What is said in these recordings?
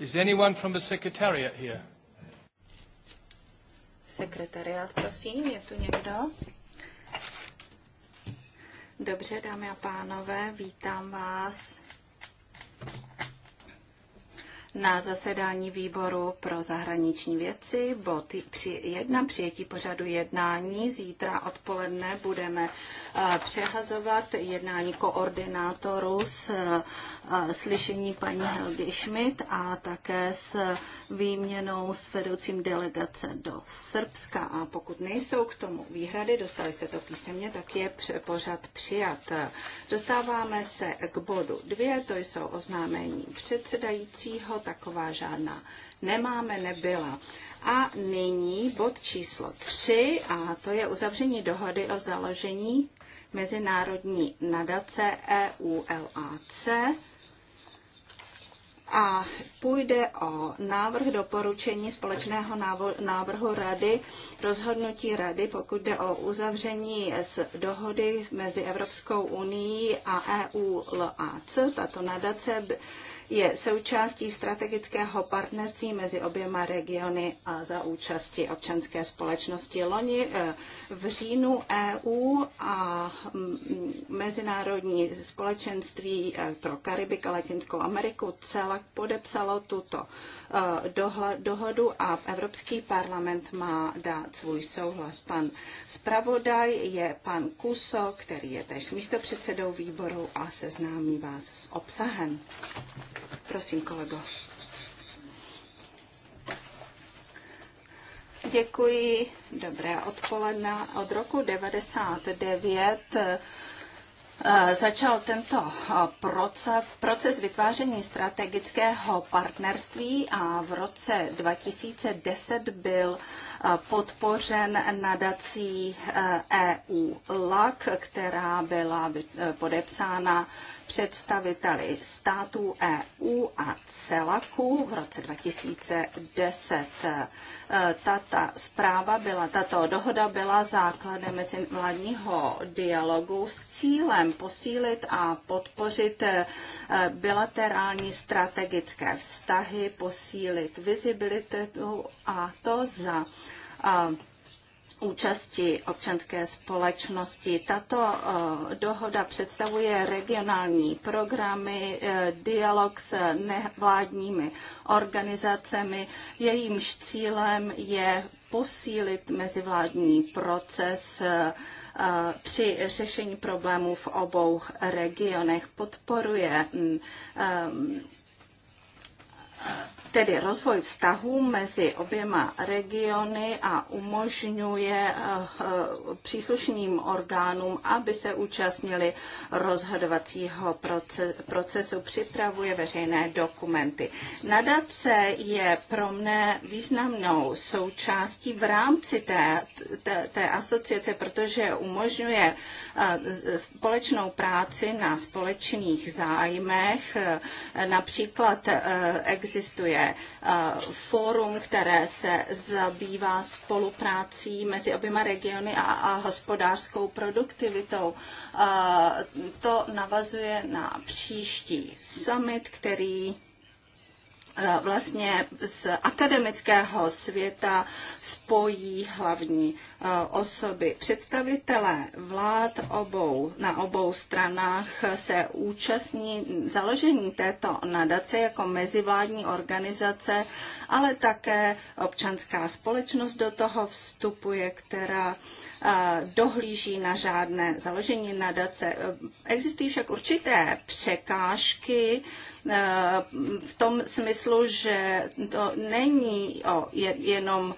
Is anyone from the secretariat here? Sekretariat, prosím, je tu někdo? Dobře, dámy a pánové, vítám vás na zasedání výboru pro zahraniční věci. Bod 1 přijetí pořadu jednání. Zítra odpoledne budeme eh, přehazovat jednání koordinátorů s eh, slyšení paní Helgy Schmidt a také s výměnou s vedoucím delegace do Srbska. A pokud nejsou k tomu výhrady, dostali jste to písemně, tak je pořad přijat. Dostáváme se k bodu 2, to jsou oznámení předsedajícího, taková žádná nemáme, nebyla. A nyní bod číslo 3, a to je uzavření dohody o založení Mezinárodní nadace EULAC. A půjde o návrh doporučení společného návrhu rady, rozhodnutí rady, pokud jde o uzavření z dohody mezi Evropskou unii a EU-LAC. Tato nadace by je součástí strategického partnerství mezi oběma regiony a za účasti občanské společnosti. Loni eh, v říjnu EU a mm, mezinárodní společenství eh, pro Karibik a Latinskou Ameriku celak podepsalo tuto Eh, dohodu a Evropský parlament má dát svůj souhlas. Pan zpravodaj je pan Kuso, který je též místopředsedou výboru a seznámí vás s obsahem. Prosím, kolego. Děkuji. Dobré odpoledne. Od roku 99 Eh, začal tento eh, proces, proces vytváření strategického partnerství a v roce 2010 byl eh, podpořen nadací EU e LAC, která byla podepsána představiteli států EU a CELACu v roce 2010. E, tata zpráva byla, tato dohoda byla základem mezivládního dialogu s cílem posílit a podpořit e, bilaterální strategické vztahy, posílit vizibilitu a to za a účasti občanské společnosti. Tato eh, dohoda představuje regionální programy, eh, dialog s nevládními organizacemi. Jejímž cílem je posílit mezivládní proces eh, při řešení problémů v obou regionech. Podporuje mm, tedy rozvoj vztahů mezi oběma regiony a umožňuje eh, eh, příslušným orgánům, aby se účastnili rozhodovacího procesu, připravuje veřejné dokumenty. Nadace je pro mne významnou součástí v rámci té, té, té asociace, protože umožňuje eh, společnou práci na společných zájmech. Například existuje také eh, fórum, které se zabývá spoluprácí mezi oběma regiony a, a hospodářskou produktivitou. Eh, to navazuje na příští summit, který Eh, vlastně z akademického světa spojí hlavní eh, osoby. Představitelé vlád obou, na obou stranách se účastní založení této nadace jako mezivládní organizace, ale také občanská společnost do toho vstupuje, která eh, dohlíží na žádné založení nadace. Existují však určité překážky, Eh, v tom smyslu, že to není o jenom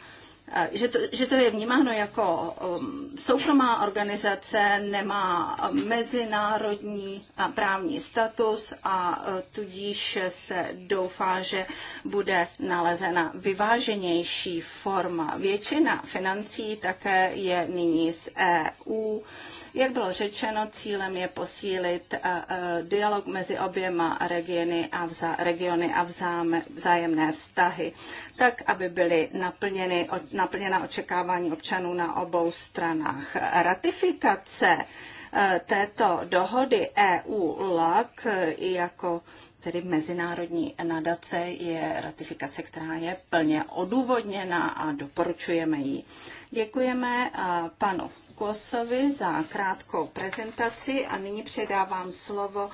Eh, že to, že to je vnímáno jako um, soukromá organizace, nemá um, mezinárodní eh, právní status a eh, tudíž se doufá, že bude nalezena vyváženější forma. Většina financí také je nyní z EU. Jak bylo řečeno, cílem je posílit dialog mezi oběma regiony a, vzá, regiony a vzájemné vztahy, tak aby byly naplněny od, naplněna očekávání občanů na obou stranách. Ratifikace eh, této dohody EU-LAC eh, jako tedy mezinárodní nadace je ratifikace, která je plně odůvodněná a doporučujeme ji. Děkujeme eh, panu Kosovi za krátkou prezentaci a nyní předávám slovo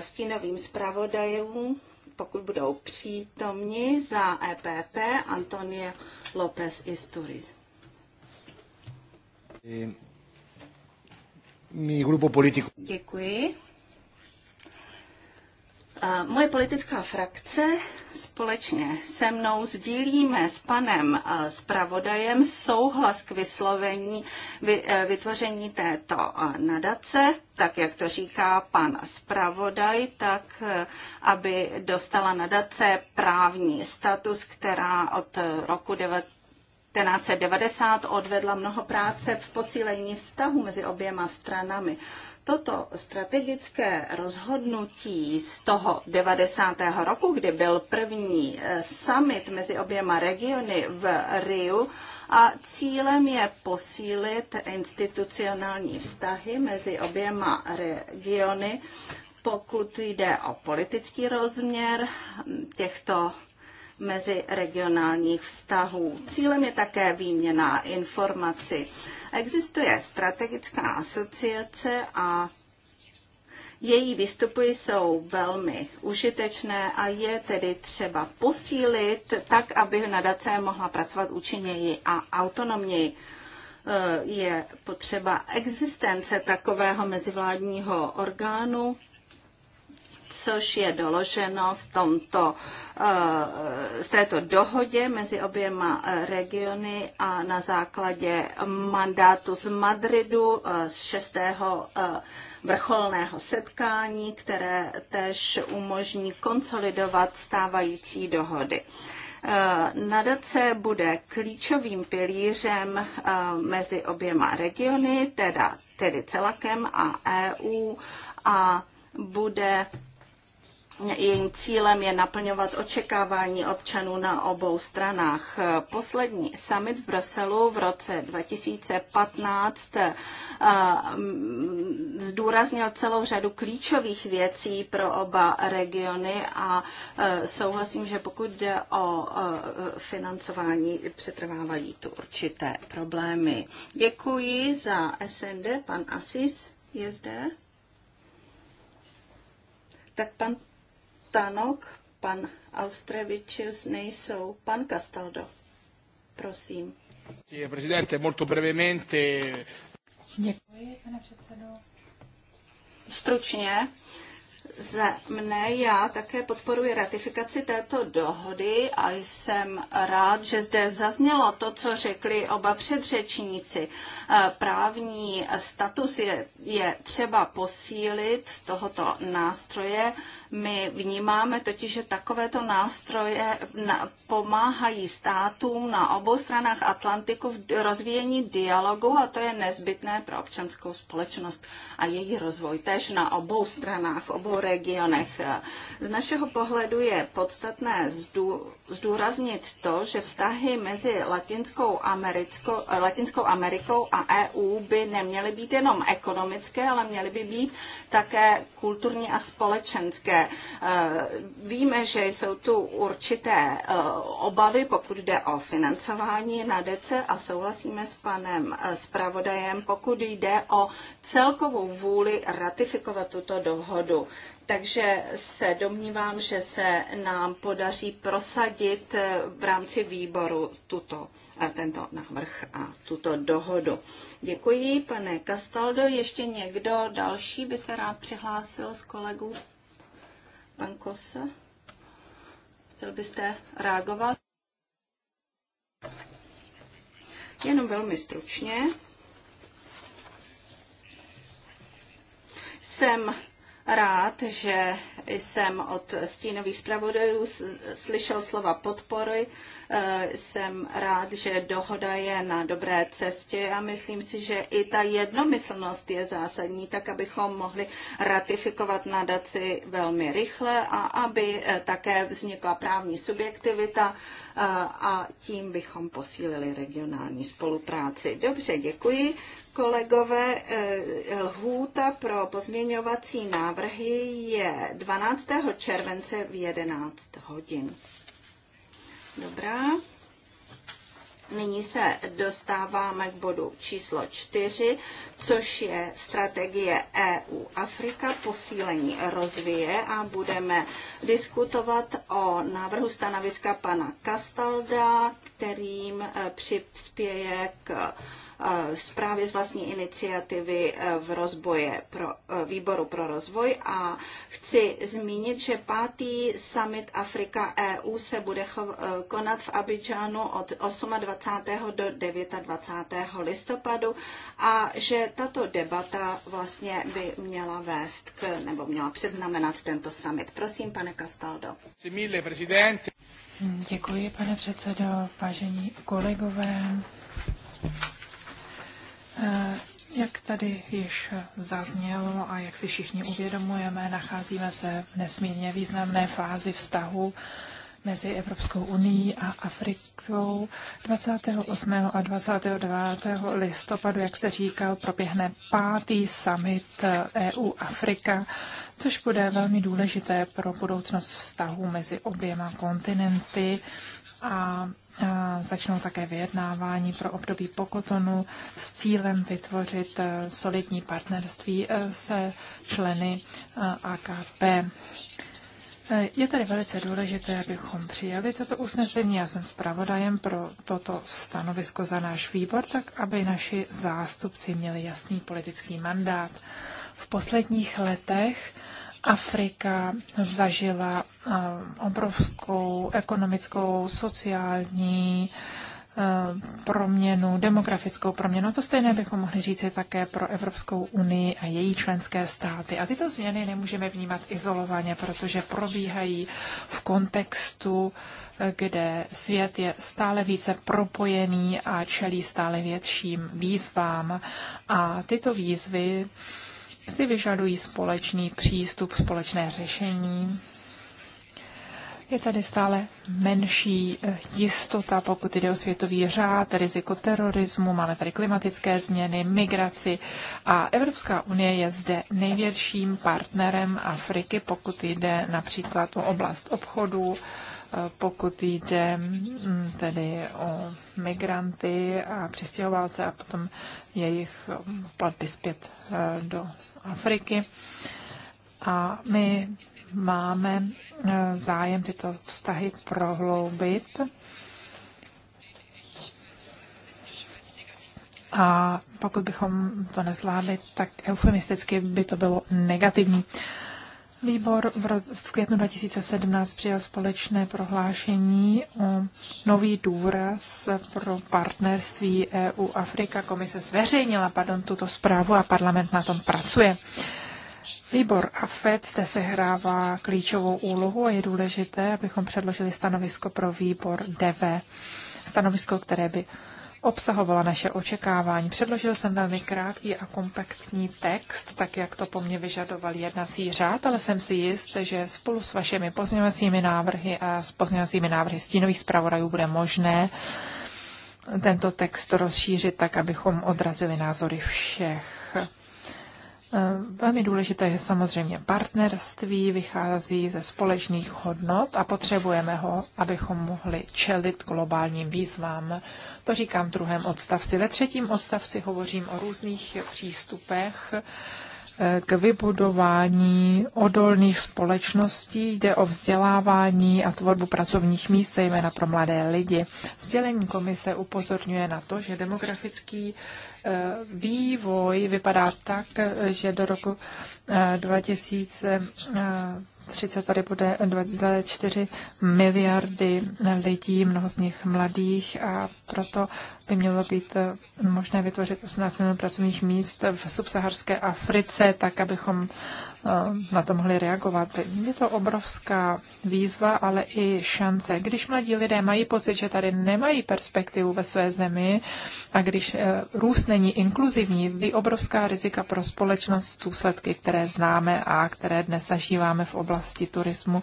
stínovým zpravodajům pokud budou přítomni za EPP Antonie López Isturiz. Mi grupo politico. Děkuji. Moje politická frakce společně se mnou sdílíme s panem zpravodajem souhlas k vyslovení e, vytvoření této nadace, tak jak to říká pan zpravodaj, tak e, aby dostala nadace právní status, která od roku 19 1990 odvedla mnoho práce v posílení vztahu mezi oběma stranami. Toto strategické rozhodnutí z toho 90. roku, kdy byl první eh, summit mezi oběma regiony v Riu, a cílem je posílit institucionální vztahy mezi oběma regiony, pokud jde o politický rozměr hm, těchto mezi regionálních vztahů. Cílem je také výměna informací. Existuje strategická asociace a její výstupy jsou velmi užitečné a je tedy třeba posílit tak, aby nadace mohla pracovat účinněji a autonomněji. Eh, je potřeba existence takového mezivládního orgánu, což je doloženo v, tomto, eh, v této dohodě mezi oběma eh, regiony a na základě mandátu z Madridu eh, z 6 vrcholného setkání, které tež umožní konsolidovat stávající dohody. Nadace bude klíčovým pilířem mezi oběma regiony, teda, tedy celakem a EU a bude Jejím cílem je naplňovat očekávání občanů na obou stranách. Poslední summit v Bruselu v roce 2015 eh, mm, zdůraznil celou řadu klíčových věcí pro oba regiony a eh, souhlasím, že pokud jde o eh, financování, přetrvávají tu určité problémy. Děkuji za SND. Pan Asis je zde. Tak pan Tanok, pan Austrevičius nejsou. Pan Castaldo, prosím. Děkuji, pane předsedo. Stručně ze mne. Já také podporuji ratifikaci této dohody a jsem rád, že zde zaznělo to, co řekli oba předřečníci. Eh, právní status je, je třeba posílit tohoto nástroje my vnímáme totiž, že takovéto nástroje pomáhají státům na obou stranách Atlantiku v rozvíjení dialogu a to je nezbytné pro občanskou společnost a její rozvoj tež na obou stranách, v obou regionech. Z našeho pohledu je podstatné zdůraznit to, že vztahy mezi Latinskou Americkou, Latinskou Amerikou a EU by neměly být jenom ekonomické, ale měly by být také kulturní a společenské Eh, víme, že jsou tu určité eh, obavy, pokud jde o financování na DC a souhlasíme s panem eh, zpravodajem, pokud jde o celkovou vůli ratifikovat tuto dohodu. Takže se domnívám, že se nám podaří prosadit v rámci výboru tuto, tento návrh a tuto dohodu. Děkuji, pane Castaldo. Ještě někdo další by se rád přihlásil z kolegů? Pan Kosa, chtěl byste reagovat? Jenom velmi stručně. Jsem rád, že jsem od stínových zpravodajů slyšel slova podpory. E, jsem rád, že dohoda je na dobré cestě a myslím si, že i ta jednomyslnost je zásadní, tak abychom mohli ratifikovat nadaci velmi rychle a aby e, také vznikla právní subjektivita a tím bychom posílili regionální spolupráci. Dobře, děkuji. Kolegové, e, lhůta pro pozměňovací návrhy je 12. července v 11 hodin. Dobrá nyní se dostáváme k bodu číslo čtyři, což je strategie EU Afrika, posílení rozvíje a budeme diskutovat o návrhu stanoviska pana Kastalda, kterým eh, přispěje k zprávy z vlastní iniciativy e, v rozboje pro, e, výboru pro rozvoj a chci zmínit, že pátý summit Afrika EU se bude e, konat v Abidžanu od 28. do 29. listopadu a že tato debata vlastně by měla vést k, nebo měla předznamenat tento summit. Prosím, pane Castaldo. Děkuji, pane předsedo, vážení kolegové. Eh, jak tady již zaznělo a jak si všichni uvědomujeme, nacházíme se v nesmírně významné fázi vztahu mezi Evropskou unii a Afrikou. 28. a 29. listopadu, jak jste říkal, proběhne pátý summit EU-Afrika, což bude velmi důležité pro budoucnost vztahu mezi oběma kontinenty a začnou také vyjednávání pro období pokotonu s cílem vytvořit eh, solidní partnerství eh, se členy eh, AKP. Je tady velice důležité, abychom přijali toto usnesení. Já jsem zpravodajem pro toto stanovisko za náš výbor, tak aby naši zástupci měli jasný politický mandát. V posledních letech Afrika zažila eh, obrovskou ekonomickou, sociální eh, proměnu, demografickou proměnu. To stejné bychom mohli říci také pro Evropskou unii a její členské státy. A tyto změny nemůžeme vnímat izolovaně, protože probíhají v kontextu, eh, kde svět je stále více propojený a čelí stále větším výzvám. A tyto výzvy si vyžadují společný přístup, společné řešení. Je tady stále menší eh, jistota, pokud jde o světový řád, riziko terorismu, máme tady klimatické změny, migraci a Evropská unie je zde největším partnerem Afriky, pokud jde například o oblast obchodu, eh, pokud jde mm, tedy o migranty a přistěhovalce a potom jejich mm, platby zpět eh, do Afriky a my máme e, zájem tyto vztahy prohloubit. A pokud bychom to nezvládli, tak eufemisticky by to bylo negativní. Uh, Výbor v, v květnu 2017 přijal společné prohlášení o nový důraz pro partnerství EU-Afrika. Komise zveřejnila pardon, tuto zprávu a parlament na tom pracuje. Výbor AFED zde sehrává klíčovou úlohu a je důležité, abychom předložili stanovisko pro výbor DV. Stanovisko, které by obsahovala naše očekávání. Předložil jsem velmi krátký a kompaktní text, tak jak to po mně vyžadoval jednací řád, ale jsem si jist, že spolu s vašimi pozměňovacími návrhy a s pozměňovacími návrhy stínových zpravodajů bude možné tento text rozšířit tak, abychom odrazili názory všech. Eh, velmi důležité je samozřejmě partnerství, vychází ze společných hodnot a potřebujeme ho, abychom mohli čelit globálním výzvám. To říkám v druhém odstavci. Ve třetím odstavci hovořím o různých přístupech k vybudování odolných společností, jde o vzdělávání a tvorbu pracovních míst, zejména pro mladé lidi. Sdělení komise upozorňuje na to, že demografický eh, vývoj vypadá tak, eh, že do roku 2000 eh, 2030 tady bude 2,4 miliardy lidí, mnoho z nich mladých a proto by mělo být možné vytvořit 18 milionů pracovních míst v subsaharské Africe, tak abychom na to mohli reagovat. Je to obrovská výzva, ale i šance. Když mladí lidé mají pocit, že tady nemají perspektivu ve své zemi a když eh, růst není inkluzivní, je obrovská rizika pro společnost důsledky, které známe a které dnes zažíváme v oblasti turismu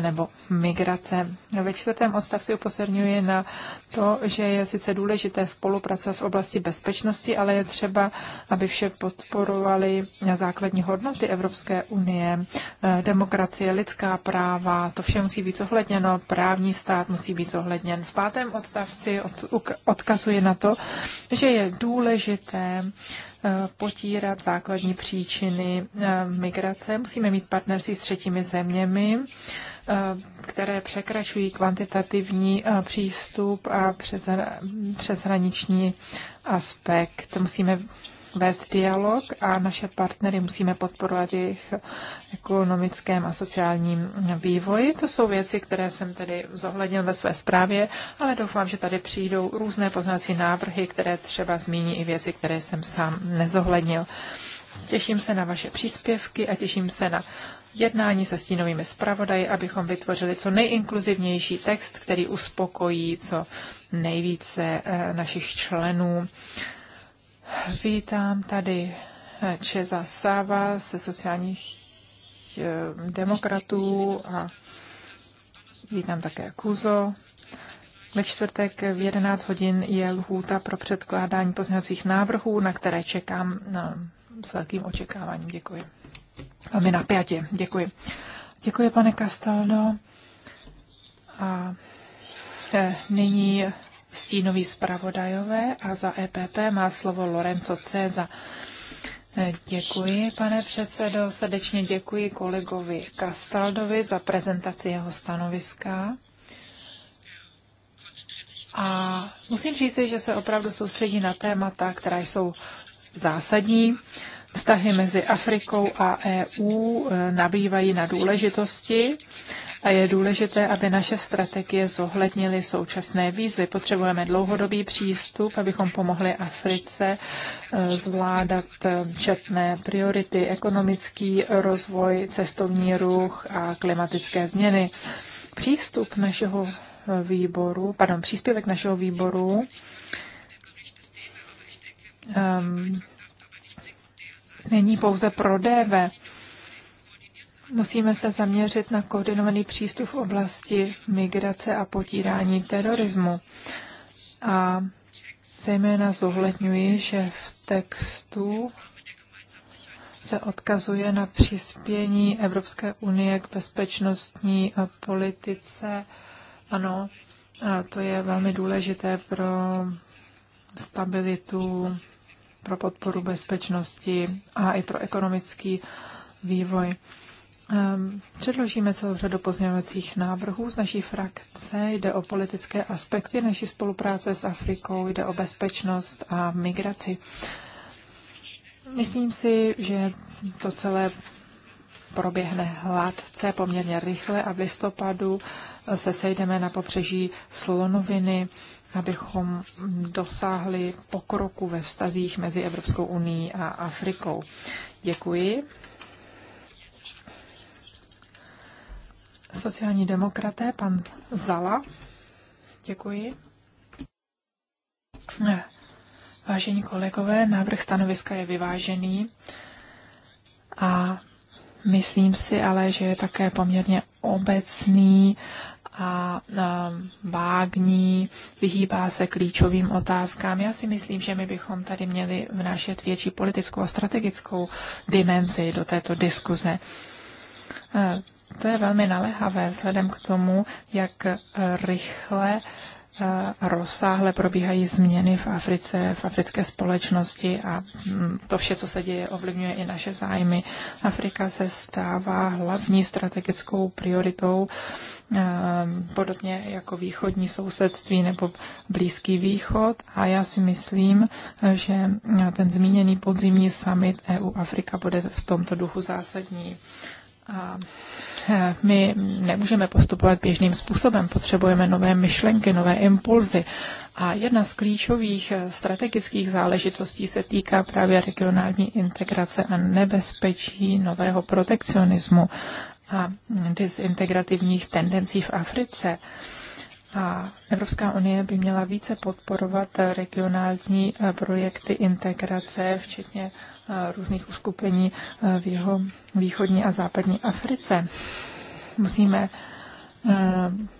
nebo migrace. Ve čtvrtém odstavci upozorňuji na to, že je sice důležité spolupracovat v oblasti bezpečnosti, ale je třeba, aby vše podporovali na základní hodnoty Evropské Evropské unie, eh, demokracie, lidská práva, to vše musí být zohledněno, právní stát musí být zohledněn. V pátém odstavci odkazuje na to, že je důležité eh, potírat základní příčiny eh, migrace. Musíme mít partnerství s třetími zeměmi, které překračují kvantitativní přístup a přeshraniční aspekt. Musíme vést dialog a naše partnery musíme podporovat jejich ekonomickém a sociálním vývoji. To jsou věci, které jsem tedy zohlednil ve své zprávě, ale doufám, že tady přijdou různé poznací návrhy, které třeba zmíní i věci, které jsem sám nezohlednil. Těším se na vaše příspěvky a těším se na jednání se stínovými zpravodaji, abychom vytvořili co nejinkluzivnější text, který uspokojí co nejvíce eh, našich členů Vítám tady eh, Čeza Sáva ze sociálních eh, demokratů a vítám také Kuzo. Ve čtvrtek v 11 hodin je lhůta pro předkládání pozměňovacích návrhů, na které čekám na, s velkým očekáváním. Děkuji. Velmi napjatě. Děkuji. Děkuji, pane Castaldo. A eh, nyní stínoví zpravodajové a za EPP má slovo Lorenzo Ceza. Eh, děkuji, pane předsedo. Srdečně děkuji kolegovi Kastaldovi za prezentaci jeho stanoviska. A musím říct, že se opravdu soustředí na témata, která jsou zásadní. Vztahy mezi Afrikou a EU eh, nabývají na důležitosti a je důležité, aby naše strategie zohlednily současné výzvy. Potřebujeme dlouhodobý přístup, abychom pomohli Africe eh, zvládat eh, četné priority, ekonomický rozvoj, cestovní ruch a klimatické změny. Přístup našeho eh, výboru, pardon, příspěvek našeho výboru um, není pouze pro DV. Musíme se zaměřit na koordinovaný přístup v oblasti migrace a potírání terorismu. A zejména zohledňuji, že v textu se odkazuje na přispění Evropské unie k bezpečnostní politice. Ano, to je velmi důležité pro stabilitu, pro podporu bezpečnosti a i pro ekonomický vývoj. Ehm, předložíme celou řadu pozměňovacích návrhů z naší frakce. Jde o politické aspekty naší spolupráce s Afrikou, jde o bezpečnost a migraci. Myslím si, že to celé proběhne hladce poměrně rychle a v listopadu se sejdeme na pobřeží Slonoviny, abychom dosáhli pokroku ve vztazích mezi Evropskou unii a Afrikou. Děkuji. Sociální demokraté, pan Zala. Děkuji. Ne. Vážení kolegové, návrh stanoviska je vyvážený a myslím si ale, že je také poměrně obecný a, a vágní, vyhýbá se klíčovým otázkám. Já si myslím, že my bychom tady měli vnášet větší politickou a strategickou dimenzi do této diskuze. To je velmi naléhavé vzhledem k tomu, jak eh, rychle eh, rozsáhle probíhají změny v Africe, v africké společnosti a hm, to vše, co se děje, ovlivňuje i naše zájmy. Afrika se stává hlavní strategickou prioritou, eh, podobně jako východní sousedství nebo Blízký východ a já si myslím, že ten zmíněný podzimní summit EU-Afrika bude v tomto duchu zásadní. A my nemůžeme postupovat běžným způsobem, potřebujeme nové myšlenky, nové impulzy. A jedna z klíčových eh, strategických záležitostí se týká právě regionální integrace a nebezpečí nového protekcionismu a disintegrativních tendencí v Africe. A Evropská unie by měla více podporovat regionální eh, projekty integrace, včetně Eh, různých uskupení eh, v jeho východní a západní Africe. Musíme eh,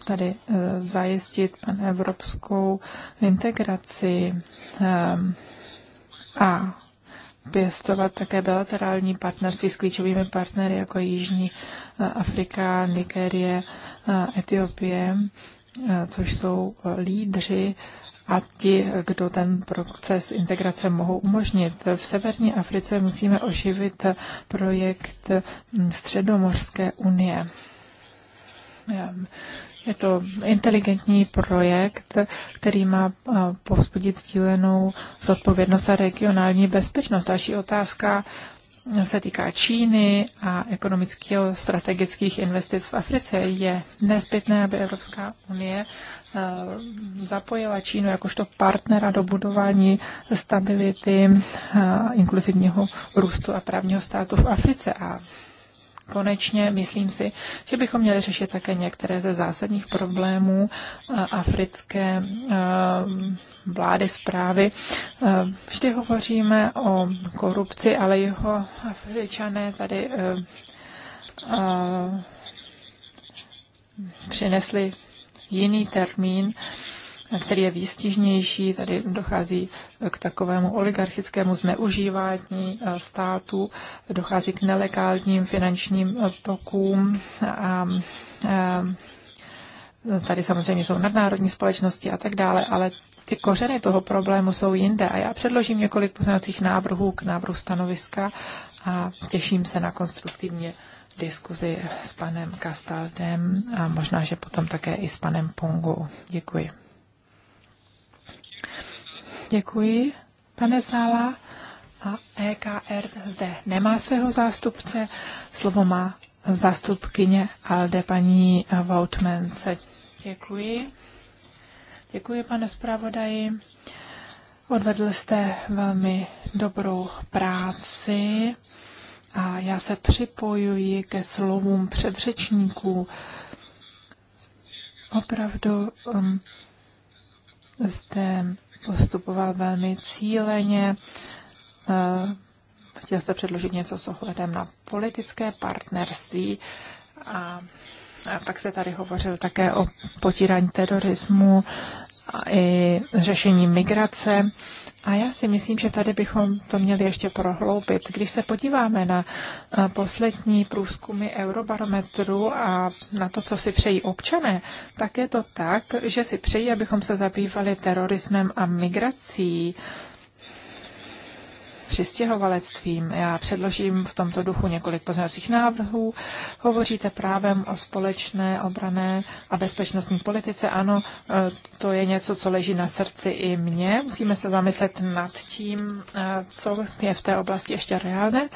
tady zajistit panevropskou integraci a pěstovat také bilaterální partnerství s klíčovými partnery jako Jižní Afrika, Nigérie, Etiopie, což jsou lídři a ti, kdo ten proces integrace mohou umožnit. V severní Africe musíme oživit projekt Středomorské unie. Je to inteligentní projekt, který má povzbudit sdílenou zodpovědnost a regionální bezpečnost. Další otázka se týká Číny a ekonomických strategických investic v Africe, je nezbytné, aby Evropská unie eh, zapojila Čínu jakožto partnera do budování stability, eh, inkluzivního růstu a právního státu v Africe. A konečně myslím si, že bychom měli řešit také některé ze zásadních problémů eh, africké eh, vlády zprávy. Eh, vždy hovoříme o korupci, ale jeho afričané tady přinesli jiný termín který je výstižnější. Tady dochází eh, k takovému oligarchickému zneužívání eh, státu, dochází k nelegálním finančním eh, tokům a tady samozřejmě jsou nadnárodní společnosti a tak dále, ale ty kořeny toho problému jsou jinde a já předložím několik poznacích návrhů k návrhu stanoviska a těším se na konstruktivně diskuzi s panem Kastaldem a možná, že potom také i s panem Pongu. Děkuji. Děkuji, pane Sála. A EKR zde nemá svého zástupce. Slovo má zástupkyně ALDE paní Voutmence. Děkuji. Děkuji, pane zpravodaji. Odvedl jste velmi dobrou práci a já se připojuji ke slovům předřečníků. Opravdu um, zde postupoval velmi cíleně. Eh, chtěl se předložit něco s ohledem na politické partnerství a, a pak se tady hovořil také o potírání terorismu a i řešení migrace. A já si myslím, že tady bychom to měli ještě prohloubit. Když se podíváme na poslední průzkumy Eurobarometru a na to, co si přejí občané, tak je to tak, že si přejí, abychom se zabývali terorismem a migrací přistěhovalectvím. Já předložím v tomto duchu několik pozorovacích návrhů. Hovoříte právem o společné obrané a bezpečnostní politice. Ano, e, to je něco, co leží na srdci i mně. Musíme se zamyslet nad tím, e, co je v té oblasti ještě reálné.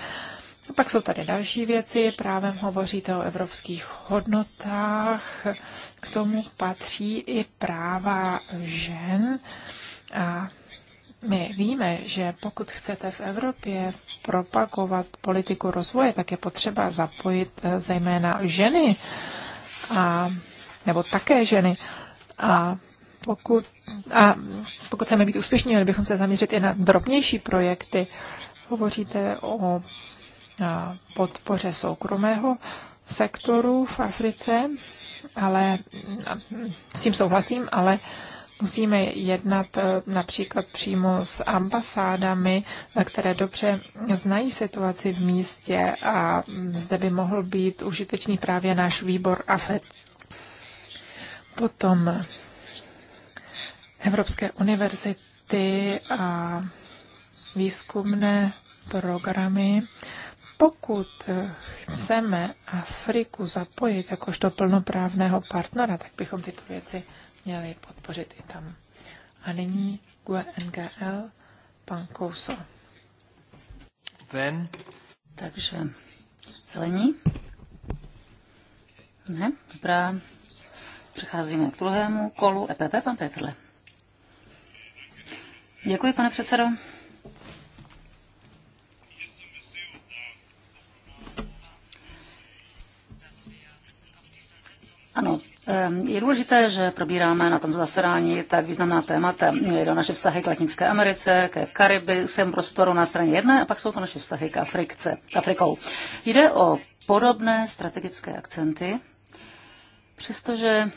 A pak jsou tady další věci. Právem hovoříte o evropských hodnotách. K tomu patří i práva žen. A my víme, že pokud chcete v Evropě propagovat politiku rozvoje, tak je potřeba zapojit eh, zejména ženy, a, nebo také ženy. A pokud, a pokud chceme být úspěšní, měli bychom se zaměřit i na drobnější projekty. Hovoříte o podpoře soukromého sektoru v Africe, ale s tím souhlasím, ale Musíme jednat eh, například přímo s ambasádami, eh, které dobře znají situaci v místě a zde by mohl být užitečný právě náš výbor AFET. Potom Evropské univerzity a výzkumné programy. Pokud eh, chceme Afriku zapojit jakožto plnoprávného partnera, tak bychom tyto věci měli podpořit i tam. A nyní GNGL pan Kouso. Then. Takže zelení. Ne, dobrá. Přecházíme k druhému kolu EPP, pan Petrle. Děkuji, pane předsedo. Ano, Ehm, je důležité, že probíráme na tom zasedání tak významná témata. Jde o naše vztahy k Latinské Americe, ke Kariby, sem prostoru na straně jedné a pak jsou to naše vztahy k Afrikce, Afrikou. Jde o podobné strategické akcenty, přestože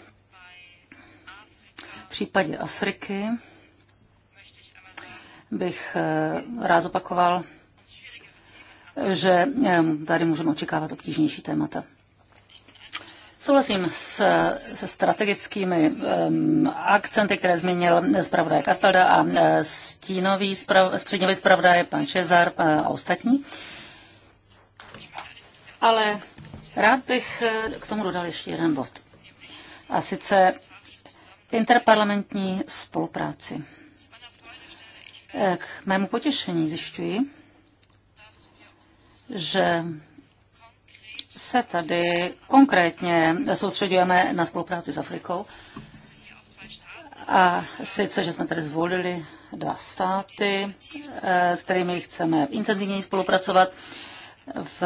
v případě Afriky bych eh, rád opakoval, že ehm, tady můžeme očekávat obtížnější témata. Souhlasím se, se strategickými um, akcenty, které zmínil zpravodaj Kastalda a e, stínový zprav, středněvý zpravodaj pan Šezar a ostatní. Ale rád bych e, k tomu dodal ještě jeden bod. A sice interparlamentní spolupráci. E, k mému potěšení zjišťuji, že se tady konkrétně soustředujeme na spolupráci s Afrikou. A sice, že jsme tady zvolili dva státy, eh, s kterými chceme intenzivněji spolupracovat v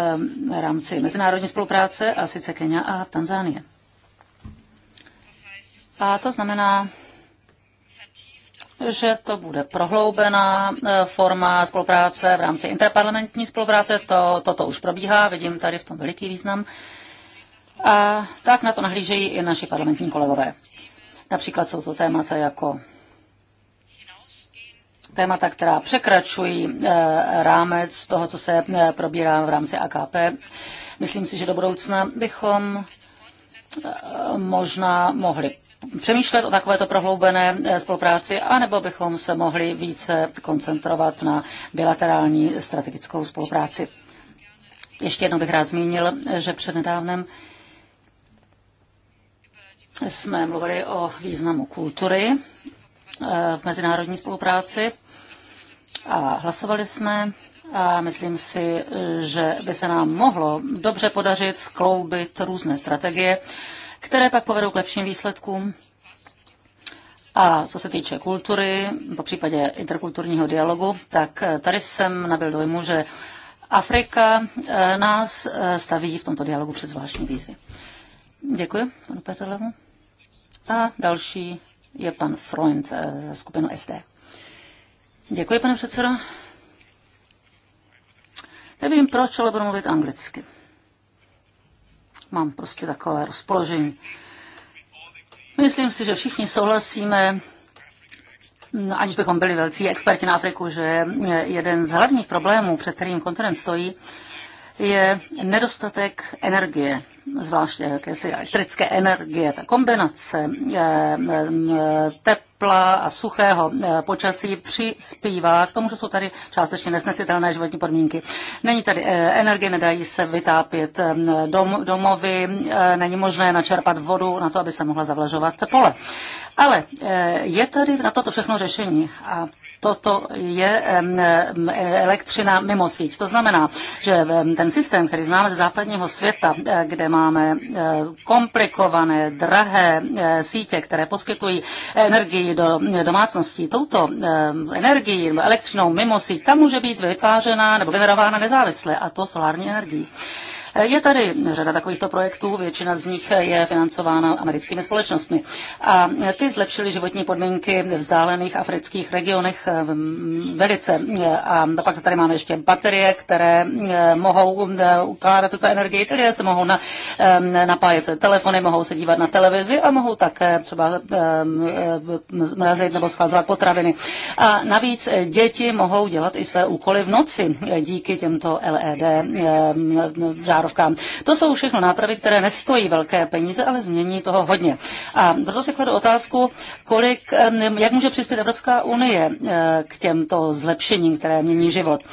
rámci mezinárodní spolupráce, a sice Kenia a Tanzánie. A to znamená, že to bude prohloubená e, forma spolupráce v rámci interparlamentní spolupráce. To, toto už probíhá, vidím tady v tom veliký význam. A tak na to nahlížejí i naši parlamentní kolegové. Například jsou to témata jako témata, která překračují e, rámec toho, co se e, probírá v rámci AKP. Myslím si, že do budoucna bychom možná mohli přemýšlet o takovéto prohloubené eh, spolupráci, anebo bychom se mohli více koncentrovat na bilaterální strategickou spolupráci. Ještě jednou bych rád zmínil, že přednedávnem jsme mluvili o významu kultury eh, v mezinárodní spolupráci a hlasovali jsme a myslím si, že by se nám mohlo dobře podařit skloubit různé strategie které pak povedou k lepším výsledkům. A co se týče kultury, po případě interkulturního dialogu, tak eh, tady jsem nabil dojmu, že Afrika eh, nás eh, staví v tomto dialogu před zvláštní výzvy. Děkuji panu Petrlevu. A další je pan Freund ze skupinu SD. Děkuji, pane předsedo. Nevím proč, ale budu mluvit anglicky. Mám prostě takové rozpoložení. Myslím si, že všichni souhlasíme, aniž bychom byli velcí experti na Afriku, že jeden z hlavních problémů, před kterým kontinent stojí, je nedostatek energie, zvláště jakési elektrické energie. Ta kombinace eh, eh, tepla a suchého eh, počasí přispívá k tomu, že jsou tady částečně nesnesitelné životní podmínky. Není tady energie, nedají se vytápět dom, domovy, není možné načerpat vodu na to, aby se mohla zavlažovat pole. Ale je tady na toto všechno řešení a toto je elektřina mimo síť. To znamená, že ten systém, který známe ze západního světa, eh, kde máme eh, komplikované, drahé eh, sítě, které poskytují energii do domácností, touto energii nebo elektřinou mimo síť, ta může být vytvářena nebo generována nezávisle, a to solární energií. Eh, je tady řada takovýchto projektů, většina z nich je financována americkými společnostmi. A eh, ty zlepšily životní podmínky v vzdálených afrických regionech eh, mm, velice. A pak tady máme ještě baterie, které mohou ukládat tuto energii. Lidé se mohou na, napájet své telefony, mohou se dívat na televizi a mohou také třeba mrazit nebo schvazovat potraviny. A navíc děti mohou dělat i své úkoly v noci díky těmto LED žárovkám zárovkám. To jsou všechno nápravy, které nestojí velké peníze, ale změní toho hodně. A proto si kladu otázku, kolik, jak může přispět Evropská unie eh, k těmto zlepšením, které mění život.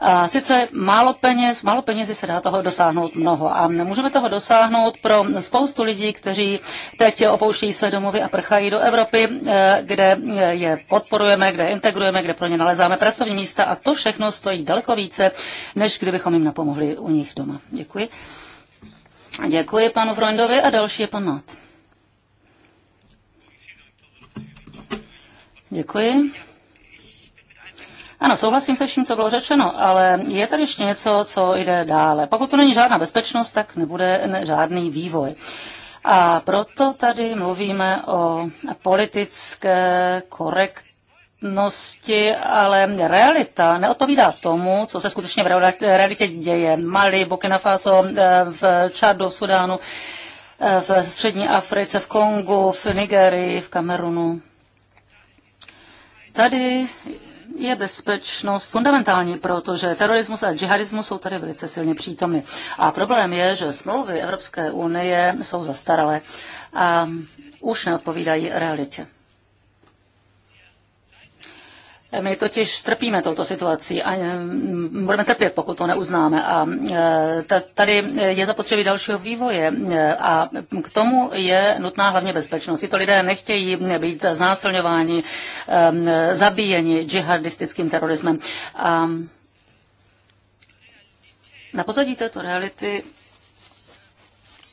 A sice málo peněz, málo peněz se dá toho dosáhnout mnoho a můžeme toho dosáhnout pro spoustu lidí, kteří teď opouštějí své domovy a prchají do Evropy, eh, kde je podporujeme, kde integrujeme, kde pro ně nalezáme pracovní místa a to všechno stojí daleko více, než kdybychom jim napomohli u nich doma. Děkuji. Děkuji. Děkuji panu Frondovi a další je pan Nát. Děkuji. Ano, souhlasím se vším, co bylo řečeno, ale je tady ještě něco, co jde dále. Pokud tu není žádná bezpečnost, tak nebude žádný vývoj. A proto tady mluvíme o politické korekt platnosti, ale realita neodpovídá tomu, co se skutečně v realitě děje. Mali, Burkina Faso, eh, v Čadu, v Sudánu, eh, v střední Africe, v Kongu, v Nigerii, v Kamerunu. Tady je bezpečnost fundamentální, protože terorismus a džihadismus jsou tady velice silně přítomny. A problém je, že smlouvy Evropské unie jsou zastaralé a už neodpovídají realitě. My totiž trpíme touto situací a eh, budeme trpět, pokud to neuznáme. A eh, tady je zapotřebí dalšího vývoje eh, a k tomu je nutná hlavně bezpečnost. Tito lidé nechtějí být znásilňováni, zabíjeni džihadistickým terorismem. A na pozadí této reality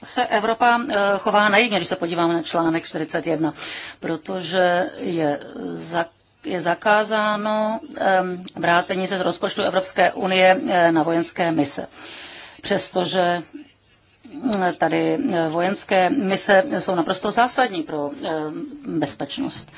se Evropa chová naivně, když se podíváme na článek 41, protože je za je zakázáno brát peníze z rozpočtu Evropské unie eh, na vojenské mise. Přestože mm, tady eh, vojenské mise jsou naprosto zásadní pro eh, bezpečnost.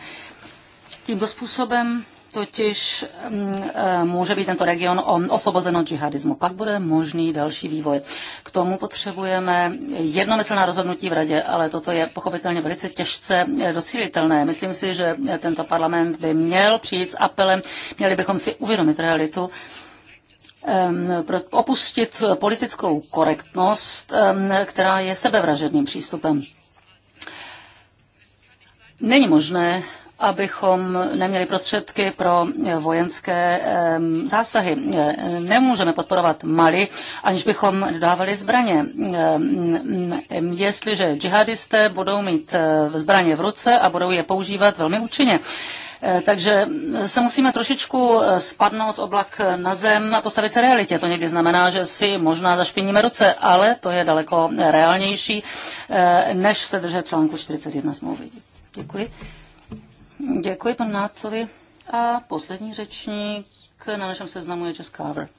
Tímto způsobem totiž mm, eh, může být tento region osvobozen od džihadismu. Pak bude možný další vývoj. K tomu potřebujeme jednomyslná rozhodnutí v radě, ale toto je pochopitelně velice těžce eh, docílitelné. Myslím si, že eh, tento parlament by měl přijít s apelem, měli bychom si uvědomit realitu, ehm, opustit politickou korektnost, ehm, která je sebevražedným přístupem. Není možné abychom neměli prostředky pro eh, vojenské zásahy. Eh, nemůžeme podporovat Mali, aniž bychom dodávali zbraně. Eh, jestliže džihadisté budou mít zbraně v ruce a budou je používat velmi účinně, takže se musíme trošičku spadnout z oblak na zem a postavit se realitě. To někdy znamená, že si možná zašpiníme ruce, ale to je daleko reálnější, než se držet článku 41 smlouvy. Děkuji. Děkuji panu Nácovi. A poslední řečník na našem seznamu je Just Carver.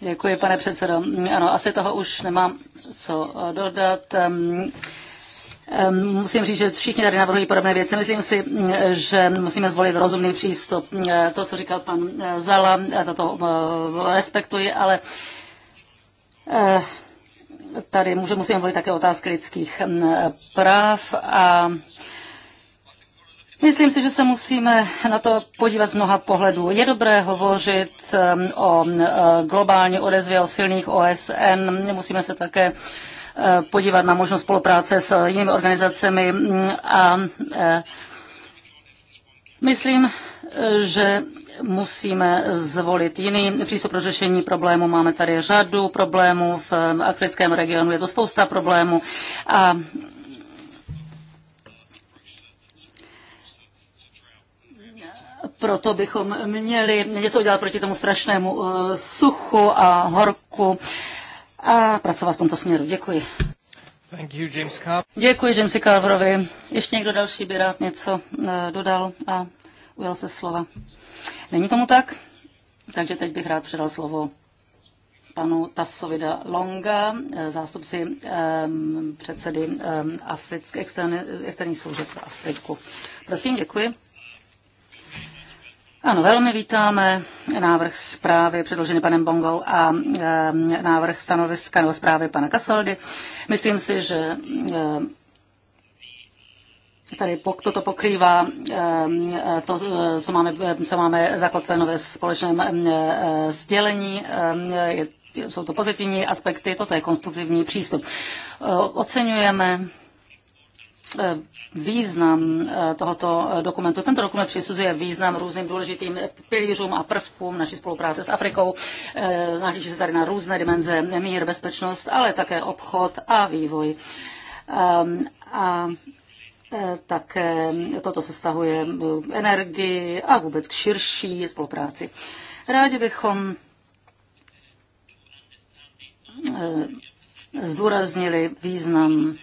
Děkuji, pane předsedo. Ano, asi toho už nemám co dodat. Musím říct, že všichni tady navrhují podobné věci. Myslím si, že musíme zvolit rozumný přístup. E, to, co říkal pan e, Zala, e, to respektuji, ale tady může, musím volit také otázky lidských práv a Myslím si, že se musíme na to podívat z mnoha pohledů. Je dobré hovořit um, o uh, globální odezvě, o silných OSN. Musíme se také uh, podívat na možnost spolupráce s jinými organizacemi a uh, myslím, že musíme zvolit jiný přístup pro řešení problému. Máme tady řadu problémů v um, africkém regionu, je to spousta problémů a Proto bychom měli něco udělat proti tomu strašnému eh, suchu a horku a pracovat v tomto směru. Děkuji. Thank you, James Děkuji Jamesi Carverovi. Ještě někdo další by rád něco eh, dodal a ujel se slova. Není tomu tak? Takže teď bych rád předal slovo panu Tassovida Longa, eh, zástupci um, předsedy um, ehm, Africké externí, externí služeb pro Afriku. Prosím, děkuji. Ano, velmi vítáme návrh zprávy předložený panem Bongou a e, návrh stanoviska nebo zprávy pana Kasaldy. Myslím si, že e, Tady pok, toto pokrývá to, co máme, co máme zakotveno ve společném sdělení. Je, jsou to pozitivní aspekty, toto je konstruktivní přístup. Oceňujeme význam eh, tohoto eh, dokumentu. Tento dokument přisuzuje význam různým důležitým pilířům a prvkům naší spolupráce s Afrikou. Eh, nahlíží se tady na různé dimenze mír, bezpečnost, ale také obchod a vývoj. Ehm, a tak toto se stahuje energii a vůbec k širší spolupráci. Rádi bychom zdůraznili význam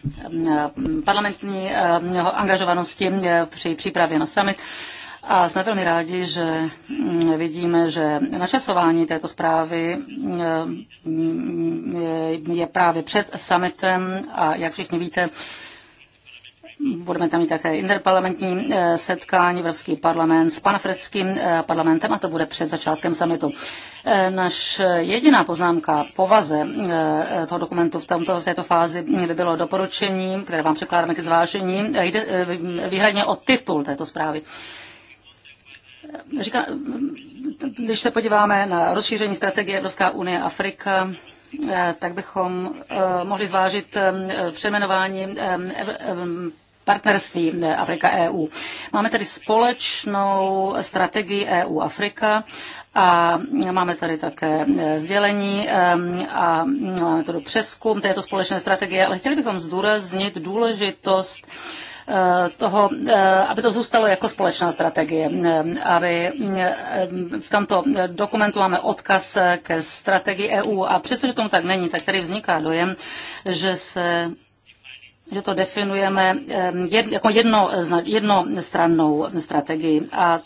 eh, parlamentní angažovanosti eh, při přípravě na summit. A jsme velmi rádi, že mm, vidíme, že načasování této zprávy eh, mm, je právě před summitem a jak všichni víte, Budeme tam mít také interparlamentní eh, setkání Evropský parlament s panafrickým eh, parlamentem a to bude před začátkem samitu. Eh, naš jediná poznámka povaze toho dokumentu v tomto, této fázi by bylo doporučení, které vám překládáme ke zvážení, jde výhradně o titul této zprávy. Říká, když se podíváme na rozšíření strategie Evropská unie Afrika, tak bychom mohli zvážit přejmenování partnerství Afrika-EU. Máme tady společnou strategii EU-Afrika a máme tady také e, sdělení a máme tady přeskum této společné strategie, ale chtěli bychom zdůraznit důležitost e, toho, e, aby to zůstalo jako společná strategie. Aby v tomto dokumentu máme odkaz ke strategii EU a přestože tomu tak není, tak tady vzniká dojem, že se že to definujeme jako jedno, jednostrannou strategii a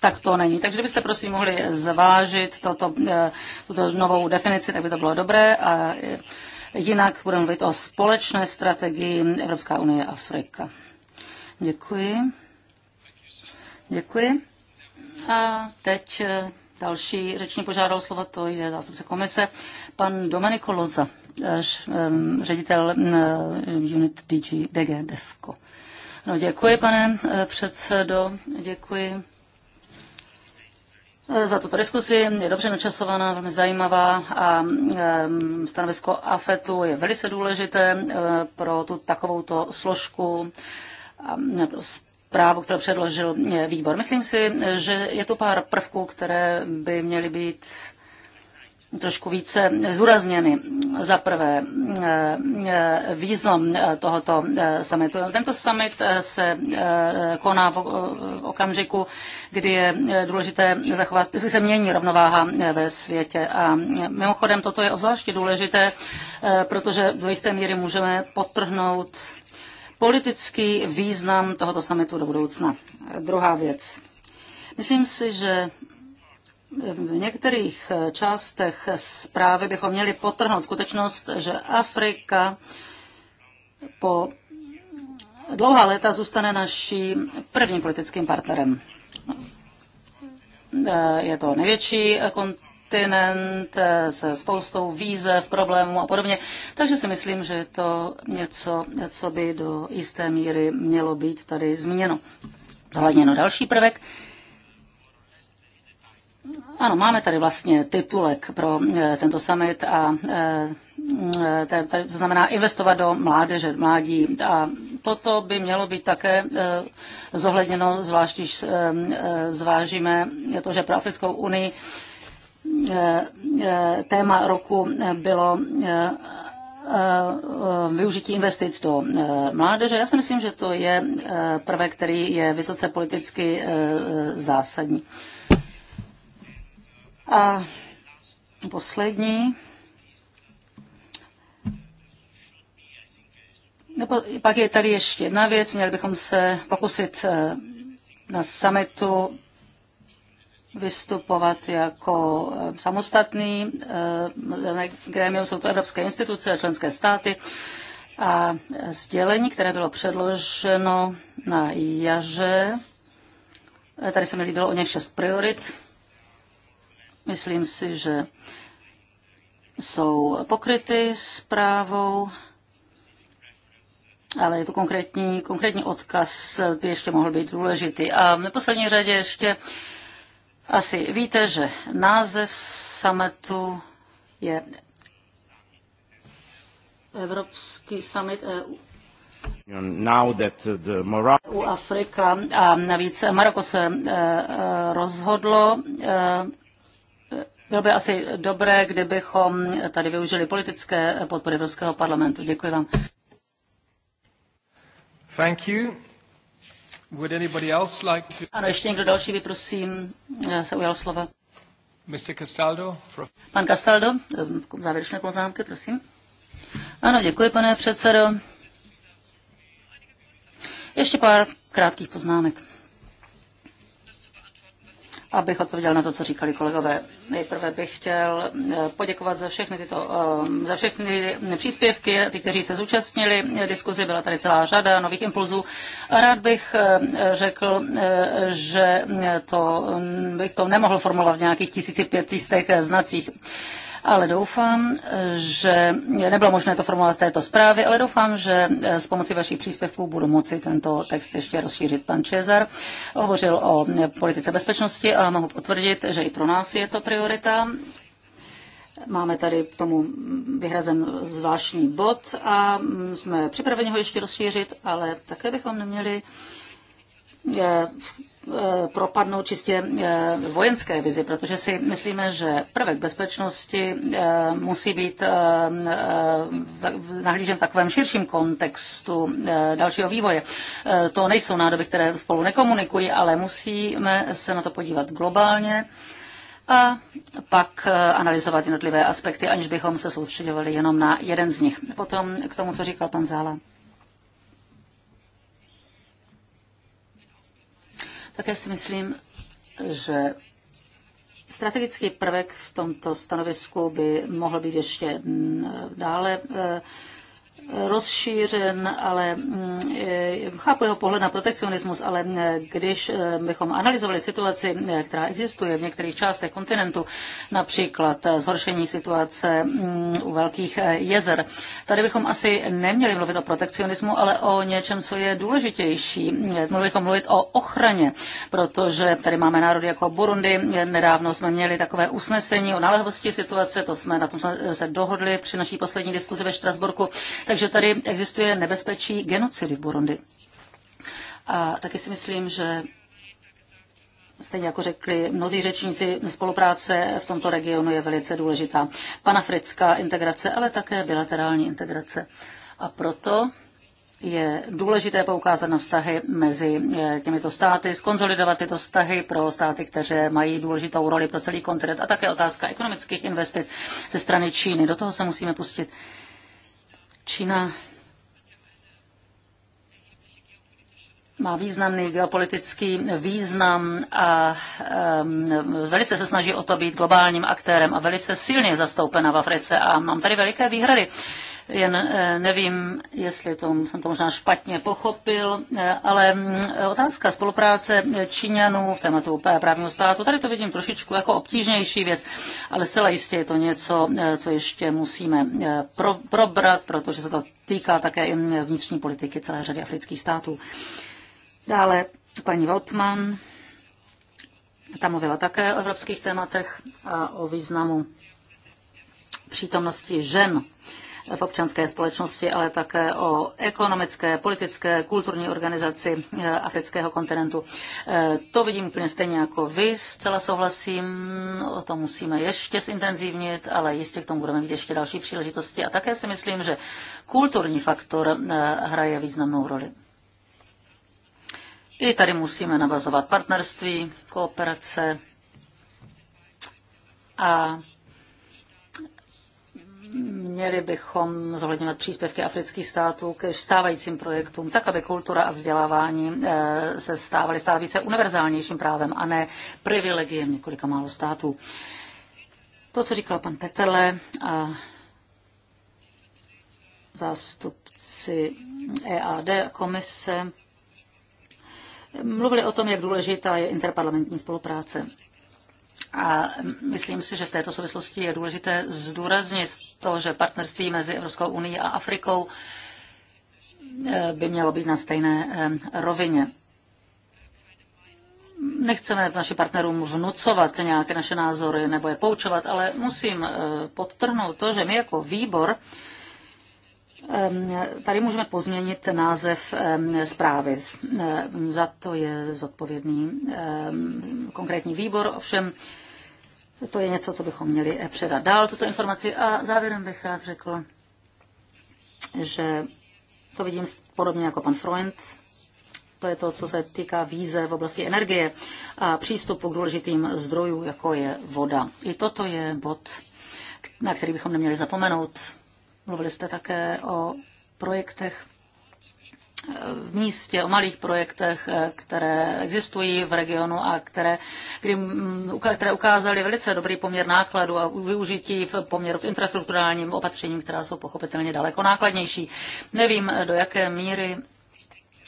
tak to není. Takže kdybyste prosím mohli zvážit toto, e, tuto novou definici, tak by to bylo dobré. A jinak budeme mluvit o společné strategii Evropská unie Afrika. Děkuji. Děkuji. A teď e, další řečník požádal slovo, to je zástupce komise, pan Domenico Loza ředitel unit DG, DG DEFCO. No, děkuji, pane eh, předsedo, děkuji eh, za tuto diskusi. Je dobře načasovaná, velmi zajímavá a stanovisko AFETu je velice důležité eh, pro tu takovouto složku zprávu, kterou předložil výbor. Myslím si, že je to pár prvků, které by měly být trošku více zúrazněny. Za prvé eh, význam eh, tohoto eh, summitu. Tento summit se koná v okamžiku, kdy je důležité zachovat, jestli se mění rovnováha ve světě. A mimochodem toto je obzvláště důležité, protože do jisté míry můžeme potrhnout politický význam tohoto summitu do budoucna. Druhá věc. Myslím si, že v některých eh, částech zprávy bychom měli potrhnout skutečnost, že Afrika po dlouhá léta zůstane naším prvním politickým partnerem. Eh, je to největší kontinent eh, se spoustou výzev, problémů a podobně, takže si myslím, že je to něco, co by do jisté míry mělo být tady zmíněno. Zohledněno další prvek, ano, máme tady vlastně titulek pro eh, tento summit a eh, eh, to znamená investovat do mládeže, mládí. A toto by mělo být také zohledněno, zvlášť když zvážíme to, že pro Africkou unii téma roku bylo využití investic do mládeže. Já si myslím, že to je prvek, který je vysoce politicky zásadní. A poslední, Nebo pak je tady ještě jedna věc, měli bychom se pokusit eh, na summitu vystupovat jako eh, samostatný eh, grémium, jsou to evropské instituce a členské státy. A sdělení, které bylo předloženo na jaře, tady se mi líbilo o něch šest priorit, Myslím si, že jsou pokryty zprávou, ale je to konkrétní, konkrétní odkaz, by ještě mohl být důležitý. A v neposlední řadě ještě asi víte, že název sametu, je Evropský summit EU. Now that the Morocco... U Afrika a navíc Maroko se eh, eh, rozhodlo eh, bylo by asi dobré, kdybychom tady využili politické podpory Evropského parlamentu. Děkuji vám. Thank you. Would anybody else like to... Ano, ještě někdo další by, prosím, se ujal slova. Mr. Castaldo. pro... Pan Castaldo, eh, závěrečné poznámky, prosím. Ano, děkuji, pane předsedo. Ještě pár krátkých poznámek abych odpověděl na to, co říkali kolegové. Nejprve bych chtěl eh, poděkovat za všechny tyto, eh, za všechny příspěvky, ty, kteří se zúčastnili diskuzi, byla tady celá řada nových impulzů. Rád bych eh, řekl, že to, mm, bych to nemohl formulovat v nějakých 1500 znacích ale doufám, že nebylo možné to formulovat v této zprávě, ale doufám, že s pomocí vašich příspěvků budu moci tento text ještě rozšířit. Pan Čezar hovořil o politice bezpečnosti a mohu potvrdit, že i pro nás je to priorita. Máme tady k tomu vyhrazen zvláštní bod a jsme připraveni ho ještě rozšířit, ale také bychom neměli eh, Eh, propadnout čistě eh, vojenské vizi, protože si myslíme, že prvek bezpečnosti eh, musí být nahlížen v takovém širším kontextu dalšího vývoje. To nejsou nádoby, které spolu nekomunikují, ale musíme se na to podívat globálně a pak analyzovat jednotlivé aspekty, aniž bychom se soustředovali jenom na jeden z nich. Potom k tomu, co říkal pan Zála Také si myslím, že strategický prvek v tomto stanovisku by mohl být ještě mm, dále eh, rozšířen, ale mm, e, chápu jeho pohled na protekcionismus, ale e, když e, bychom analyzovali situaci, která existuje v některých částech kontinentu, například zhoršení situace mm, u velkých jezer, tady bychom asi neměli mluvit o protekcionismu, ale o něčem, co je důležitější. Měli bychom mluvit o ochraně, protože tady máme národy jako Burundi, nedávno jsme měli takové usnesení o naléhavosti situace, to jsme na tom jsme se dohodli při naší poslední diskuzi ve Štrasburku. Takže takže tady existuje nebezpečí genocidy v Burundi. A taky si myslím, že stejně jako řekli mnozí řečníci, spolupráce v tomto regionu je velice důležitá. Panafrická integrace, ale také bilaterální integrace. A proto je důležité poukázat na vztahy mezi eh, těmito státy, skonzolidovat tyto vztahy pro státy, které mají důležitou roli pro celý kontinent a také otázka ekonomických investic ze strany Číny. Do toho se musíme pustit. Čína má významný geopolitický význam a um, velice se snaží o to být globálním aktérem a velice silně zastoupena v Africe. A mám tady veliké výhrady jen eh, nevím, jestli to, jsem to možná špatně pochopil, eh, ale mm, otázka spolupráce Číňanů v tématu právního státu, tady to vidím trošičku jako obtížnější věc, ale zcela jistě je to něco, eh, co ještě musíme pro, probrat, protože se to týká také i vnitřní politiky celé řady afrických států. Dále paní Votman, tam mluvila také o evropských tématech a o významu přítomnosti žen v občanské společnosti, ale také o ekonomické, politické, kulturní organizaci eh, afrického kontinentu. Eh, to vidím úplně stejně jako vy, zcela souhlasím, o tom musíme ještě zintenzivnit, ale jistě k tomu budeme mít ještě další příležitosti. A také si myslím, že kulturní faktor eh, hraje významnou roli. I tady musíme navazovat partnerství, kooperace a Měli bychom zohledňovat příspěvky afrických států k stávajícím projektům, tak aby kultura a vzdělávání eh, se stávaly stále více univerzálnějším právem a ne privilegiem několika málo států. To, co říkal pan Petele a zástupci EAD komise, mluvili o tom, jak důležitá je interparlamentní spolupráce. A myslím si, že v této souvislosti je důležité zdůraznit to, že partnerství mezi Evropskou unii a Afrikou eh, by mělo být na stejné eh, rovině. Nechceme našim partnerům vnucovat nějaké naše názory nebo je poučovat, ale musím eh, podtrhnout to, že my jako výbor tady můžeme pozměnit název zprávy. Za to je zodpovědný konkrétní výbor, ovšem to je něco, co bychom měli eh, předat dál, tuto informaci. A závěrem bych rád řekl, že to vidím podobně jako pan Freund. To je to, co se týká víze v oblasti energie a přístupu k důležitým zdrojům, jako je voda. I toto je bod, na který bychom neměli zapomenout. Mluvili jste také o projektech v místě, o malých projektech, eh, které existují v regionu a které, kdy, mm, které ukázaly velice dobrý poměr nákladu a využití v poměru k infrastrukturálním opatřením, která jsou pochopitelně daleko nákladnější. Nevím, do jaké míry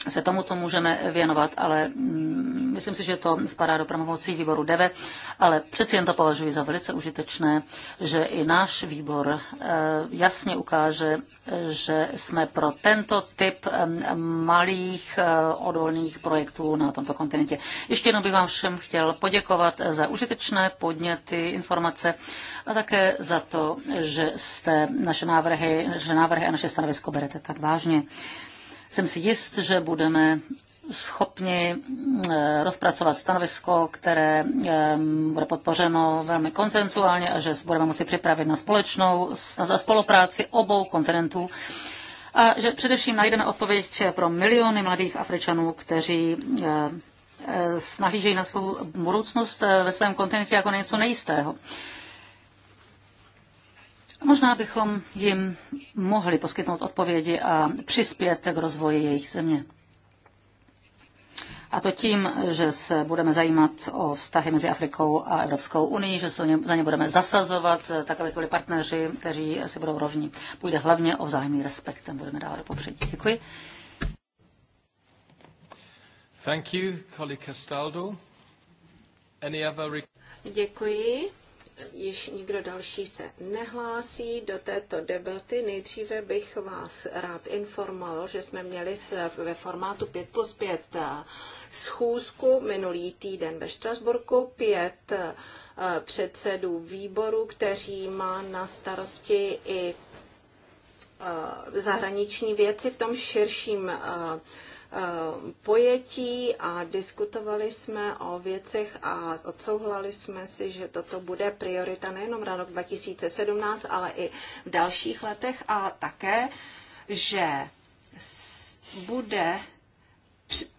se tomuto můžeme věnovat, ale mm, myslím si, že to spadá do pravomocí výboru DEVE, ale přeci jen to považuji za velice užitečné, že i náš výbor eh, jasně ukáže, že jsme pro tento typ eh, malých eh, odolných projektů na tomto kontinentě. Ještě jednou bych vám všem chtěl poděkovat za užitečné podněty, informace a také za to, že jste naše návrhy, že návrhy a naše stanovisko berete tak vážně. Jsem si jist, že budeme schopni eh, rozpracovat stanovisko, které eh, bude podpořeno velmi konsenzuálně a že budeme moci připravit na společnou na spolupráci obou kontinentů a že především najdeme odpověď pro miliony mladých Afričanů, kteří eh, snahlížejí na svou budoucnost ve svém kontinentě jako něco nejistého. Možná bychom jim mohli poskytnout odpovědi a přispět k rozvoji jejich země. A to tím, že se budeme zajímat o vztahy mezi Afrikou a Evropskou unii, že se za ně budeme zasazovat, tak aby to byli partneři, kteří si budou rovní. Půjde hlavně o vzájemný respekt, ten budeme dávat do Děkuji. Thank you, Any other... Děkuji již nikdo další se nehlásí do této debaty. Nejdříve bych vás rád informoval, že jsme měli ve formátu 5 plus 5 eh, schůzku minulý týden ve Štrasburku. Pět eh, předsedů výboru, kteří má na starosti i eh, zahraniční věci v tom širším pojetí a diskutovali jsme o věcech a odsouhlali jsme si, že toto bude priorita nejenom na rok 2017, ale i v dalších letech a také, že bude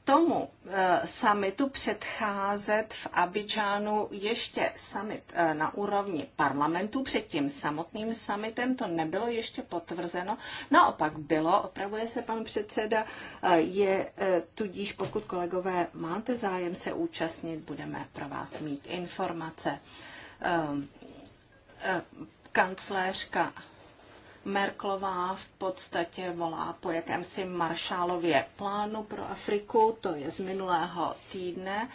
tomu eh, summitu předcházet v Abidžánu ještě summit eh, na úrovni parlamentu. Před tím samotným summitem to nebylo ještě potvrzeno. Naopak bylo, opravuje se pan předseda, eh, je tudíž, pokud kolegové máte zájem se účastnit, budeme pro vás mít informace. Ehm, kancléřka Merklová v podstatě volá po jakémsi maršálově plánu pro Afriku, to je z minulého týdne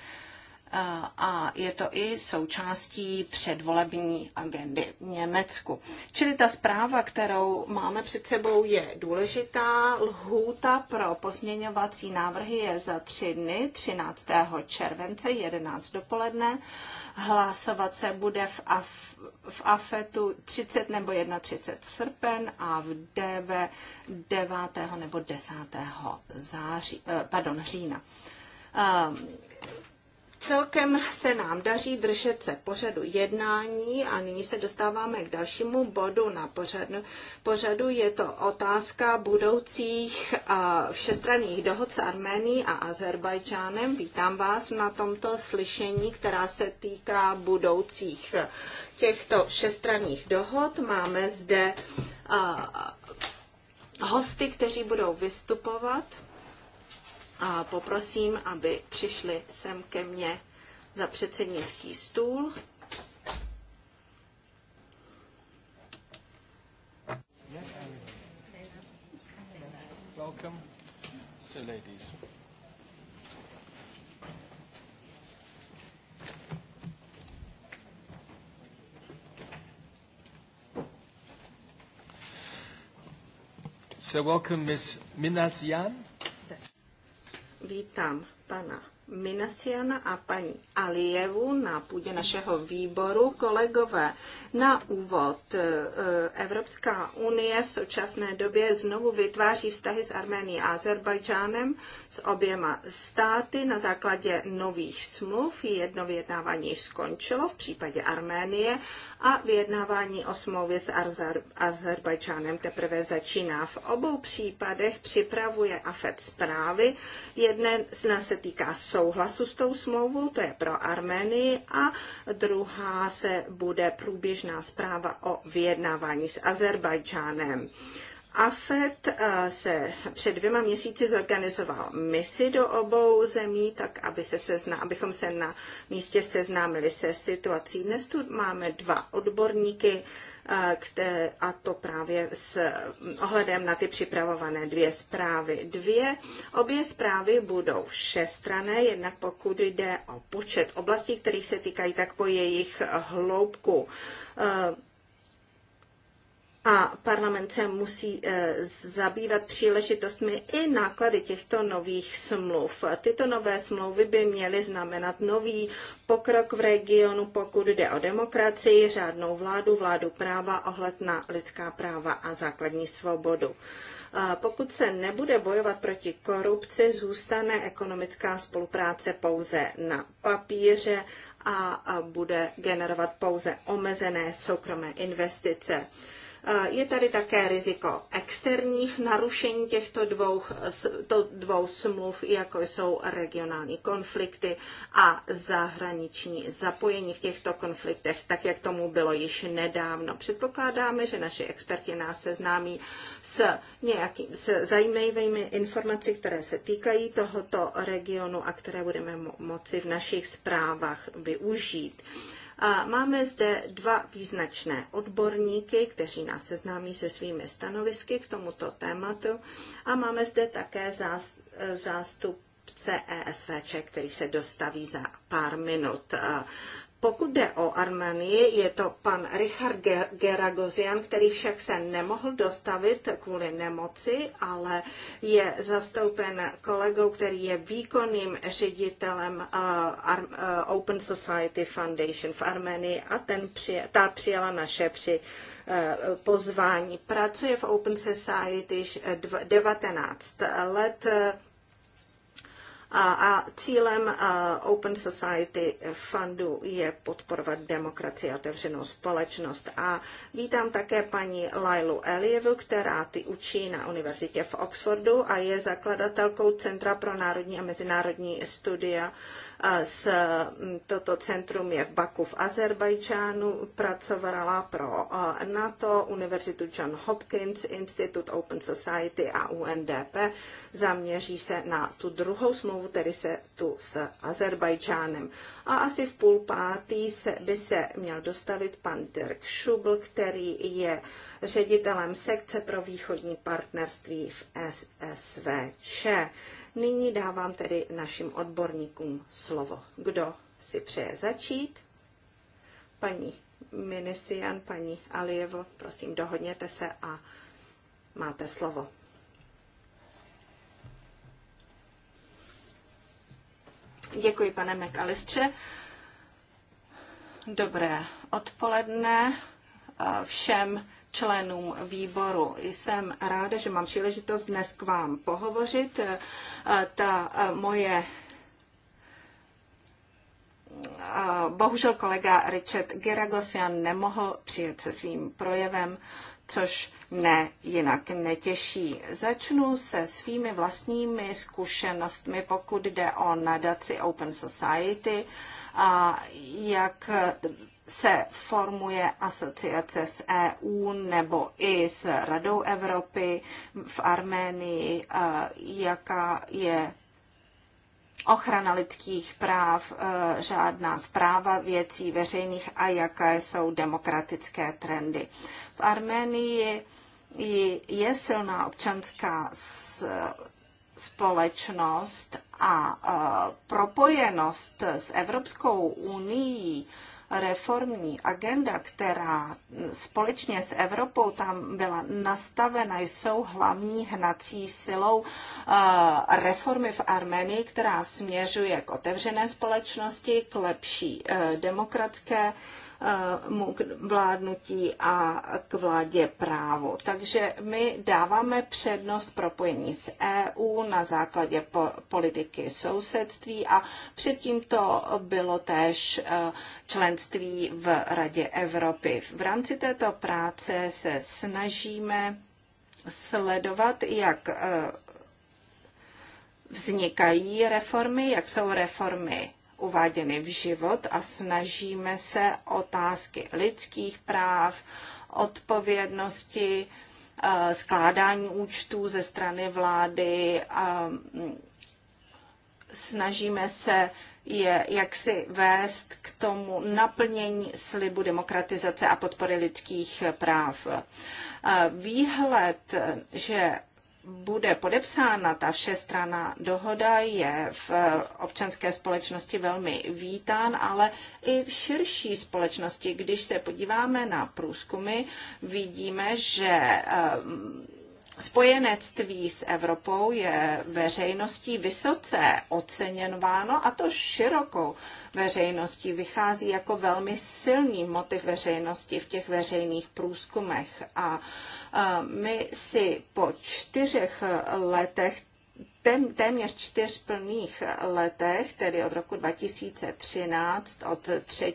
a je to i součástí předvolební agendy v Německu. Čili ta zpráva, kterou máme před sebou, je důležitá. Lhůta pro pozměňovací návrhy je za tři dny, 13. července, 11. dopoledne. Hlasovat se bude v, Af- v AFETu 30 nebo 31 srpen a v DV 9. nebo 10. září, eh, pardon, října ehm, Celkem se nám daří držet se pořadu jednání a nyní se dostáváme k dalšímu bodu na pořadu. Pořadu je to otázka budoucích všestranných dohod s Arménií a Azerbajdžánem. Vítám vás na tomto slyšení, která se týká budoucích těchto všestranných dohod. Máme zde hosty, kteří budou vystupovat a poprosím, aby přišli sem ke mně za předsednický stůl. Welcome. So ladies. So welcome Ms. Minasian. Vítám pana Minasiana a paní Alijevu na půdě našeho výboru. Kolegové, na úvod eh, Evropská unie v současné době znovu vytváří vztahy s Arménií a Azerbajdžánem s oběma státy na základě nových smluv. Jedno vyjednávání již skončilo v případě Arménie a vyjednávání o smlouvě s Azerbajdžánem teprve začíná. V obou případech připravuje AFED zprávy. nás se týká souhlasu s tou smlouvou, to je pro Arménii, a druhá se bude průběžná zpráva o vyjednávání s Azerbajdžánem. AFET eh, se před dvěma měsíci zorganizoval misi do obou zemí, tak aby se sezna, abychom se na místě seznámili se situací. Dnes tu máme dva odborníky, eh, které, a to právě s mm, ohledem na ty připravované dvě zprávy. Dvě, obě zprávy budou šestrané, jednak pokud jde o počet oblastí, kterých se týkají, tak po jejich hloubku eh, a parlament se musí eh, zabývat příležitostmi i náklady těchto nových smluv. Tyto nové smlouvy by měly znamenat nový pokrok v regionu, pokud jde o demokracii, řádnou vládu, vládu práva, ohled na lidská práva a základní svobodu eh, pokud se nebude bojovat proti korupci, zůstane ekonomická spolupráce pouze na papíře a bude generovat pouze omezené soukromé investice. Eh, je tady také riziko externích narušení těchto dvou, to dvou smluv, jako jsou regionální konflikty a zahraniční zapojení v těchto konfliktech, tak jak tomu bylo již nedávno. Předpokládáme, že naši experti nás seznámí s nějakým s zajímavými informací, které se týkají tohoto regionu a které budeme moci v našich zprávách využít. A máme zde dva význačné odborníky, kteří nás seznámí se svými stanovisky k tomuto tématu. A máme zde také zástupce ESVČ, který se dostaví za pár minut. Pokud jde o Armenii, je to pan Richard Geragozian, který však se nemohl dostavit kvůli nemoci, ale je zastoupen kolegou, který je výkonným ředitelem eh, eh, Open Society Foundation v Armenii a ten přijel, ta přijela naše při eh, pozvání. Pracuje v Open Society již 19 let a cílem Open Society Fundu je podporovat demokracii a otevřenou společnost. A vítám také paní Lailu Elievu, která ty učí na univerzitě v Oxfordu a je zakladatelkou Centra pro národní a mezinárodní studia. S, toto centrum je v Baku v Azerbajdžánu, pracovala pro NATO, Univerzitu John Hopkins, Institut Open Society a UNDP. Zaměří se na tu druhou smlouvu smlouvu, tedy se tu s Azerbajdžánem. A asi v půl pátý se, by se měl dostavit pan Dirk Schubl, který je ředitelem sekce pro východní partnerství v SSVČ. Nyní dávám tedy našim odborníkům slovo. Kdo si přeje začít? Paní Minisian, paní Alievo, prosím, dohodněte se a máte slovo. Děkuji, pane McAllistře. Dobré odpoledne všem členům výboru. Jsem ráda, že mám příležitost dnes k vám pohovořit. E, ta e, moje e, bohužel kolega Richard Geragosian nemohl přijet se svým projevem, což mne jinak netěší. Začnu se svými vlastními zkušenostmi, pokud jde o nadaci Open Society a jak se formuje asociace s EU nebo i s Radou Evropy v Arménii, jaká je ochrana lidských práv, žádná e, zpráva věcí veřejných a jaké jsou demokratické trendy. V Arménii je silná občanská společnost a propojenost s Evropskou unii reformní agenda, která společně s Evropou tam byla nastavena, jsou hlavní hnací silou reformy v Armenii, která směřuje k otevřené společnosti, k lepší e, demokratické Eh, k vládnutí a k vládě právo. Takže my dáváme přednost propojení s EU na základě politiky sousedství a předtím to bylo též eh, členství v Radě Evropy. V rámci této práce se snažíme sledovat, jak eh, vznikají reformy, jak jsou reformy uváděny v život a snažíme se otázky lidských práv, odpovědnosti, eh, skládání účtů ze strany vlády a mm, snažíme se je jaksi vést k tomu naplnění slibu demokratizace a podpory lidských práv. Eh, výhled, že bude podepsána ta všestranná dohoda, je v eh, občanské společnosti velmi vítán, ale i v širší společnosti, když se podíváme na průzkumy, vidíme, že eh, Spojenectví s Evropou je veřejností vysoce oceněnováno a to širokou veřejností. Vychází jako velmi silný motiv veřejnosti v těch veřejných průzkumech. A my si po čtyřech letech téměř čtyř plných letech, tedy od roku 2013, od 3.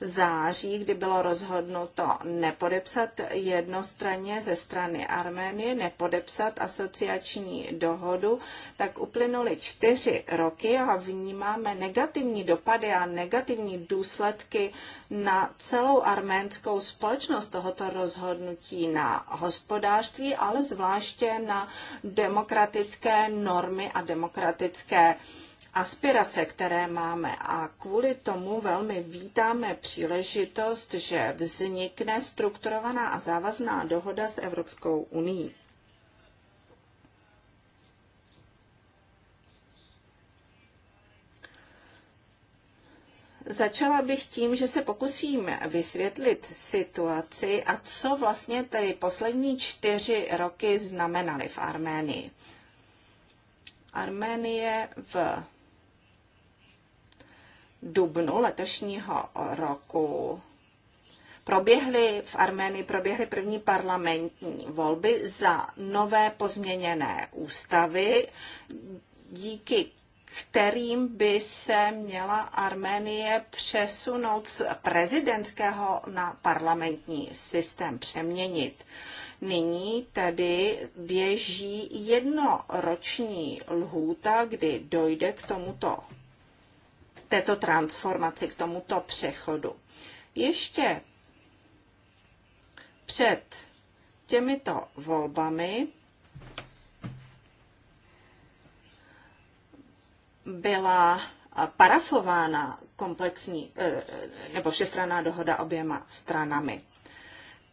září, kdy bylo rozhodnuto nepodepsat jednostranně ze strany Arménie, nepodepsat asociační dohodu, tak uplynuly čtyři roky a vnímáme negativní dopady a negativní důsledky na celou arménskou společnost tohoto rozhodnutí na hospodářství, ale zvláště na demokratické normy a demokratické aspirace, které máme. A kvůli tomu velmi vítáme příležitost, že vznikne strukturovaná a závazná dohoda s Evropskou uní. Začala bych tím, že se pokusím vysvětlit situaci a co vlastně ty poslední čtyři roky znamenaly v Arménii. Arménie v dubnu letošního roku proběhly v Arménii proběhly první parlamentní volby za nové pozměněné ústavy, díky kterým by se měla Arménie přesunout z prezidentského na parlamentní systém, přeměnit. Nyní tedy běží jednoroční lhůta, kdy dojde k tomuto, této transformaci, k tomuto přechodu. Ještě před těmito volbami byla parafována komplexní e, e, nebo všestranná dohoda oběma stranami.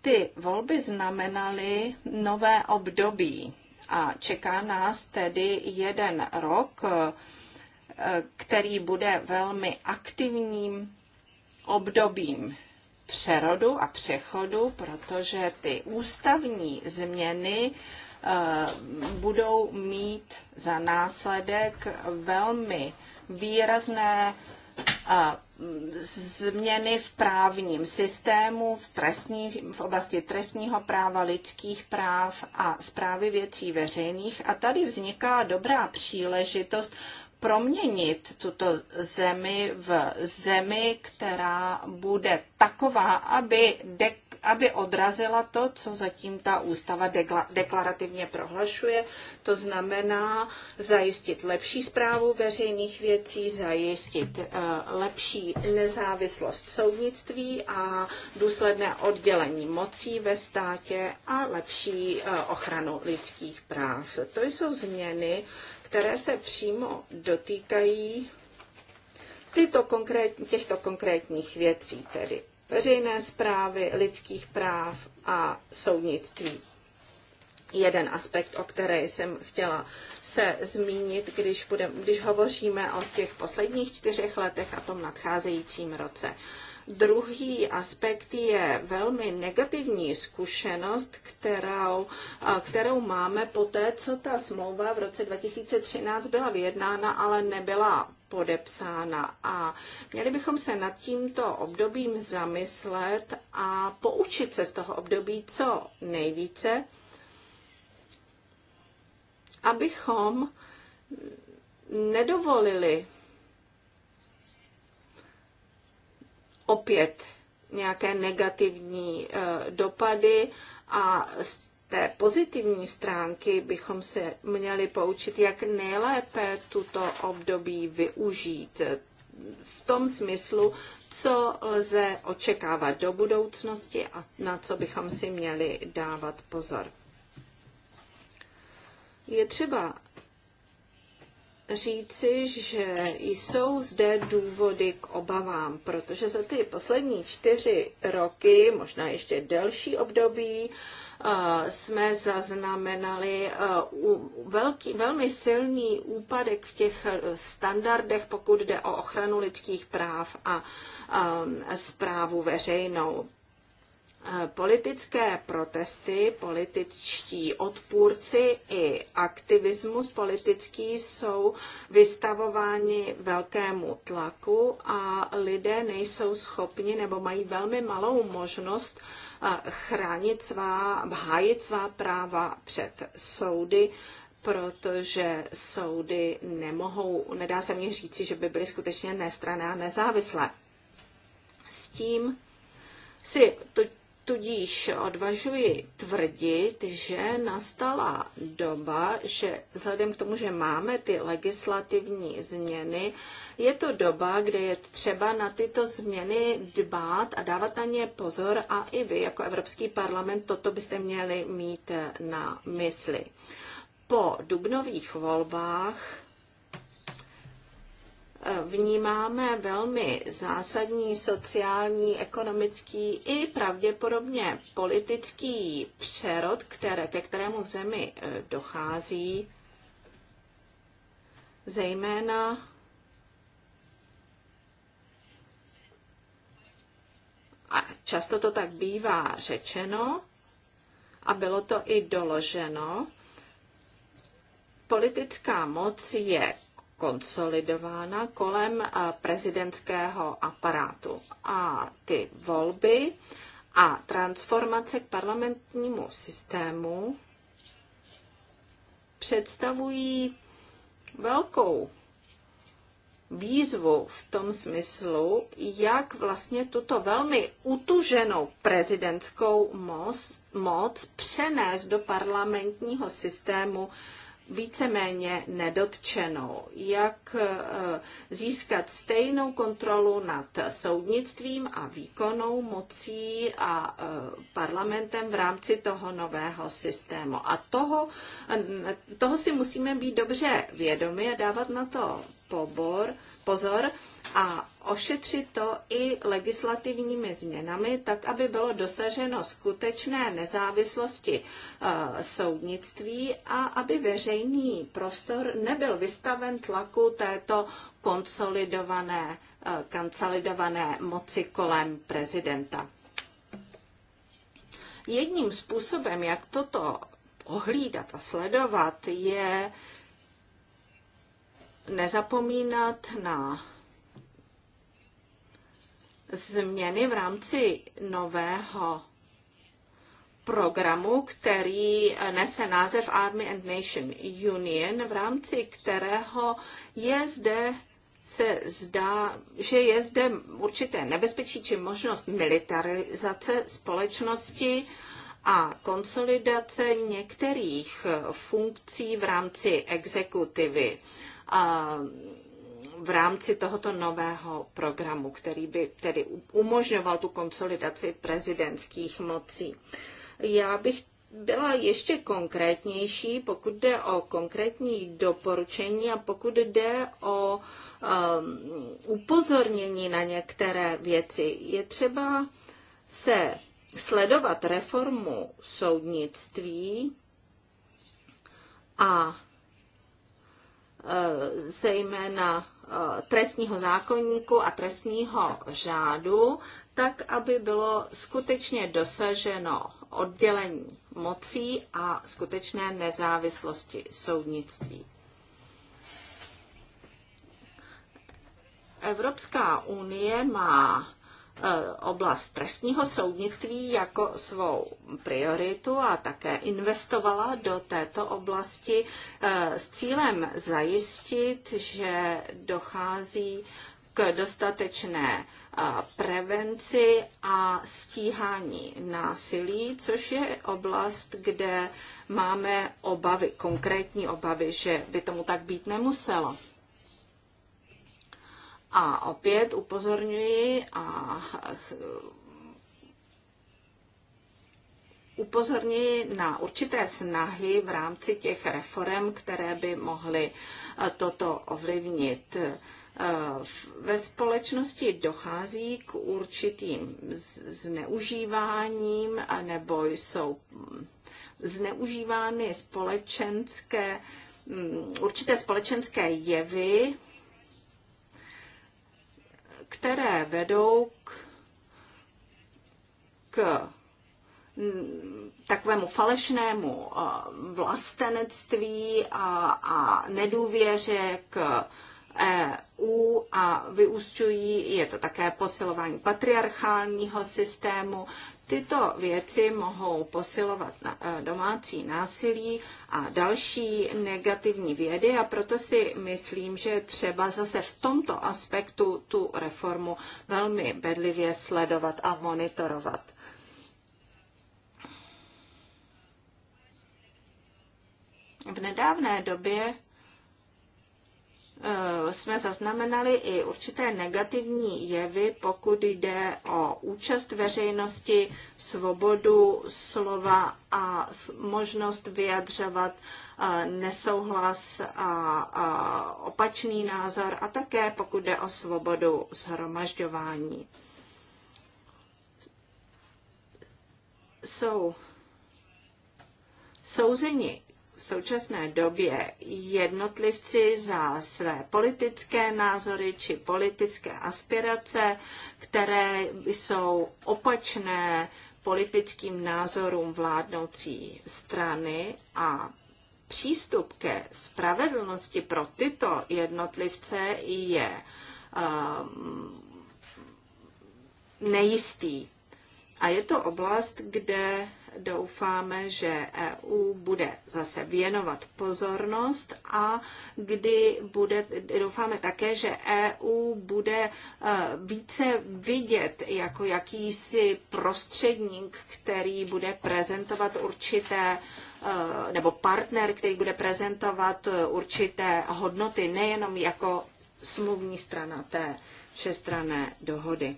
Ty volby znamenaly nové období a čeká nás tedy jeden rok, eh, který bude velmi aktivním obdobím přerodu a přechodu, protože ty ústavní změny eh, budou mít za následek velmi výrazné eh, změny v právním systému, v, trestní, v oblasti trestního práva, lidských práv a zprávy věcí veřejných. A tady vzniká dobrá příležitost proměnit tuto zemi v zemi, která bude taková, aby dek aby odrazila to, co zatím ta ústava deklarativně prohlašuje, to znamená zajistit lepší zprávu veřejných věcí, zajistit eh, lepší nezávislost soudnictví a důsledné oddělení mocí ve státě a lepší eh, ochranu lidských práv. To jsou změny, které se přímo dotýkají tyto konkrét, těchto konkrétních věcí tedy veřejné zprávy, lidských práv a soudnictví. Jeden aspekt, o který jsem chtěla se zmínit, když, budem, když hovoříme o těch posledních čtyřech letech a tom nadcházejícím roce. Druhý aspekt je velmi negativní zkušenost, kterou, kterou máme po té, co ta smlouva v roce 2013 byla vyjednána, ale nebyla podepsána. A měli bychom se nad tímto obdobím zamyslet a poučit se z toho období co nejvíce, abychom nedovolili opět nějaké negativní eh, dopady a té pozitivní stránky bychom se měli poučit, jak nejlépe tuto období využít v tom smyslu, co lze očekávat do budoucnosti a na co bychom si měli dávat pozor. Je třeba říci, že jsou zde důvody k obavám, protože za ty poslední čtyři roky, možná ještě delší období, Eh, jsme zaznamenali eh, velký, velmi silný úpadek v těch eh, standardech, pokud jde o ochranu lidských práv a zprávu veřejnou politické protesty, političtí odpůrci i aktivismus politický jsou vystavováni velkému tlaku a lidé nejsou schopni nebo mají velmi malou možnost chránit svá, hájit svá práva před soudy, protože soudy nemohou, nedá se mně říci, že by byly skutečně nestrané a nezávislé. S tím si to Tudíž odvažuji tvrdit, že nastala doba, že vzhledem k tomu, že máme ty legislativní změny, je to doba, kde je třeba na tyto změny dbát a dávat na ně pozor a i vy jako Evropský parlament toto byste měli mít na mysli. Po dubnových volbách vnímáme velmi zásadní sociální, ekonomický i pravděpodobně politický přerod, které, ke kterému v zemi e, dochází, zejména a často to tak bývá řečeno, a bylo to i doloženo, politická moc je konsolidována kolem eh, prezidentského aparátu. A ty volby a transformace k parlamentnímu systému představují velkou výzvu v tom smyslu, jak vlastně tuto velmi utuženou prezidentskou moc, moc přenést do parlamentního systému víceméně nedotčeno, Jak eh, získat stejnou kontrolu nad soudnictvím a výkonnou mocí a eh, parlamentem v rámci toho nového systému. A toho, eh, toho si musíme být dobře vědomi a dávat na to pobor, pozor a ošetřit to i legislativními změnami, tak aby bylo dosaženo skutečné nezávislosti e, soudnictví a aby veřejný prostor nebyl vystaven tlaku této konsolidované, e, moci kolem prezidenta. Jedním způsobem, jak toto ohlídat a sledovat, je nezapomínat na změny v rámci nového programu, který nese název Army and Nation Union, v rámci kterého je zde se zdá, že je zde určité nebezpečí či možnost militarizace společnosti a konsolidace některých funkcí v rámci exekutivy v rámci tohoto nového programu, který by tedy umožňoval tu konsolidaci prezidentských mocí. Já bych byla ještě konkrétnější, pokud jde o konkrétní doporučení a pokud jde o um, upozornění na některé věci. Je třeba se sledovat reformu soudnictví a uh, zejména Eh, trestního zákonníku a trestního řádu, tak, aby bylo skutečně dosaženo oddělení mocí a skutečné nezávislosti soudnictví. Evropská unie má E, oblast trestního soudnictví jako svou prioritu a také investovala do této oblasti e, s cílem zajistit, že dochází k dostatečné e, prevenci a stíhání násilí, což je oblast, kde máme obavy, konkrétní obavy, že by tomu tak být nemuselo. A opět upozorňuji a upozorňuji na určité snahy v rámci těch reform, které by mohly eh, toto ovlivnit. Eh, ve společnosti dochází k určitým zneužíváním nebo jsou mm, zneužívány společenské, mm, určité společenské jevy, které vedou k, k takovému falešnému eh, vlastenectví a, a nedůvěře k EU a vyústňují, je to také posilování patriarchálního systému, Tyto věci mohou posilovat eh, domácí násilí a další negativní vědy a proto si myslím, že třeba zase v tomto aspektu tu reformu velmi bedlivě sledovat a monitorovat. V nedávné době Eh, jsme zaznamenali i určité negativní jevy, pokud jde o účast veřejnosti, svobodu slova a možnost vyjadřovat eh, nesouhlas a opačný názor a také pokud jde o svobodu shromažďování. Jsou souzeni v současné době jednotlivci za své politické názory či politické aspirace, které jsou opačné politickým názorům vládnoucí strany a přístup ke spravedlnosti pro tyto jednotlivce je um, nejistý. A je to oblast, kde doufáme, že EU bude zase věnovat pozornost a kdy bude, doufáme také, že EU bude e, více vidět jako jakýsi prostředník, který bude prezentovat určité e, nebo partner, který bude prezentovat určité hodnoty, nejenom jako smluvní strana té všestrané dohody.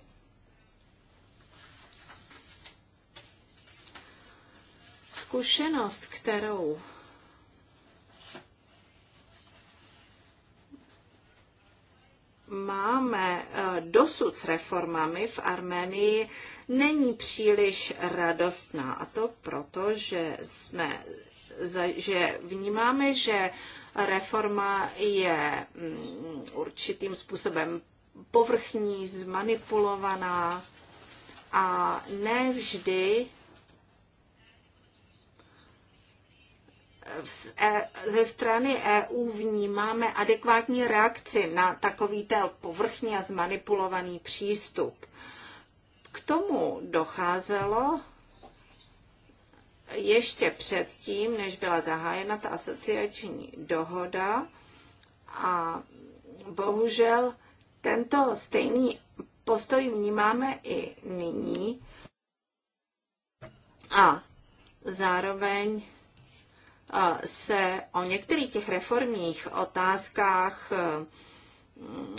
zkušenost, kterou máme eh, dosud s reformami v Arménii, není příliš radostná. A to proto, že, jsme, že vnímáme, že reforma je mm, určitým způsobem povrchní, zmanipulovaná a nevždy E, ze strany EU vnímáme adekvátní reakci na ten povrchní a zmanipulovaný přístup. K tomu docházelo ještě předtím, než byla zahájena ta asociační dohoda a bohužel tento stejný postoj vnímáme i nyní a zároveň se o některých těch reformních otázkách eh,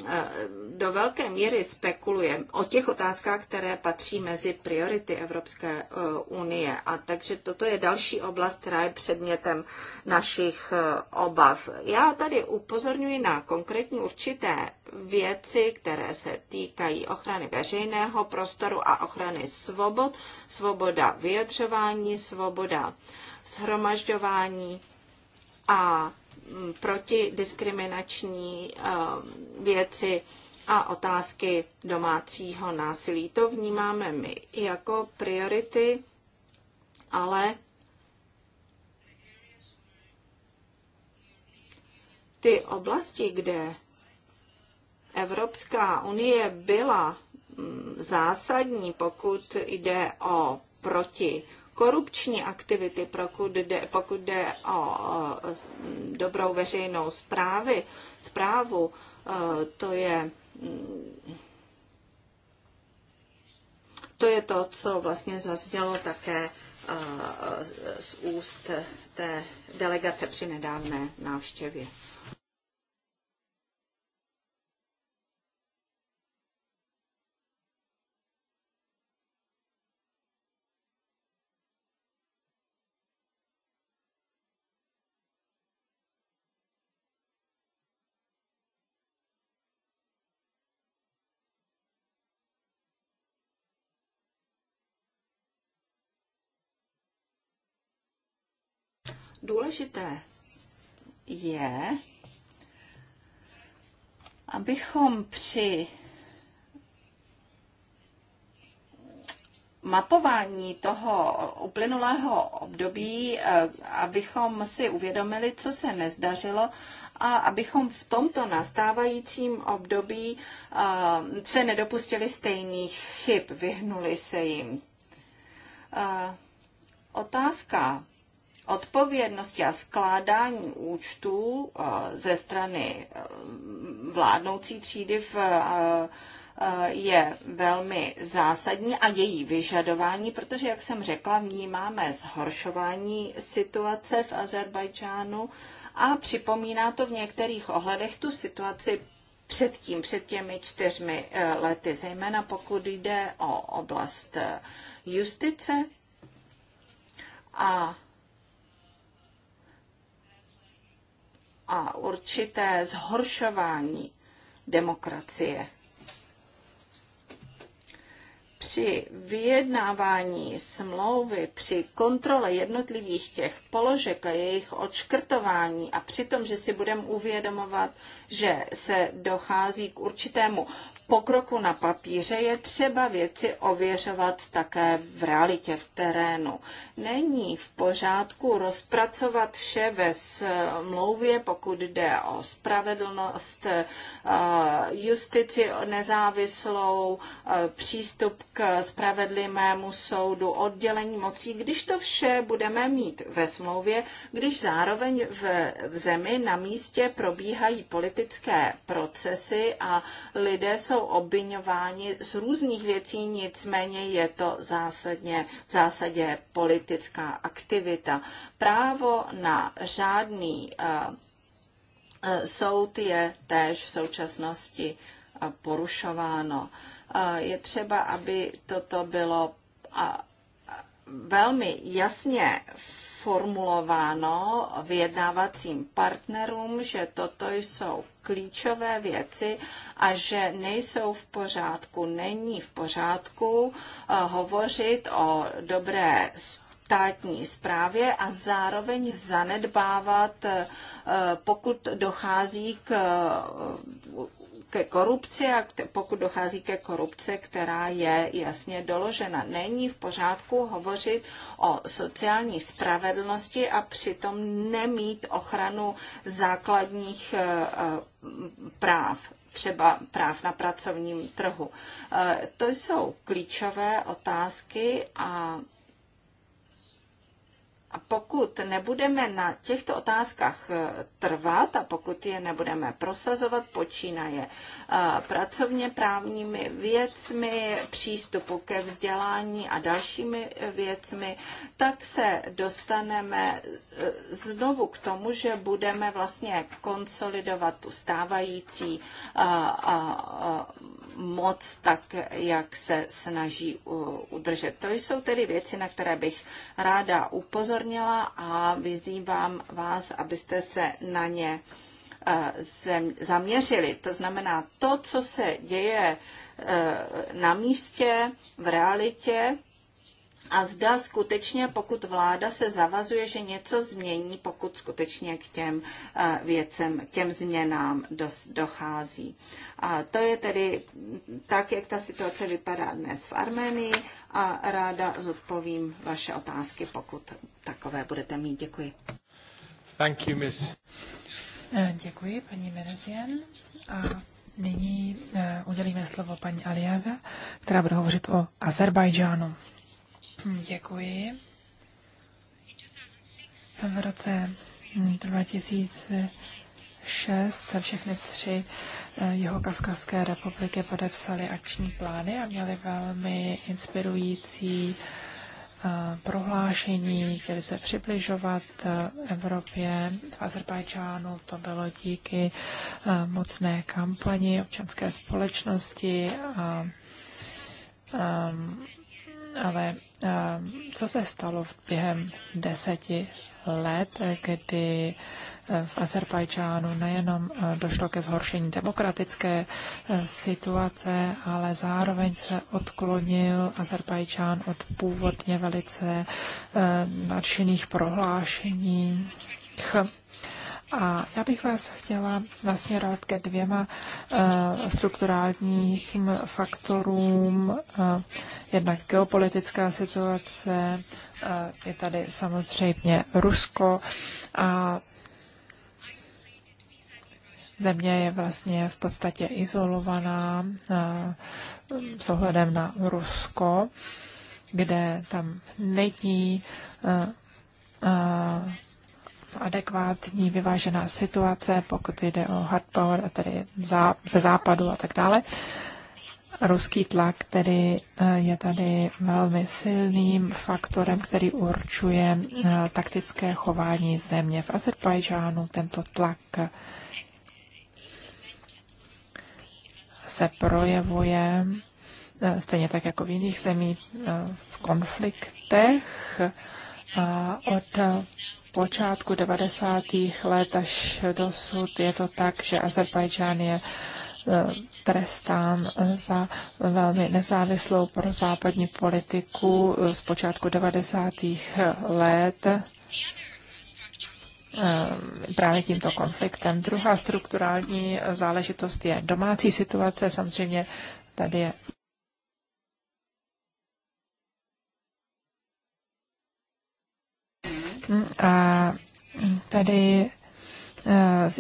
eh, do velké míry spekuluje o těch otázkách, které patří mezi priority Evropské eh, unie. A takže toto je další oblast, která je předmětem našich obav. Já tady upozorňuji na konkrétní určité věci, které se týkají ochrany veřejného prostoru a ochrany svobod, svoboda vyjadřování, svoboda uh, shromažďování a mm, protidiskriminační ehm, věci a otázky domácího násilí. To vnímáme my jako priority, ale ty oblasti, kde Evropská unie byla mm, zásadní, pokud jde o proti korupční aktivity, pokud jde, pokud jde o dobrou veřejnou zprávy, zprávu, e, to je to je to, co vlastně zaznělo také e, z úst té delegace při nedávné návštěvě. důležité je, abychom při mapování toho uplynulého období, eh, abychom si uvědomili, co se nezdařilo a abychom v tomto nastávajícím období eh, se nedopustili stejných chyb, vyhnuli se jim. Eh, otázka odpovědnosti a skládání účtů eh, ze strany eh, vládnoucí třídy v eh, je velmi zásadní a její vyžadování, protože, jak jsem řekla, vnímáme zhoršování situace v Azerbajdžánu a připomíná to v některých ohledech tu situaci předtím, před těmi čtyřmi lety, zejména pokud jde o oblast justice a a určité zhoršování demokracie při vyjednávání smlouvy, při kontrole jednotlivých těch položek a jejich odškrtování a přitom, že si budeme uvědomovat, že se dochází k určitému pokroku na papíře, je třeba věci ověřovat také v realitě, v terénu. Není v pořádku rozpracovat vše ve smlouvě, pokud jde o spravedlnost, eh, justici nezávislou, eh, přístup k spravedlivému soudu, oddělení mocí, když to vše budeme mít ve smlouvě, když zároveň v, v zemi na místě probíhají politické procesy a lidé jsou obvinováni z různých věcí, nicméně je to zásadně, v zásadě politická aktivita. Právo na řádný uh, soud je též v současnosti eh, porušováno. Uh, je třeba, aby toto bylo velmi jasně formulováno vyjednávacím partnerům, že toto jsou klíčové věci a že nejsou v pořádku, není v pořádku eh, hovořit o dobré státní zprávě a zároveň zanedbávat, eh, pokud dochází k eh, ke korupci a pokud dochází ke korupci, která je jasně doložena. Není v pořádku hovořit o sociální spravedlnosti a přitom nemít ochranu základních eh, eh, práv třeba práv na pracovním trhu. Eh, to jsou klíčové otázky a a pokud nebudeme na těchto otázkách eh, trvat a pokud je nebudeme prosazovat, počínaje eh, pracovně právními věcmi, přístupu ke vzdělání a dalšími eh, věcmi, tak se dostaneme znovu k tomu, že budeme vlastně konsolidovat tu stávající moc, tak jak se snaží udržet. To jsou tedy věci, na které bych ráda upozornila a vyzývám vás, abyste se na ně e, zaměřili. To znamená, to, co se děje e, na místě, v realitě, a zda skutečně, pokud vláda se zavazuje, že něco změní, pokud skutečně k těm eh, věcem, k těm změnám dochází. A to je tedy tak, jak ta situace vypadá dnes v Arménii a ráda zodpovím vaše otázky, pokud takové budete mít. Děkuji. Thank you, miss. Eh, děkuji, paní Merezian. A nyní eh, udělíme slovo paní Aliaga, která bude hovořit o Azerbajdžánu. Děkuji. V roce 2006 všechny tři eh, jeho kavkazské republiky podepsali akční plány a měli velmi inspirující eh, prohlášení, chtěli se přibližovat eh, Evropě. V Azerbajdžánu to bylo díky mocné kampani občanské společnosti a, a ehm, ale eh, co se stalo během deseti let, kdy eh, v Azerbajdžánu nejenom eh, došlo ke zhoršení demokratické situace, ale zároveň se odklonil Azerbajdžán od původně velice nadšených prohlášení a já bych vás chtěla nasměrovat ke dvěma uh, strukturálním faktorům. Uh, jednak geopolitická situace, uh, je tady samozřejmě Rusko a země je vlastně v podstatě izolovaná uh, s ohledem na Rusko, kde tam není uh, adekvátní, vyvážená situace, pokud jde o power, a tedy zá, ze západu a tak dále. Ruský tlak tedy eh, je tady velmi silným faktorem, který určuje eh, taktické chování země. V Azerbajdžánu tento tlak se projevuje eh, stejně tak jako v jiných zemích v konfliktech od počátku 90. let až dosud je to tak, že Azerbajdžán je e, trestán za velmi nezávislou pro západní politiku z počátku 90. let e, právě tímto konfliktem. Druhá strukturální záležitost je domácí situace. Samozřejmě tady je A tady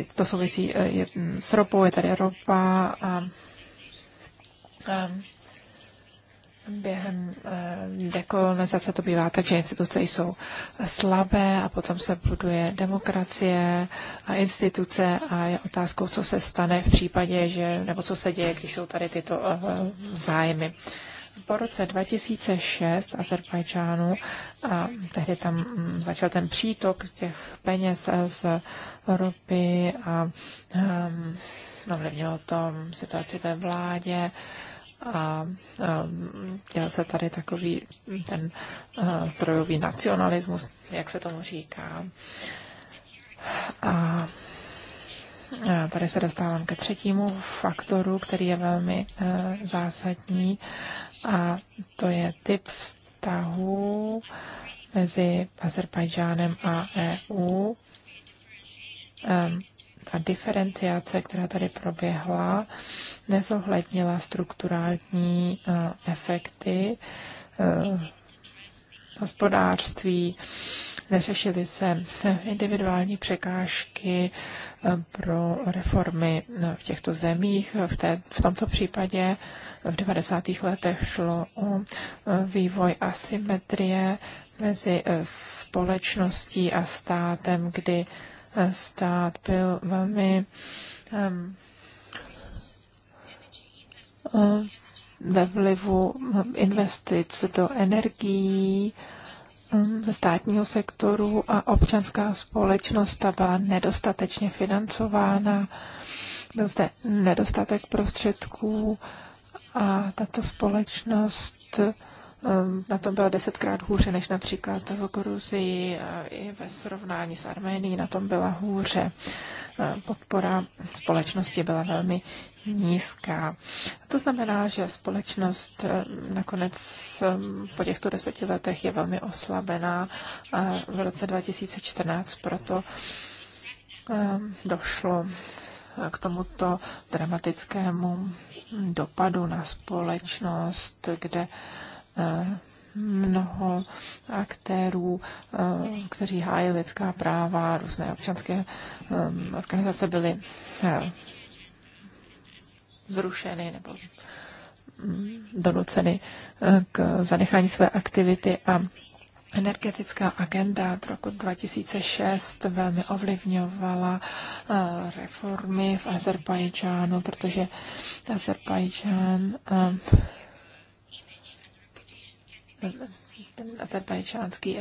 eh, to souvisí eh, mm, s ropou, je tady ropa a, eh, během dekolonizace to bývá tak, že instituce jsou slabé a potom se buduje demokracie a instituce a je otázkou, co se stane v případě, že, nebo co se děje, když jsou tady tyto zájmy. Uh, po roce 2006 v Azerbajdžánu a tehdy tam mm, začal ten přítok těch peněz z ropy a mm, ovlivnilo no, to situaci ve vládě a mm, dělal se tady takový ten eh, zdrojový nacionalismus, jak se tomu říká. A Eh, tady se dostávám ke třetímu faktoru, který je velmi eh, zásadní a to je typ vztahu mezi Azerbajdžánem a EU. Ehm, ta diferenciace, která tady proběhla, nezohlednila strukturální eh, efekty hospodářství, neřešily se individuální překážky eh, pro reformy eh, v těchto zemích. V, té, v tomto případě v 90. letech šlo o eh, vývoj asymetrie mezi společností a státem, kdy stát byl velmi um, ve vlivu investic do energií mm, ze státního sektoru a občanská společnost ta byla nedostatečně financována. Byl zde nedostatek prostředků a tato společnost Ehm, na tom byla desetkrát hůře než například v Gruzii eh, i ve srovnání s Arménií na tom byla hůře. Eh, podpora společnosti byla velmi nízká. To znamená, že společnost eh, nakonec ehm, po těchto deseti letech je velmi oslabená a v roce 2014 proto ehm, došlo k tomuto dramatickému dopadu na společnost, kde Eh, mnoho aktérů, eh, kteří hájí lidská práva, různé občanské eh, organizace byly zrušeny nebo mm, donuceny k zanechání své aktivity a Energetická agenda od roku 2006 velmi ovlivňovala reformy v Azerbajdžánu, protože Azerbajdžán ten azerbajdžánský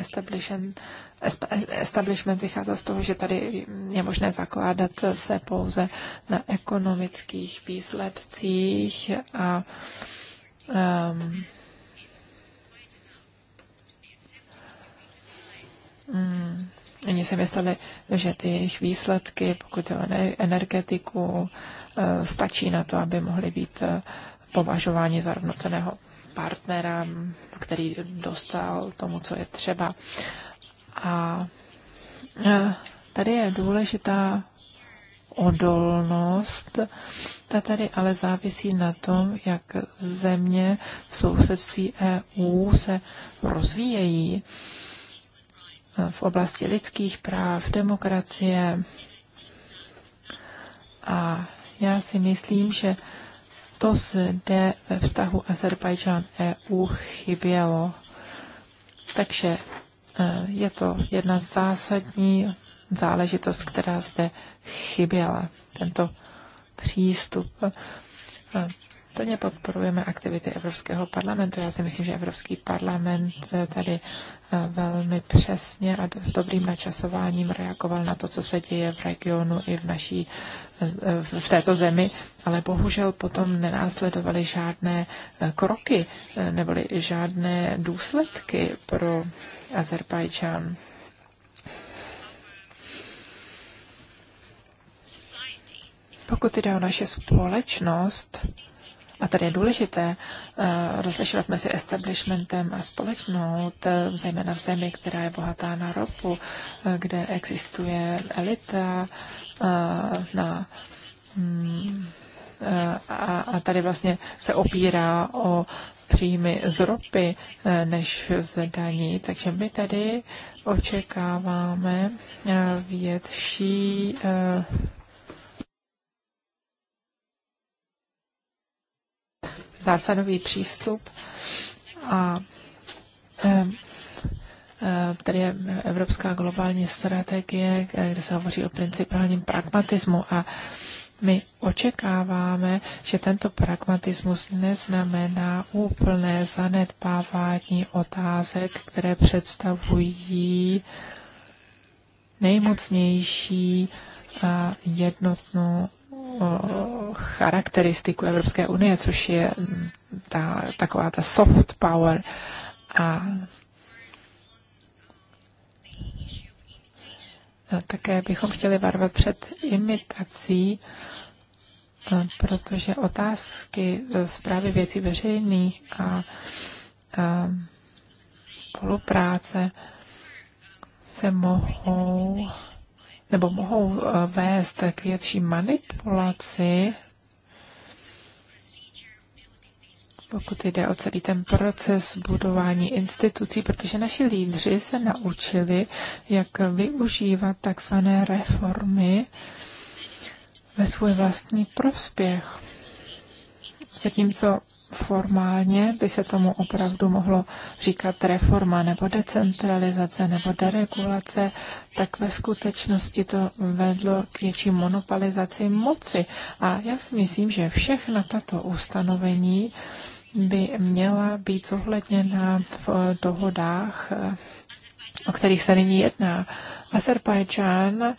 establishment, vycházel z toho, že tady je možné zakládat se pouze na ekonomických výsledcích a um, Hmm. oni si mysleli, že ty jejich výsledky, pokud je o energetiku, eh, stačí na to, aby mohly být eh, považováni za rovnoceného partnerem, který dostal tomu, co je třeba. A e, tady je důležitá odolnost. Ta tady ale závisí na tom, jak země v sousedství EU se rozvíjejí v oblasti lidských práv, demokracie. A já si myslím, že to zde ve vztahu Azerbajdžán-EU chybělo. Takže e, je to jedna zásadní záležitost, která zde chyběla, tento přístup. E, Plně podporujeme aktivity Evropského parlamentu. Já si myslím, že Evropský parlament tady eh, velmi přesně a s dobrým načasováním reagoval na to, co se děje v regionu i v naší eh, v této zemi, ale bohužel potom nenásledovaly žádné eh, kroky neboli žádné důsledky pro Azerbajdžán. Pokud jde o naše společnost, a tady je důležité uh, rozlišovat mezi establishmentem a společnou, eh, zejména v zemi, která je bohatá na ropu, uh, kde existuje elita uh, na um, a, a tady vlastně se opírá o příjmy z ropy než z daní. Takže my tady očekáváme větší zásadový přístup a Tady je Evropská globální strategie, kde se hovoří o principálním pragmatismu a my očekáváme, že tento pragmatismus neznamená úplné zanedbávání otázek, které představují nejmocnější jednotnou charakteristiku Evropské unie, což je ta, taková ta soft power. A také bychom chtěli varovat před imitací, protože otázky zprávy věcí veřejných a, a spolupráce se mohou nebo mohou eh, vést k větší manipulaci, pokud jde o celý ten proces budování institucí, protože naši lídři se naučili, jak využívat takzvané reformy ve svůj vlastní prospěch. Zatímco formálně by se tomu opravdu mohlo říkat reforma nebo decentralizace nebo deregulace, tak ve skutečnosti to vedlo k větší monopolizaci moci. A já si myslím, že všechna tato ustanovení by měla být zohledněna v dohodách, o kterých se nyní jedná. Azerbajdžán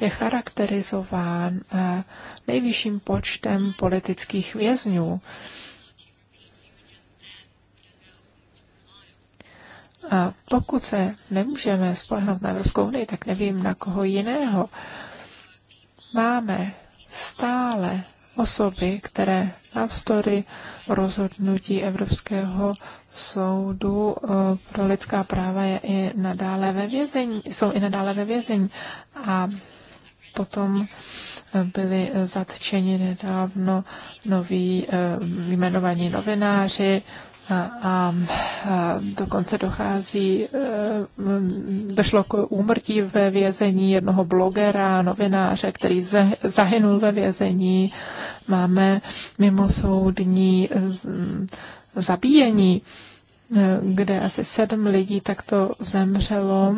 je charakterizován eh, nejvyšším počtem politických vězňů. A pokud se nemůžeme spolehnout na Evropskou unii, tak nevím na koho jiného. Máme stále osoby, které navzdory rozhodnutí Evropského soudu eh, pro lidská práva je i nadále ve vězení, jsou i nadále ve vězení. A potom eh, byli zatčeni nedávno noví eh, jmenovaní novináři, a dokonce dochází, e, došlo k úmrtí ve vězení jednoho blogera, novináře, který zahynul ve vězení. Máme mimosoudní zabíjení, e, kde asi sedm lidí takto zemřelo.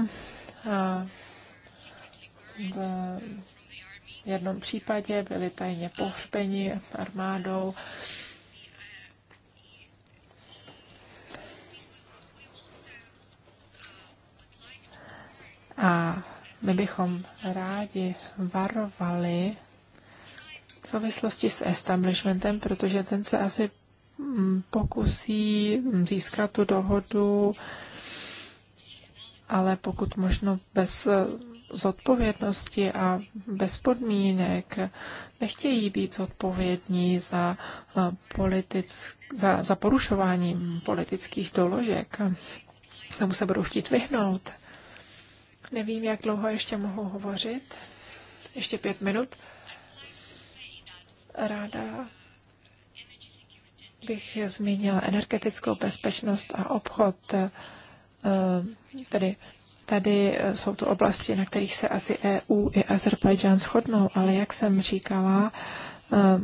V jednom případě byli tajně pohřbeni armádou. A my bychom rádi varovali v souvislosti s establishmentem, protože ten se asi mm, pokusí získat tu dohodu, ale pokud možno bez eh, zodpovědnosti a bez podmínek. Nechtějí být zodpovědní za, eh, politic, za, za porušování politických doložek. Tomu se budou chtít vyhnout. Nevím, jak dlouho ještě mohu hovořit. Ještě pět minut. Ráda bych zmínila energetickou bezpečnost a obchod. Eh, tedy tady eh, jsou to oblasti, na kterých se asi EU i Azerbajdžán shodnou, ale jak jsem říkala, eh,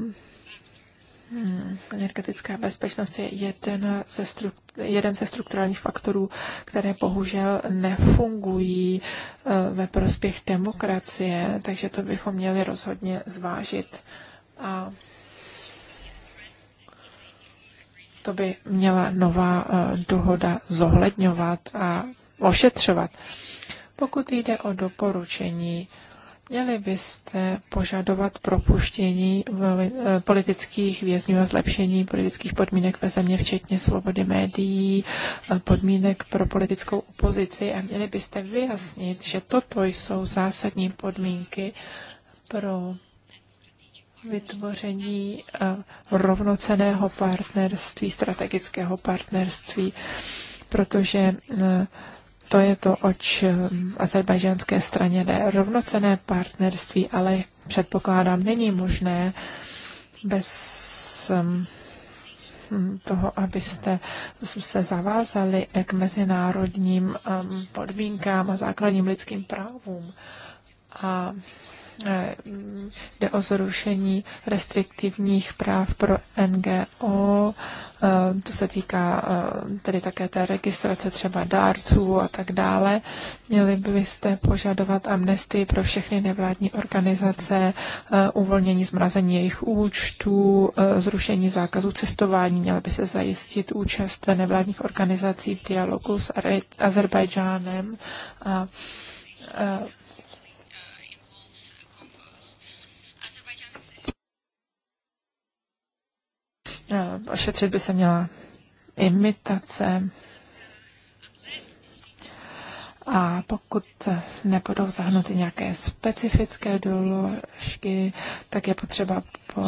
Hmm. Energetická bezpečnost je jeden ze, jeden ze strukturálních faktorů, které bohužel nefungují eh, ve prospěch demokracie, takže to bychom měli rozhodně zvážit. A to by měla nová eh, dohoda zohledňovat a ošetřovat. Pokud jde o doporučení, Měli byste požadovat propuštění eh, politických vězňů a zlepšení politických podmínek ve země, včetně svobody médií, eh, podmínek pro politickou opozici a měli byste vyjasnit, že toto jsou zásadní podmínky pro vytvoření eh, rovnoceného partnerství, strategického partnerství, protože to je to, oč ehm, azerbajžanské straně jde. Rovnocené partnerství, ale předpokládám, není možné bez ehm, hm, toho, abyste se zavázali k mezinárodním ehm, podmínkám a základním lidským právům. A Eh, jde o zrušení restriktivních práv pro NGO, eh, to se týká eh, tedy také té registrace třeba dárců a tak dále. Měli byste požadovat amnestii pro všechny nevládní organizace, uvolnění zmrazení jejich účtů, zrušení zákazu cestování, měly by se zajistit účast nevládních organizací v dialogu s Azerbajdžánem a Ošetřit by se měla imitace. A pokud nebudou zahnuty nějaké specifické doložky, tak je potřeba po,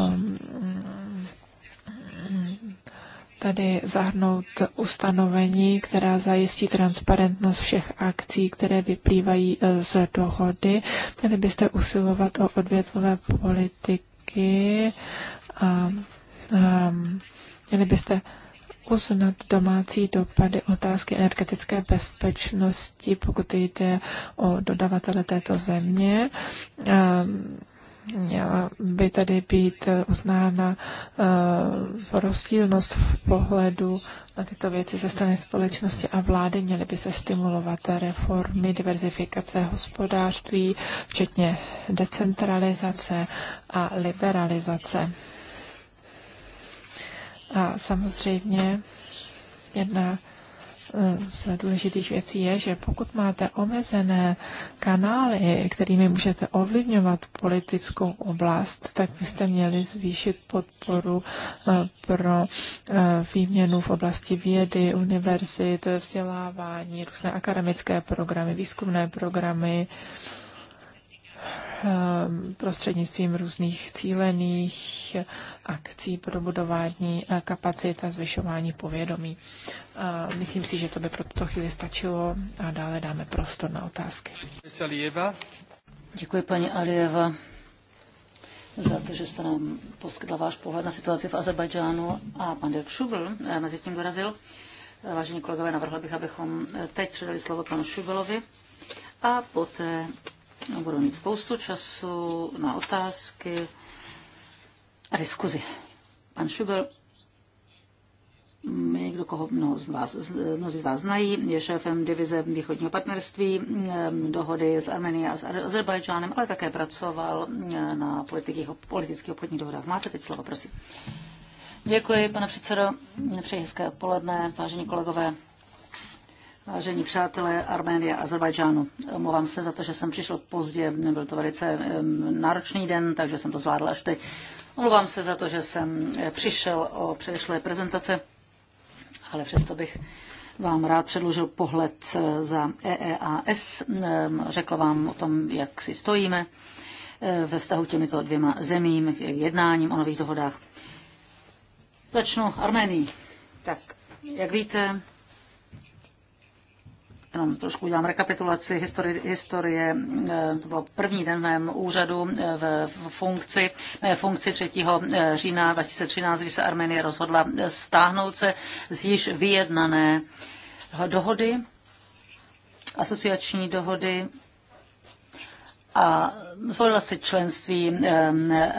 tady zahrnout ustanovení, která zajistí transparentnost všech akcí, které vyplývají e, z dohody. Tady byste usilovat o odvětvové politiky a Ehm, měli byste uznat domácí dopady otázky energetické bezpečnosti, pokud jde o dodavatele této země. Ehm, měla by tady být uznána eh, rozdílnost v pohledu na tyto věci ze strany společnosti a vlády. Měly by se stimulovat reformy, diverzifikace hospodářství, včetně decentralizace a liberalizace. A samozřejmě jedna eh, z důležitých věcí je, že pokud máte omezené kanály, kterými můžete ovlivňovat politickou oblast, tak byste měli zvýšit podporu eh, pro eh, výměnu v oblasti vědy, univerzit, vzdělávání, různé akademické programy, výzkumné programy, Eh, prostřednictvím různých cílených akcí pro budování eh, kapacit a zvyšování povědomí. Eh, myslím si, že to by pro tuto chvíli stačilo a dále dáme prostor na otázky. Děkuji paní Alieva za to, že jste nám poskytla váš pohled na situaci v Azerbajdžánu a pan Dirk Šubl mezi tím dorazil. Vážení kolegové, navrhla bych, abychom teď předali slovo panu Šubelovi a poté No, Budu mít spoustu času na otázky a diskuzi. Pan Šugel, někdo, koho mnoho z vás, mnozí z vás znají, je šéfem divize východního partnerství, dohody s Armenií a s Azerbajdžánem, ale také pracoval na politických, politických obchodních dohodách. Máte teď slovo, prosím. Děkuji, pane předsedo. Přeji hezké odpoledne, vážení kolegové. Vážení přátelé Arménie a Azerbajdžánu, omlouvám se za to, že jsem přišel pozdě, byl to velice náročný den, takže jsem to zvládla až teď. Omlouvám se za to, že jsem eh, přišel o předešlé prezentace, ale přesto bych vám rád předložil pohled eh, za EEAS, řekl vám o tom, jak si stojíme eh, ve vztahu těmito dvěma zemím, jednáním o nových dohodách. Začnu Arménii. Tak, jak víte, Jenom trošku udělám rekapitulaci historie. historie eh, to byl první den v mém úřadu eh, v funkci, mé funkci 3. Eh, října 2013, kdy se Armenie rozhodla stáhnout se z již vyjednané dohody asociační dohody a zvolila si členství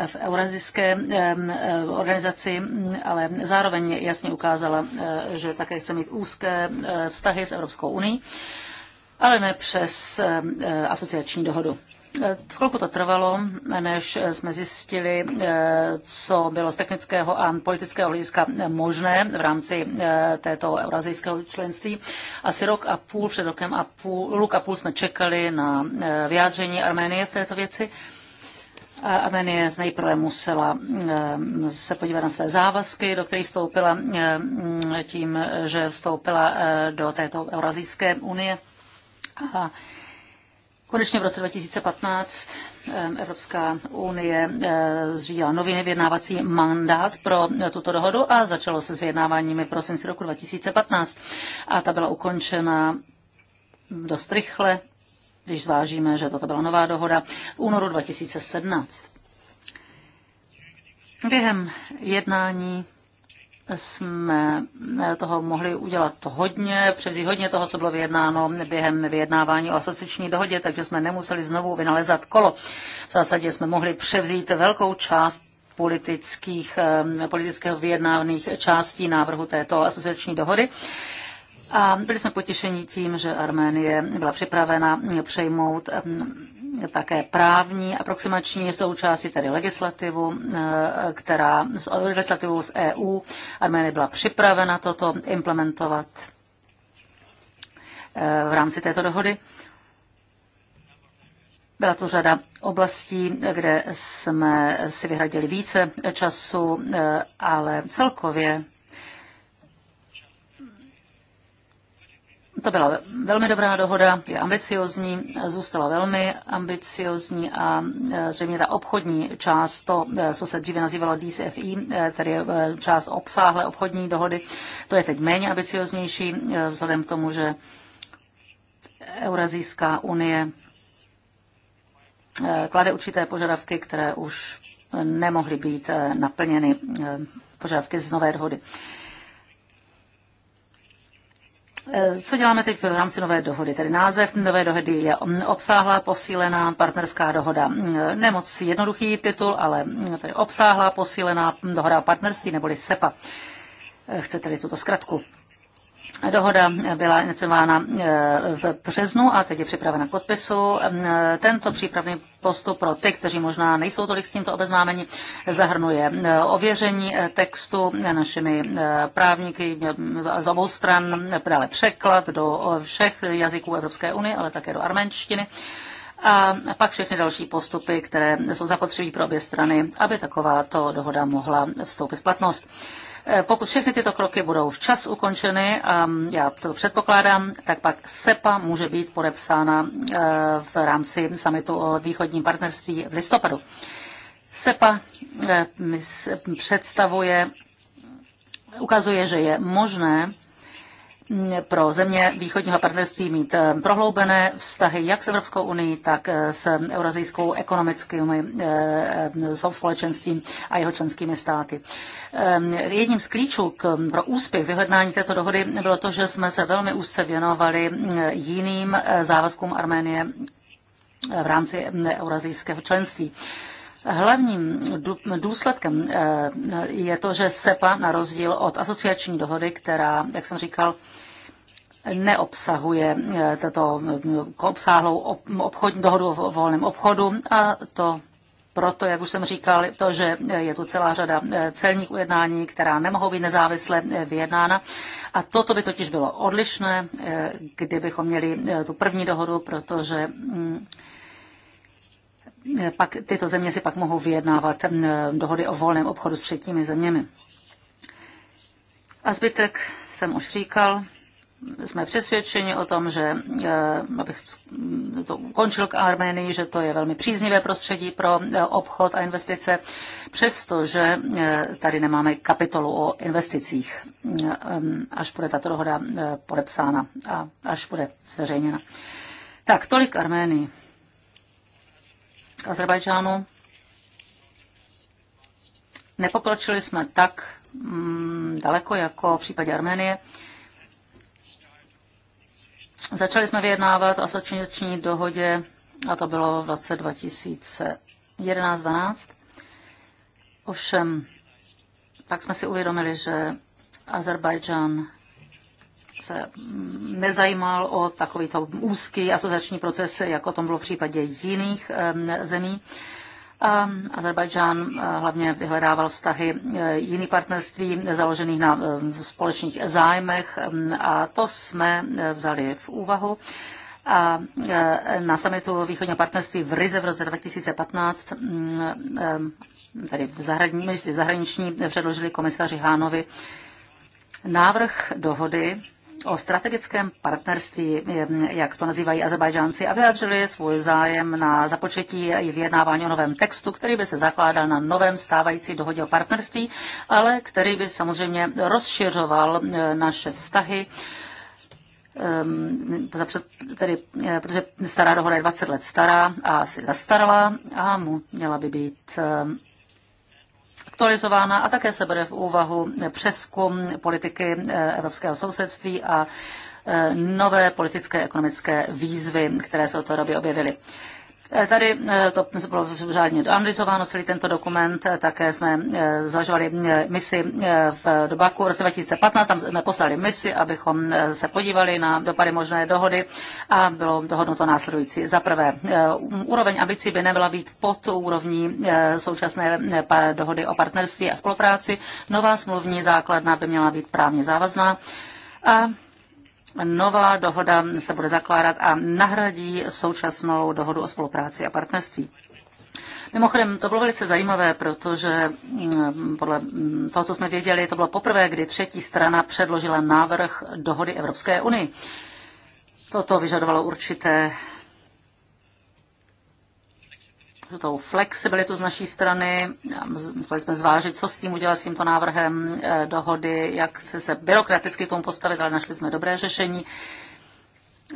v Eurazijské organizaci, ale zároveň jasně ukázala, že také chce mít úzké vztahy s Evropskou unii, ale ne přes asociační dohodu. Chvilku to trvalo, než jsme zjistili, eh, co bylo z technického a politického hlediska možné v rámci eh, této eurazijského členství. Asi rok a půl, před rokem a půl, rok a půl jsme čekali na eh, vyjádření Arménie v této věci. Arménie nejprve musela se podívat na své závazky, do kterých vstoupila tím, že vstoupila do této Eurazijské unie. Aha. Konečně v roce 2015 Evropská unie zřídila nový vyjednávací mandát pro eh, tuto dohodu a začalo se s vyjednáváními v prosinci roku 2015. A ta byla ukončena dost rychle, když zvážíme, že toto byla nová dohoda, v únoru 2017. Během jednání jsme eh, toho mohli udělat hodně, převzít hodně toho, co bylo vyjednáno během vyjednávání o asociační dohodě, takže jsme nemuseli znovu vynalezat kolo. V zásadě jsme mohli převzít velkou část politických, eh, politického vyjednávaných částí návrhu této asociační dohody. A byli jsme potěšeni tím, že Arménie byla připravena přejmout eh, také právní aproximační součástí, tedy legislativu, eh, která s legislativou z EU e Arménie byla připravena toto implementovat eh, v rámci této dohody. Byla to řada oblastí, kde jsme si vyhradili více času, eh, ale celkově To byla velmi dobrá dohoda, je ambiciozní, zůstala velmi ambiciozní a e, zřejmě ta obchodní část, to, e, co se dříve nazývalo DCFI, e, tedy část obsáhlé obchodní dohody, to je teď méně ambicioznější vzhledem k tomu, že Eurazijská unie klade určité požadavky, které už nemohly být naplněny požadavky z nové dohody. Eh, co děláme teď v rámci nové dohody? Tedy název nové dohody je mm, obsáhlá posílená partnerská dohoda. Eh, nemoc jednoduchý titul, ale mm, tedy obsáhlá posílená mm, dohoda o partnerství neboli SEPA. Eh, chcete-li tuto zkratku? Dohoda byla iniciována e, v březnu a teď je připravena k podpisu. E, tento přípravný postup pro ty, kteří možná nejsou tolik s tímto obeznámeni, zahrnuje e, ověření textu našimi právníky z obou stran, dále překlad do všech jazyků Evropské unie, ale také do arménštiny a pak všechny další postupy, které jsou zapotřebí pro obě strany, aby takováto dohoda mohla vstoupit v platnost. Eh, pokud všechny tyto kroky budou včas ukončeny, a mm, já to předpokládám, tak pak SEPA může být podepsána eh, v rámci samitu o východním partnerství v listopadu. SEPA eh, představuje, ukazuje, že je možné pro země východního partnerství mít eh, prohloubené vztahy jak s Evropskou unii, tak eh, s Eurazijskou ekonomickým eh, společenstvím a jeho členskými státy. Jedním z klíčů pro úspěch vyhodnání této dohody bylo to, že jsme se velmi úzce věnovali jiným závazkům Arménie v rámci eurazijského členství. Hlavním důsledkem eh, je to, že SEPA, na rozdíl od asociační dohody, která, jak jsem říkal, neobsahuje eh, tato eh, obsáhlou obchodní dohodu o volném obchodu a to proto, jak už jsem říkal, to, že je tu celá řada celních ujednání, která nemohou být nezávisle vyjednána. A toto by totiž bylo odlišné, kdybychom měli tu první dohodu, protože mm, pak tyto země si pak mohou vyjednávat dohody o volném obchodu s třetími zeměmi. A zbytek jsem už říkal, jsme přesvědčeni o tom, že eh, abych to ukončil k Arménii, že to je velmi příznivé prostředí pro eh, obchod a investice, přestože eh, tady nemáme kapitolu o investicích, až bude tato dohoda podepsána a až bude zveřejněna. Tak, tolik Arménii k Azerbajdžánu. Nepokročili jsme tak mm, daleko jako v případě Arménie. Začali jsme vyjednávat o asociační dohodě a to bylo v roce 2011-12. Ovšem, pak jsme si uvědomili, že Azerbajdžán se nezajímal o takovýto úzký asociační proces, jako tom bylo v případě jiných zemí. A Azerbajdžán eh, hlavně vyhledával vztahy eh, jiných partnerství založených na eh, společných zájmech a to jsme vzali v úvahu. A na samitu východního partnerství v Rize v roce 2015 tady mm, v zahraniční, zahraniční předložili komisaři Hánovi návrh dohody o strategickém partnerství, jak to nazývají Azerbajdžánci, a vyjádřili svůj zájem na započetí i vyjednávání o novém textu, který by se zakládal na novém stávající dohodě o partnerství, ale který by samozřejmě rozšiřoval eh, naše vztahy ehm, tedy, eh, protože stará dohoda je 20 let stará a asi zastarala a mu měla by být ehm, aktualizována a také se bude v úvahu přeskum politiky eh, evropského sousedství a eh, nové politické ekonomické výzvy, které se od té doby objevily. Eh, tady eh, to bylo řádně doanalizováno, celý tento dokument, eh, také jsme zažívali misi v Dobaku v roce 2015, tam jsme poslali misi, abychom se podívali na dopady možné dohody a bylo dohodnuto následující. Za prvé, úroveň ambicí by nebyla být pod úrovní současné dohody o partnerství a spolupráci. Nová smluvní základna by měla být právně závazná a Nová dohoda se bude zakládat a nahradí současnou dohodu o spolupráci a partnerství. Mimochodem, to bylo velice zajímavé, protože mm, podle mm, toho, co jsme věděli, to bylo poprvé, kdy třetí strana předložila návrh dohody Evropské unii. Toto vyžadovalo určité tou flexibilitu z naší strany. Museli jsme zvážit, co s tím udělat, s tímto návrhem eh, dohody, jak se, se byrokraticky k tomu postavit, ale našli jsme dobré řešení.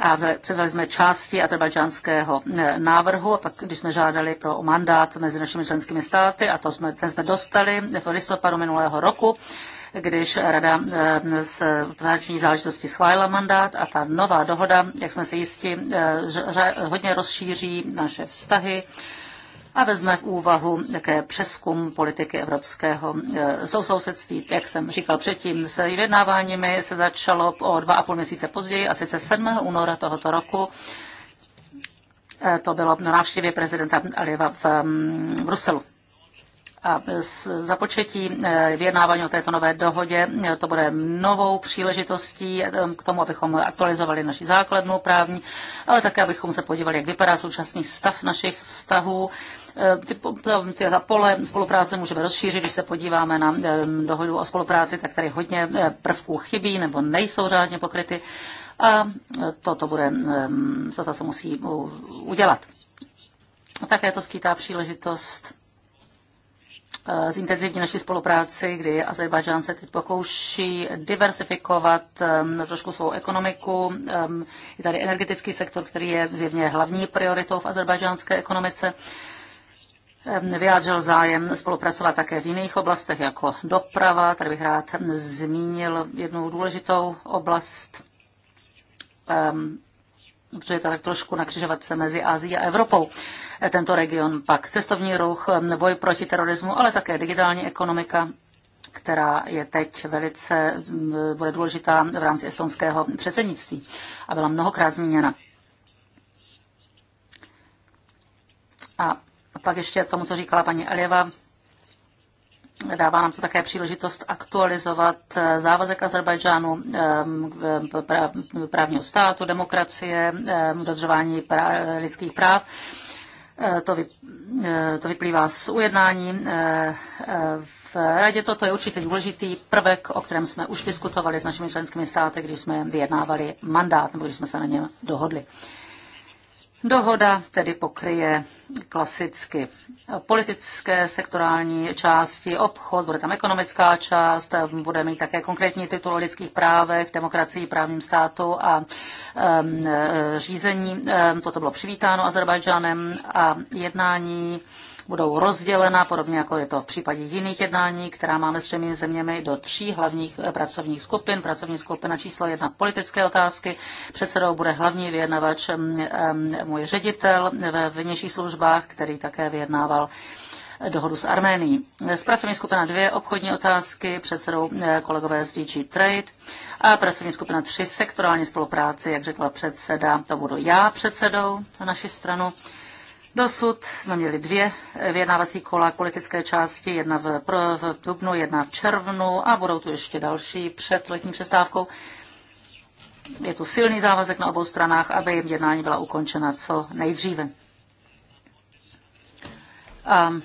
A předali jsme části azerbajdžánského eh, návrhu, a pak, když jsme žádali pro mandát mezi našimi členskými státy, a to jsme, ten jsme dostali v listopadu minulého roku, když Rada z eh, zahraniční záležitosti schválila mandát a ta nová dohoda, jak jsme si jistí, hodně rozšíří naše vztahy a vezme v úvahu také přeskum politiky evropského eh, sousedství. Jak jsem říkal předtím, se vyjednáváními se začalo o dva a půl měsíce později, a sice 7. února tohoto roku. Eh, to bylo na návštěvě prezidenta Aliva mm, v Bruselu. A za početí eh, vyjednávání o této nové dohodě to bude novou příležitostí k tomu, abychom aktualizovali naši základnu právní, ale také abychom se podívali, jak vypadá současný stav našich vztahů Eh, ty, ty, eh, ta pole spolupráce můžeme rozšířit, když se podíváme na eh, dohodu o spolupráci, tak tady hodně prvků chybí nebo nejsou řádně pokryty a to bude, to zase musí udělat. A také to skýtá příležitost zintenzivní naši spolupráci, kdy Azerbajdžán se teď pokouší diversifikovat trošku svou ekonomiku. Je tady energetický sektor, který je zjevně hlavní prioritou v azerbajdžánské ekonomice vyjádřil zájem spolupracovat také v jiných oblastech, jako doprava. Tady bych rád zmínil jednu důležitou oblast, protože je to tak trošku nakřižovat se mezi Ázií a Evropou. E, tento region pak cestovní ruch, boj proti terorismu, ale také digitální ekonomika která je teď velice bude důležitá v rámci estonského předsednictví a byla mnohokrát zmíněna. A pak ještě tomu, co říkala paní Elieva, Dává nám to také příležitost aktualizovat eh, závazek Azerbajdžánu eh, právního státu, demokracie, eh, dodržování lidských práv. To, vy, to vyplývá z ujednání v radě. Toto je určitě důležitý prvek, o kterém jsme už diskutovali s našimi členskými státy, když jsme vyjednávali mandát nebo když jsme se na něm dohodli. Dohoda tedy pokryje klasicky politické sektorální části, obchod, bude tam ekonomická část, bude mít také konkrétní titul o lidských právech, demokracii, právním státu a um, řízení. Toto bylo přivítáno Azerbajdžánem a jednání budou rozdělena, podobně jako je to v případě jiných jednání, která máme s třemi zeměmi, do tří hlavních eh, pracovních skupin. Pracovní skupina číslo jedna politické otázky. Předsedou bude hlavní vyjednavač mm, mm, můj ředitel ve vnějších službách, který také vyjednával eh, dohodu s Arménií. Z pracovní skupina dvě obchodní otázky předsedou eh, kolegové z DG Trade a pracovní skupina tři sektorální spolupráci, jak řekla předseda, to budu já předsedou na naši stranu. Dosud jsme měli dvě vyjednávací kola k politické části, jedna v, v dubnu, jedna v červnu a budou tu ještě další před letní přestávkou. Je tu silný závazek na obou stranách, aby jim jednání byla ukončena co nejdříve. Um,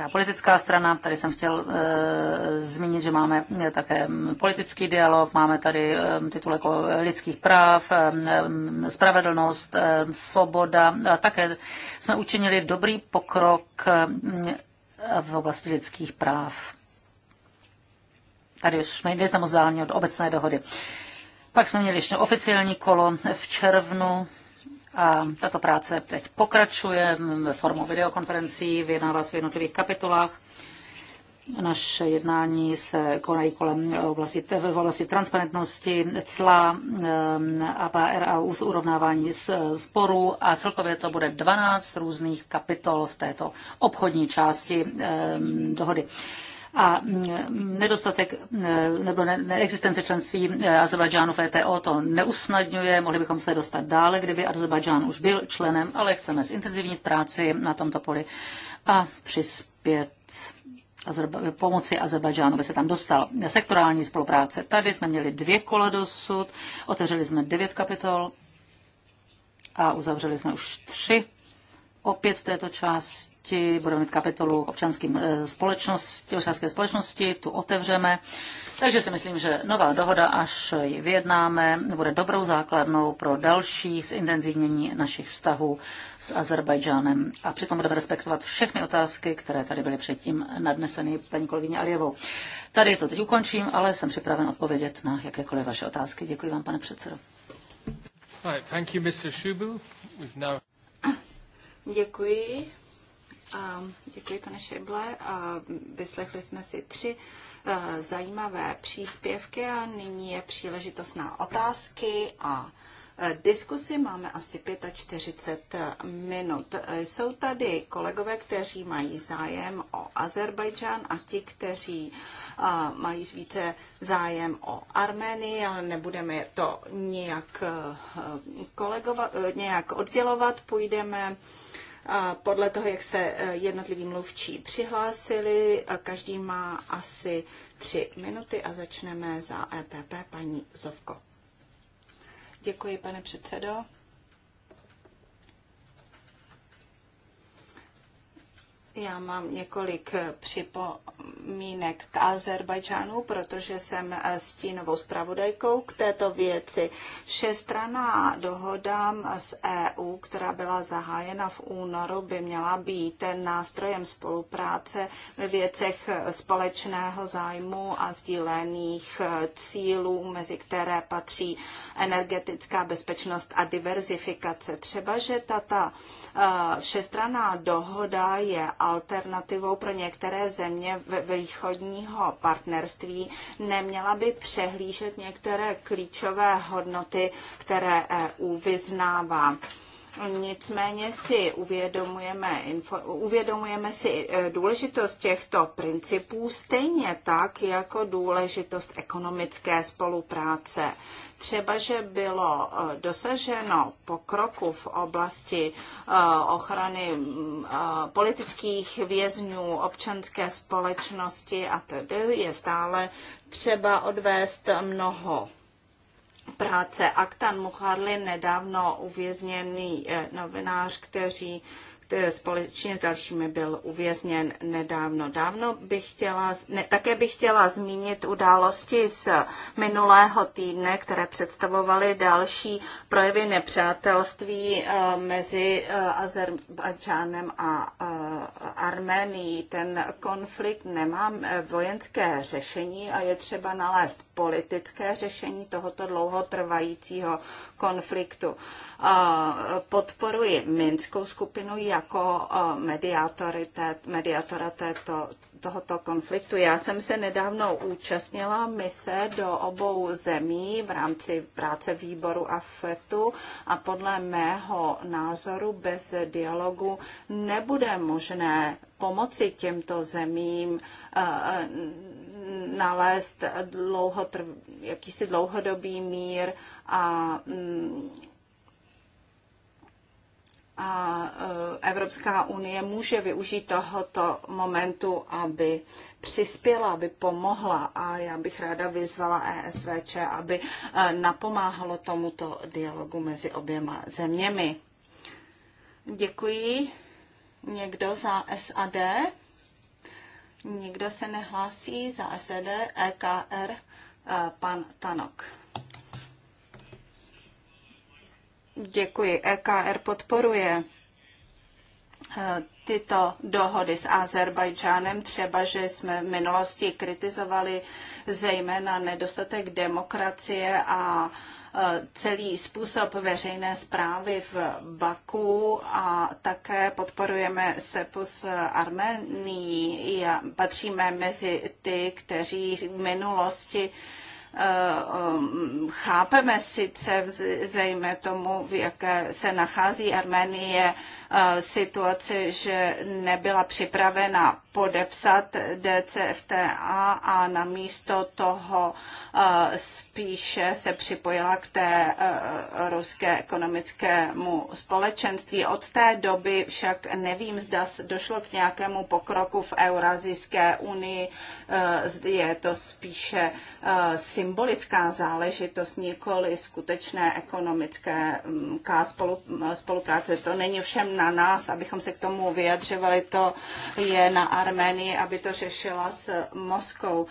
ta politická strana, tady jsem chtěl e, zmínit, že máme eh, také mm, politický dialog, máme tady e, titul jako lidských práv, e, spravedlnost, e, svoboda. A také jsme učinili dobrý pokrok e, v oblasti lidských práv. Tady už jsme nejde moc od obecné dohody. Pak jsme měli ještě oficiální kolo v červnu a tato práce teď pokračuje formou videokonferencí, vyjednává se v jednotlivých kapitolách. Naše jednání se konají kolem oblasti, v oblasti transparentnosti, cla, APR a urovnávání eh, sporů a celkově to bude 12 různých kapitol v této obchodní části dohody a mm, nedostatek mm, nebo neexistence členství eh, Azerbajdžánu v ETO to neusnadňuje. Mohli bychom se dostat dále, kdyby Azerbajdžán už byl členem, ale chceme zintenzivnit práci na tomto poli a přispět pomoci Azerbajdžánu, aby se tam dostal. Sektorální spolupráce. Tady jsme měli dvě kola dosud, otevřeli jsme devět kapitol a uzavřeli jsme už tři Opět v této části budeme mít kapitolu občanským eh, společnosti, občanské společnosti, tu otevřeme. Takže si myslím, že nová dohoda, až ji vyjednáme, bude dobrou základnou pro další zintenzivnění našich vztahů s Azerbajdžánem. A přitom budeme respektovat všechny otázky, které tady byly předtím nadneseny paní kolegyně Aljevou. Tady to teď ukončím, ale jsem připraven odpovědět na jakékoliv vaše otázky. Děkuji vám, pane předsedo. Right, thank you, Mr. We've now... Děkuji. A děkuji, pane Šeble. A vyslechli jsme si tři eh, zajímavé příspěvky a nyní je příležitost na otázky a eh, diskusy. Máme asi 45 eh, minut. Jsou tady kolegové, kteří mají zájem o Azerbajdžán a ti, kteří mají více zájem o Arménii, ale nebudeme to nějak, kolegovat, nějak oddělovat. Půjdeme podle toho, jak se e, jednotliví mluvčí přihlásili. E, každý má asi tři minuty a začneme za EPP paní Zovko. Děkuji, pane předsedo. Já mám několik připomínek k Azerbajdžánu, protože jsem stínovou zpravodajkou k této věci. Šestraná dohoda s EU, která byla zahájena v únoru, by měla být nástrojem spolupráce ve věcech společného zájmu a sdílených cílů, mezi které patří energetická bezpečnost a diverzifikace. Třeba, že tata eh, všestraná dohoda je a alternativou pro některé země východního partnerství, neměla by přehlížet některé klíčové hodnoty, které EU vyznává. Nicméně si uvědomujeme, uvědomujeme si e, důležitost těchto principů stejně tak jako důležitost ekonomické spolupráce třeba, že bylo eh, dosaženo pokroku v oblasti eh, ochrany mm, eh, politických vězňů, občanské společnosti a tedy je stále třeba odvést mnoho práce. Aktan Mucharli, nedávno uvězněný novinář, který Eh, společně s dalšími byl uvězněn nedávno. Dávno bych chtěla, ne, také bych chtěla zmínit události z minulého týdne, které představovaly další projevy nepřátelství eh, mezi eh, Azerbajdžánem a Arménií. Ten konflikt nemá vojenské řešení a je třeba nalézt politické řešení tohoto dlouhotrvajícího konfliktu. Podporuji Minskou skupinu jako mediátory té, mediátora této, tohoto konfliktu. Já jsem se nedávno účastnila mise do obou zemí v rámci práce výboru AFETu a podle mého názoru bez dialogu nebude možné pomoci těmto zemím nalézt dlouhotrv, jakýsi dlouhodobý mír a mm, a e, Evropská unie může využít tohoto momentu, aby přispěla, aby pomohla a já bych ráda vyzvala ESVČ, aby e, napomáhalo tomuto dialogu mezi oběma zeměmi. Děkuji. Někdo za SAD? Nikdo se nehlásí za SED, EKR, eh, pan Tanok. Děkuji. EKR podporuje eh, tyto dohody s Azerbajdžánem, třeba, že jsme v minulosti kritizovali zejména nedostatek demokracie a Eh, celý způsob veřejné zprávy v Baku a také podporujeme s Armenii. Patříme mezi ty, kteří v minulosti eh, um, chápeme sice, zejme tomu, v jaké se nachází Arménie, Eh, situaci, že nebyla připravena podepsat DCFTA a namísto toho eh, spíše se připojila k té eh, ruské ekonomickému společenství. Od té doby však nevím, zda došlo k nějakému pokroku v Eurazijské unii. Je to spíše symbolická záležitost, nikoli skutečné ekonomické mm, spolupráce. To není všem na nás, abychom se k tomu vyjadřovali. To je na Arménii, aby to řešila s Moskou.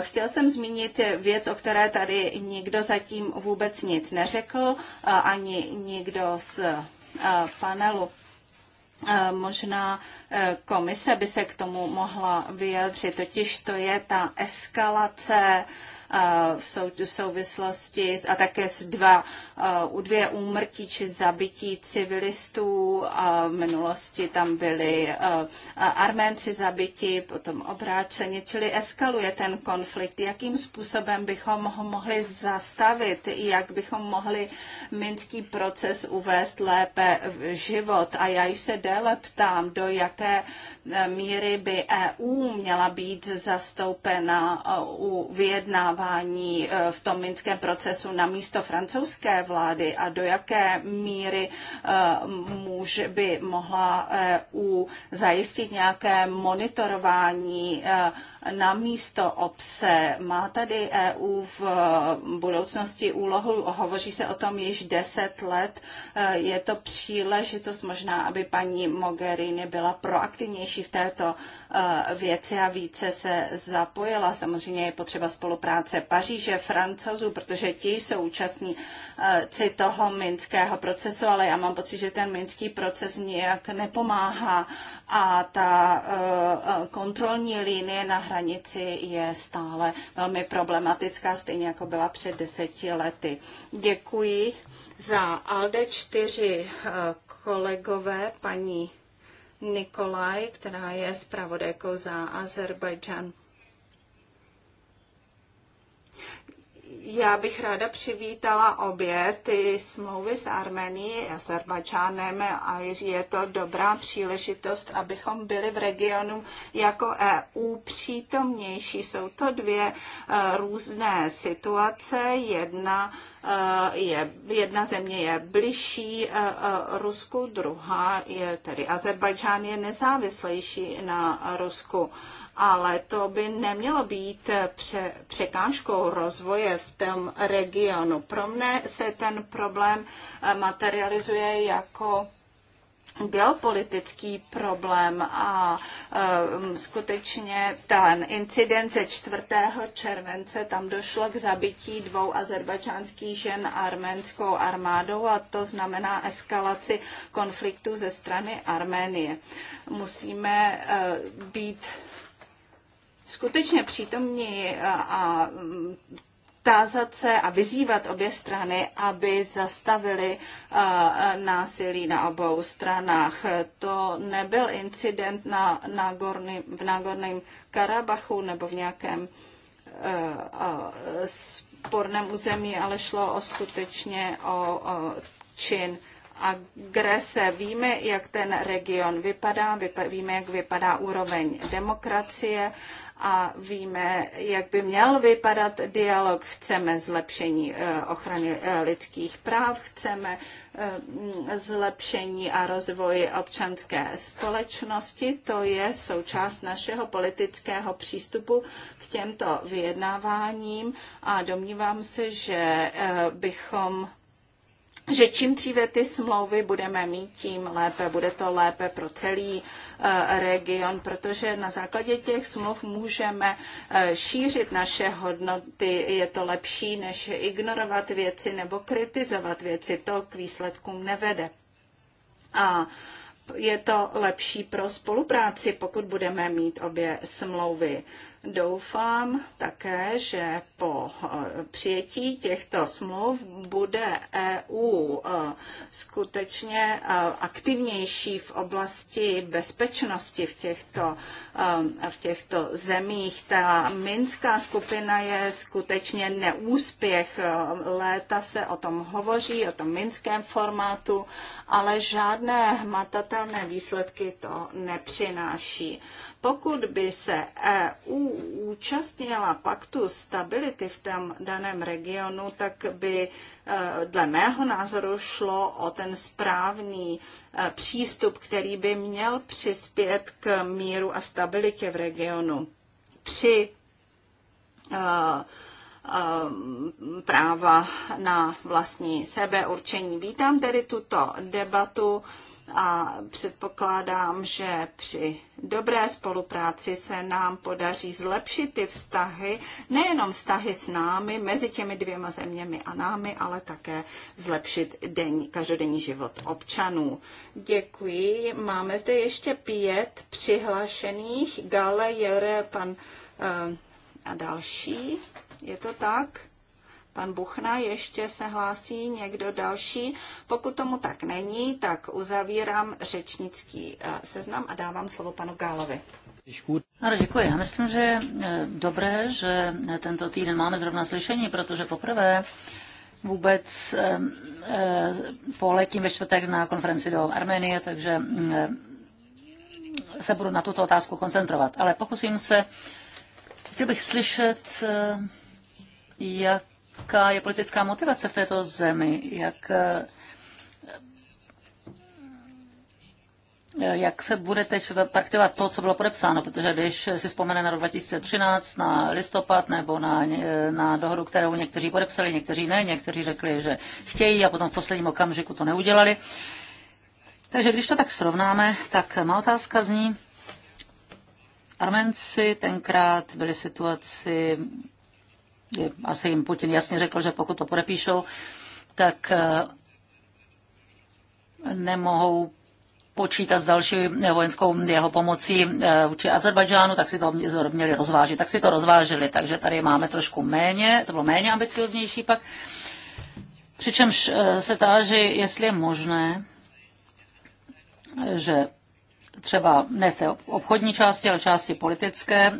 Chtěl jsem zmínit věc, o které tady nikdo zatím vůbec nic neřekl, ani nikdo z panelu. Možná komise by se k tomu mohla vyjadřit, totiž to je ta eskalace uh, v souvislosti a také s dva, u dvě úmrtí či zabití civilistů. V minulosti tam byli Arménci zabiti, potom obráceně, čili eskaluje ten konflikt. Jakým způsobem bychom ho mohli zastavit, jak bychom mohli minský proces uvést lépe v život. A já již se déle ptám, do jaké e, míry by EU měla být zastoupena e, u vyjednávání vyjednávání eh, v tom minském procesu na místo francouzské vlády a do jaké míry eh, může by mohla EU eh, zajistit nějaké monitorování na místo obse. Má tady EU v budoucnosti úlohu, hovoří se o tom již 10 let. Eh, je to příležitost možná, aby paní Mogherini byla proaktivnější v této eh, věci a více se zapojila. Samozřejmě je potřeba spolupráce Paříže, Francouzů, protože ti jsou účastníci eh, toho minského procesu, ale já mám pocit, že ten minský proces nijak nepomáhá a ta kontrolní linie na hranici je stále velmi problematická, stejně jako byla před deseti lety. Děkuji za ALDE 4 eh, kolegové, paní Nikolaj, která je zpravodajkou za Azerbajdžan Já bych ráda přivítala obě ty smlouvy s Armenií, Azerbajdžánem a je to dobrá příležitost, abychom byli v regionu jako EU přítomnější. Jsou to dvě e, různé situace. Jedna, e, je, jedna země je bližší e, Rusku, druhá je tedy Azerbajdžán je nezávislejší na Rusku ale to by nemělo být pře- překážkou rozvoje v tom regionu. Pro mne se ten problém eh, materializuje jako geopolitický problém a um, skutečně ten incident ze 4. července, tam došlo k zabití dvou azerbačánských žen arménskou armádou a to znamená eskalaci konfliktu ze strany Arménie. Musíme uh, být skutečně přítomní eh, a, mm, tázat se a vyzývat obě strany, aby zastavili eh, násilí na obou stranách. To nebyl incident na, na Gorny, v Nagorném Karabachu nebo v nějakém eh, sporném území, ale šlo o skutečně o, o čin agrese. Víme, jak ten region vypadá, vypa- víme, jak vypadá úroveň demokracie a víme, jak by měl vypadat dialog. Chceme zlepšení eh, ochrany eh, lidských práv, chceme eh, zlepšení a rozvoji občanské společnosti. To je součást našeho politického přístupu k těmto vyjednáváním a domnívám se, že bychom že čím dříve ty smlouvy budeme mít, tím lépe. Bude to lépe pro celý eh, region, protože na základě těch smluv můžeme eh, šířit naše hodnoty. Je to lepší, než ignorovat věci nebo kritizovat věci. To k výsledkům nevede. A je to lepší pro spolupráci, pokud budeme mít obě smlouvy Doufám také, že po eh, přijetí těchto smluv bude EU eh, skutečně eh, aktivnější v oblasti bezpečnosti v těchto, v těchto zemích. Ta minská skupina je skutečně neúspěch. Léta se o tom hovoří, o tom minském formátu, ale žádné hmatatelné výsledky to nepřináší. Pokud by se EU účastnila paktu stability v tom daném regionu, tak by e, dle mého názoru šlo o ten správný e, přístup, který by měl přispět k míru a stabilitě v regionu. Při e, práva na vlastní sebeurčení. Vítám tedy tuto debatu a předpokládám, že při dobré spolupráci se nám podaří zlepšit ty vztahy, nejenom vztahy s námi, mezi těmi dvěma zeměmi a námi, ale také zlepšit denní, každodenní život občanů. Děkuji. Máme zde ještě pět přihlášených. Gale, Jere, pan eh, a další. Je to tak? pan Buchna. Ještě se hlásí někdo další? Pokud tomu tak není, tak uzavírám řečnický eh, seznam a dávám slovo panu Gálovi. Ano, děkuji. Já myslím, že je dobré, že tento týden máme zrovna slyšení, protože poprvé vůbec eh, eh, poletím ve čtvrtek na konferenci do Arménie, takže se budu na tuto otázku koncentrovat. Ale pokusím se, chtěl bych slyšet, jak jaká je politická motivace v této zemi, jak Jak se bude teď praktikovat to, co bylo podepsáno? Protože když si vzpomene na rok 2013, na listopad nebo na, na dohodu, kterou někteří podepsali, někteří ne, někteří řekli, že chtějí a potom v posledním okamžiku to neudělali. Takže když to tak srovnáme, tak má otázka zní, Armenci tenkrát byli v situaci asi jim Putin jasně řekl, že pokud to podepíšou, tak eh, nemohou počítat s další vojenskou jeho pomocí eh, vůči Azerbajdžánu, tak si to měli rozvážit. Tak si to rozvážili, takže tady máme trošku méně, to bylo méně ambicioznější pak. Přičemž eh, se táží, jestli je možné, že třeba ne v té obchodní části, ale části politické,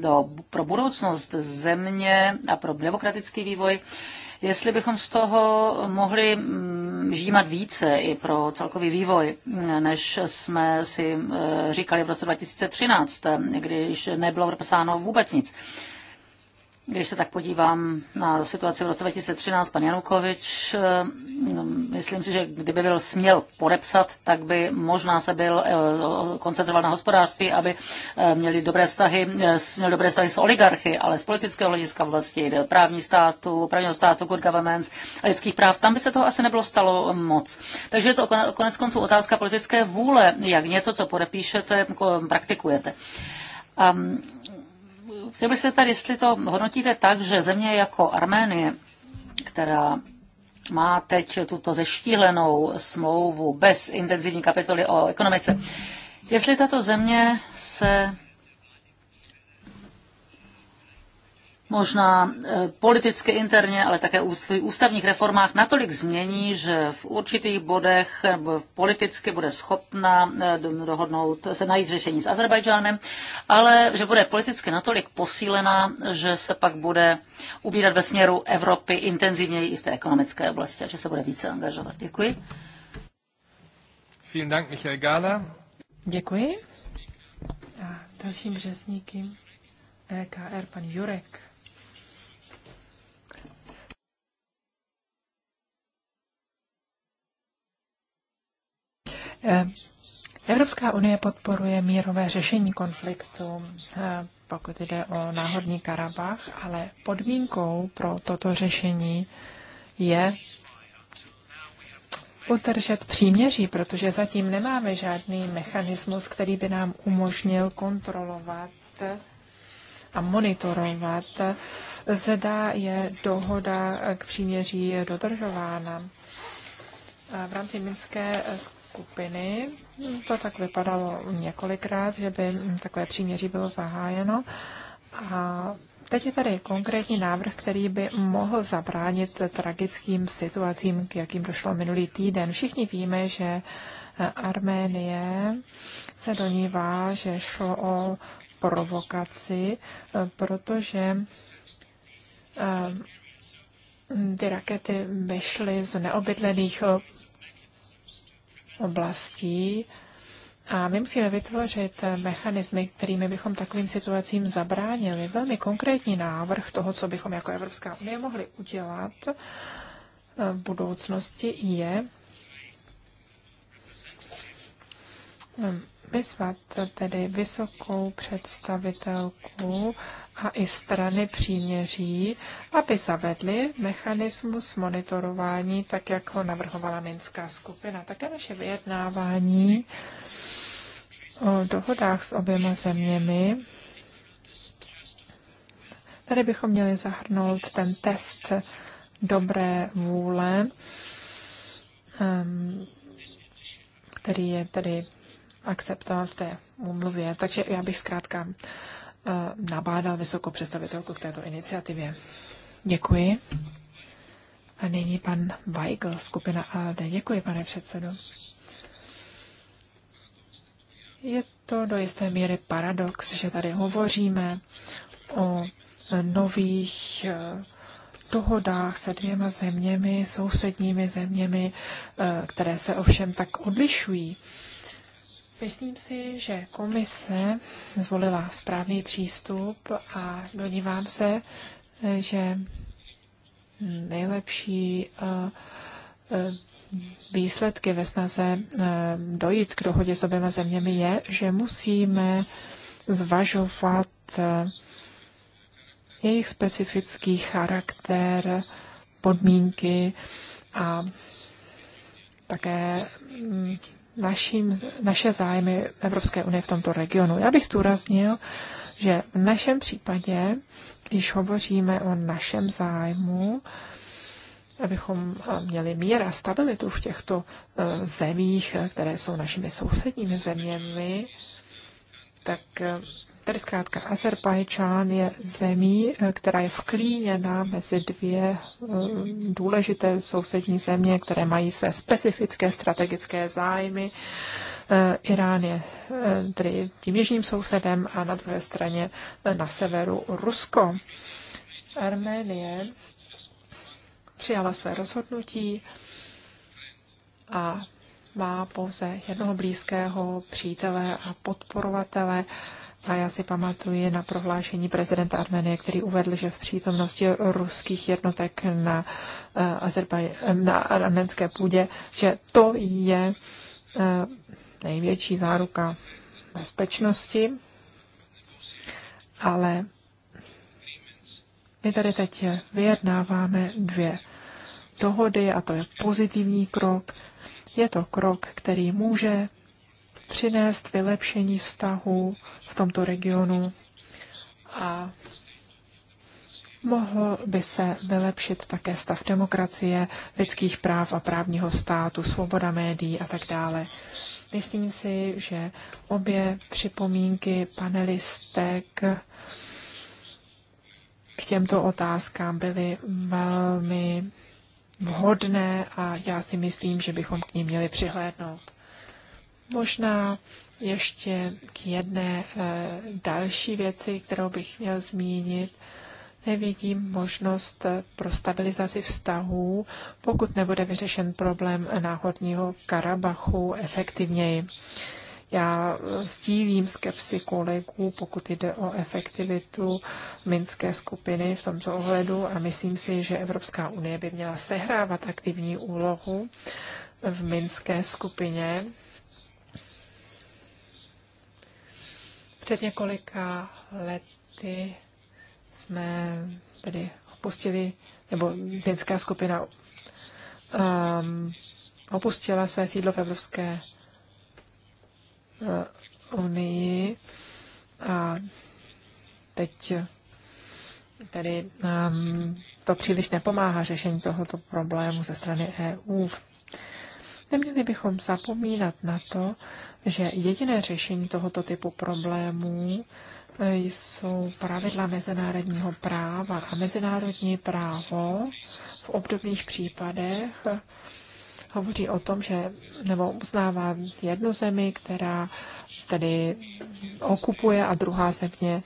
do, pro budoucnost země a pro demokratický vývoj, jestli bychom z toho mohli mm, žímat více i pro celkový vývoj, než jsme si eh, říkali v roce 2013, když nebylo psáno vůbec nic. Když se tak podívám na situaci v roce 2013, pan Janukovič, eh, myslím si, že kdyby byl směl podepsat, tak by možná se byl eh, koncentroval na hospodářství, aby eh, měli dobré vztahy, měl dobré vztahy s oligarchy, ale z politického hlediska vlastně právní státu, právního státu, good governance, lidských práv, tam by se toho asi nebylo stalo moc. Takže je to konec konců otázka politické vůle, jak něco, co podepíšete, praktikujete. A chtěl bych se tady, jestli to hodnotíte tak, že země jako Arménie, která má teď tuto zeštílenou smlouvu bez intenzivní kapitoly o ekonomice, jestli tato země se možná eh, politicky interně, ale také v ústavních reformách natolik změní, že v určitých bodech politicky bude schopna eh, dohodnout se najít řešení s Azerbajdžánem, ale že bude politicky natolik posílená, že se pak bude ubírat ve směru Evropy intenzivněji i v té ekonomické oblasti a že se bude více angažovat. Děkuji. Vielen Dank, Michael Gala. Děkuji. A dalším řezníkem EKR eh, pan Jurek. Eh, Evropská unie podporuje mírové řešení konfliktu, eh, pokud jde o náhodní Karabach, ale podmínkou pro toto řešení je utržet příměří, protože zatím nemáme žádný mechanismus, který by nám umožnil kontrolovat a monitorovat, zda je dohoda k příměří dodržována. V rámci Minské skupiny. To tak vypadalo několikrát, že by takové příměří bylo zahájeno. A teď je tady konkrétní návrh, který by mohl zabránit tragickým situacím, k jakým došlo minulý týden. Všichni víme, že Arménie se do ní vá, že šlo o provokaci, protože eh, ty rakety vyšly z neobydlených oblastí. A my musíme vytvořit mechanismy, kterými bychom takovým situacím zabránili. Velmi konkrétní návrh toho, co bychom jako Evropská unie mohli udělat eh, v budoucnosti, je eh, vyzvat tedy vysokou představitelku a i strany příměří, aby zavedly mechanismus monitorování, tak jak ho navrhovala Minská skupina. Také naše vyjednávání o dohodách s oběma zeměmi. Tady bychom měli zahrnout ten test dobré vůle, ehm, který je tedy akceptovat v té umluvě. Takže já bych zkrátka eh, nabádal vysokou představitelku k této iniciativě. Děkuji. A nyní pan Weigl, skupina ALD. Děkuji, pane předsedo. Je to do jisté míry paradox, že tady hovoříme o nových eh, dohodách se dvěma zeměmi, sousedními zeměmi, eh, které se ovšem tak odlišují. Myslím si, že komise zvolila správný přístup a donívám se, že nejlepší eh, eh, výsledky ve snaze eh, dojít k dohodě s oběma zeměmi je, že musíme zvažovat jejich specifický charakter, podmínky a také mm, naším, naše zájmy Evropské unie v tomto regionu. Já bych zdůraznil, že v našem případě, když hovoříme o našem zájmu, abychom měli mír a stabilitu v těchto eh, zemích, které jsou našimi sousedními zeměmi, tak eh, Tedy zkrátka, Azerbajdžán je zemí, eh, která je vklíněna mezi dvě eh, důležité sousední země, které mají své specifické strategické zájmy. Eh, Irán je tedy tím jižním sousedem a na druhé straně na severu Rusko. Arménie přijala své rozhodnutí a má pouze jednoho blízkého přítele a podporovatele a já si pamatuji na prohlášení prezidenta Armenie, který uvedl, že v přítomnosti ruských jednotek na, eh, Azerbaj- eh, na arménské půdě, že to je eh, největší záruka bezpečnosti, ale my tady teď vyjednáváme dvě dohody a to je pozitivní krok. Je to krok, který může přinést vylepšení vztahu v tomto regionu a mohl by se vylepšit také stav demokracie, lidských práv a právního státu, svoboda médií a tak dále. Myslím si, že obě připomínky panelistek k těmto otázkám byly velmi vhodné a já si myslím, že bychom k ní měli přihlédnout. Možná ještě k jedné eh, další věci, kterou bych měl zmínit. Nevidím možnost eh, pro stabilizaci vztahů, pokud nebude vyřešen problém náhodního Karabachu efektivněji. Já eh, sdílím skepsi kolegů, pokud jde o efektivitu minské skupiny v tomto ohledu a myslím si, že Evropská unie by měla sehrávat aktivní úlohu v minské skupině Před několika lety jsme tedy opustili, nebo dětská skupina um, opustila své sídlo v Evropské uh, unii a teď tedy um, to příliš nepomáhá řešení tohoto problému ze strany EU. Neměli bychom zapomínat na to, že jediné řešení tohoto typu problémů eh, jsou pravidla mezinárodního práva a mezinárodní právo v obdobných případech hovoří o tom, že nebo uznává jednu zemi, která tedy okupuje a druhá země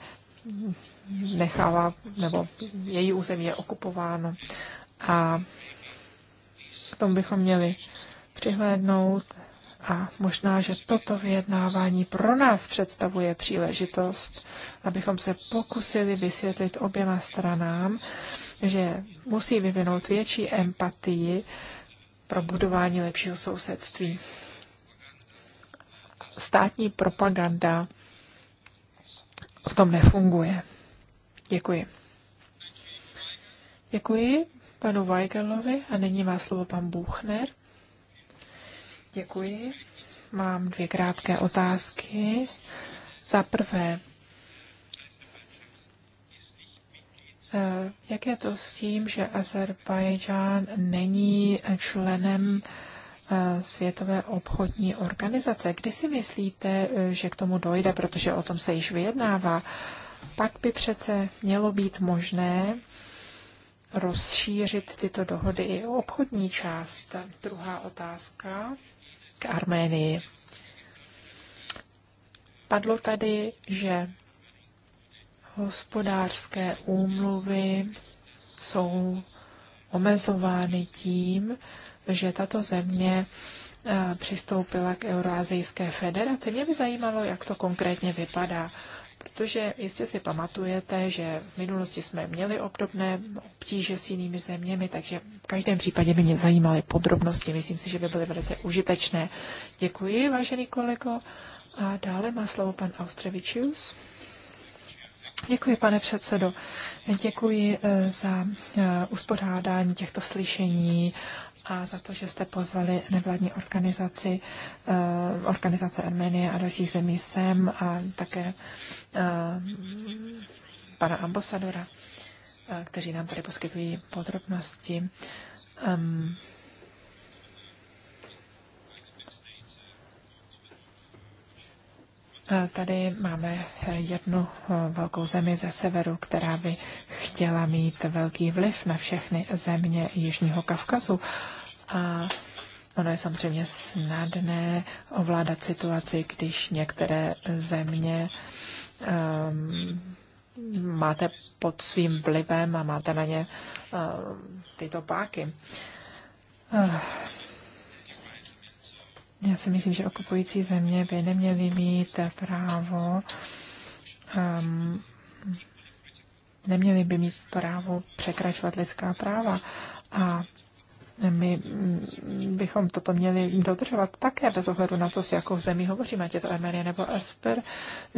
nechává, nebo její území je okupováno. A k tomu bychom měli přihlédnout a možná, že toto vyjednávání pro nás představuje příležitost, abychom se pokusili vysvětlit oběma stranám, že musí vyvinout větší empatii pro budování lepšího sousedství. Státní propaganda v tom nefunguje. Děkuji. Děkuji panu Weigelovi a nyní má slovo pan Buchner. Děkuji. Mám dvě krátké otázky. Za prvé, eh, jak je to s tím, že Azerbajdžán není členem eh, Světové obchodní organizace? Kdy si myslíte, eh, že k tomu dojde, protože o tom se již vyjednává? Pak by přece mělo být možné rozšířit tyto dohody i o obchodní část. Druhá otázka k Arménii. Padlo tady, že hospodářské úmluvy jsou omezovány tím, že tato země eh, přistoupila k Eurázijské federaci. Mě by zajímalo, jak to konkrétně vypadá. Protože jistě si pamatujete, že v minulosti jsme měli obdobné obtíže s jinými zeměmi, takže v každém případě by mě zajímaly podrobnosti. Myslím si, že by byly velice užitečné. Děkuji, vážený kolego. A dále má slovo pan Austrevičius. Děkuji, pane předsedo. Děkuji eh, za eh, uspořádání těchto slyšení a za to, že jste pozvali nevládní organizaci, eh, organizace Arménie a dalších zemí sem a také eh, pana ambasadora, eh, kteří nám tady poskytují podrobnosti. Um, Tady máme jednu eh, velkou zemi ze severu, která by chtěla mít velký vliv na všechny země Jižního Kavkazu. A ono je samozřejmě snadné ovládat situaci, když některé země um, máte pod svým vlivem a máte na ně um, tyto páky. Uh. Já si myslím, že okupující země by neměly mít právo um, neměly by mít právo překračovat lidská práva. A my mm, bychom toto měli dodržovat také bez ohledu na to, s jakou zemí hovoříme, ať je to Arménie nebo Asper.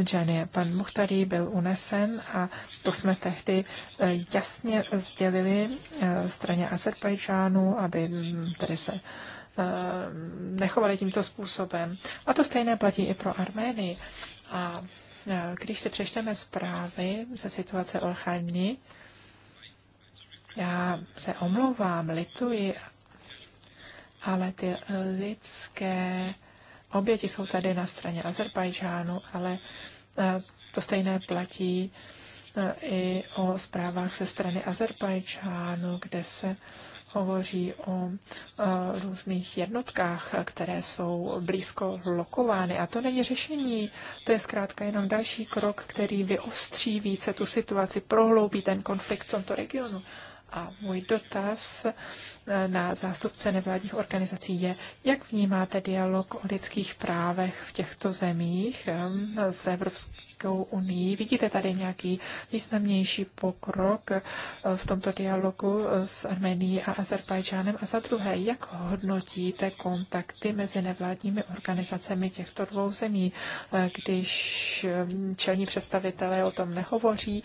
Džanie, pan Muchtarý byl unesen a to jsme tehdy eh, jasně sdělili eh, straně Azerbajdžánu, aby mm, tady se eh, nechovali tímto způsobem. A to stejné platí i pro Arménii. A když si přečteme zprávy ze situace Olchani, já se omlouvám, lituji, ale ty eh, lidské oběti jsou tady na straně Azerbajdžánu, ale eh, to stejné platí eh, i o zprávách ze strany Azerbajdžánu, kde se hovoří o různých jednotkách, které jsou blízko lokovány. A to není řešení, to je zkrátka jenom další krok, který vyostří více tu situaci, prohloubí ten konflikt v tomto regionu. A můj dotaz eh, na zástupce nevládních organizací je, jak vnímáte dialog o lidských právech v těchto zemích s Evropskou unii? Vidíte tady nějaký významnější pokrok eh, v tomto dialogu eh, s Armenií a Azerbajdžánem? A za druhé, jak hodnotíte kontakty mezi nevládními organizacemi těchto dvou zemí, když čelní představitelé o tom nehovoří?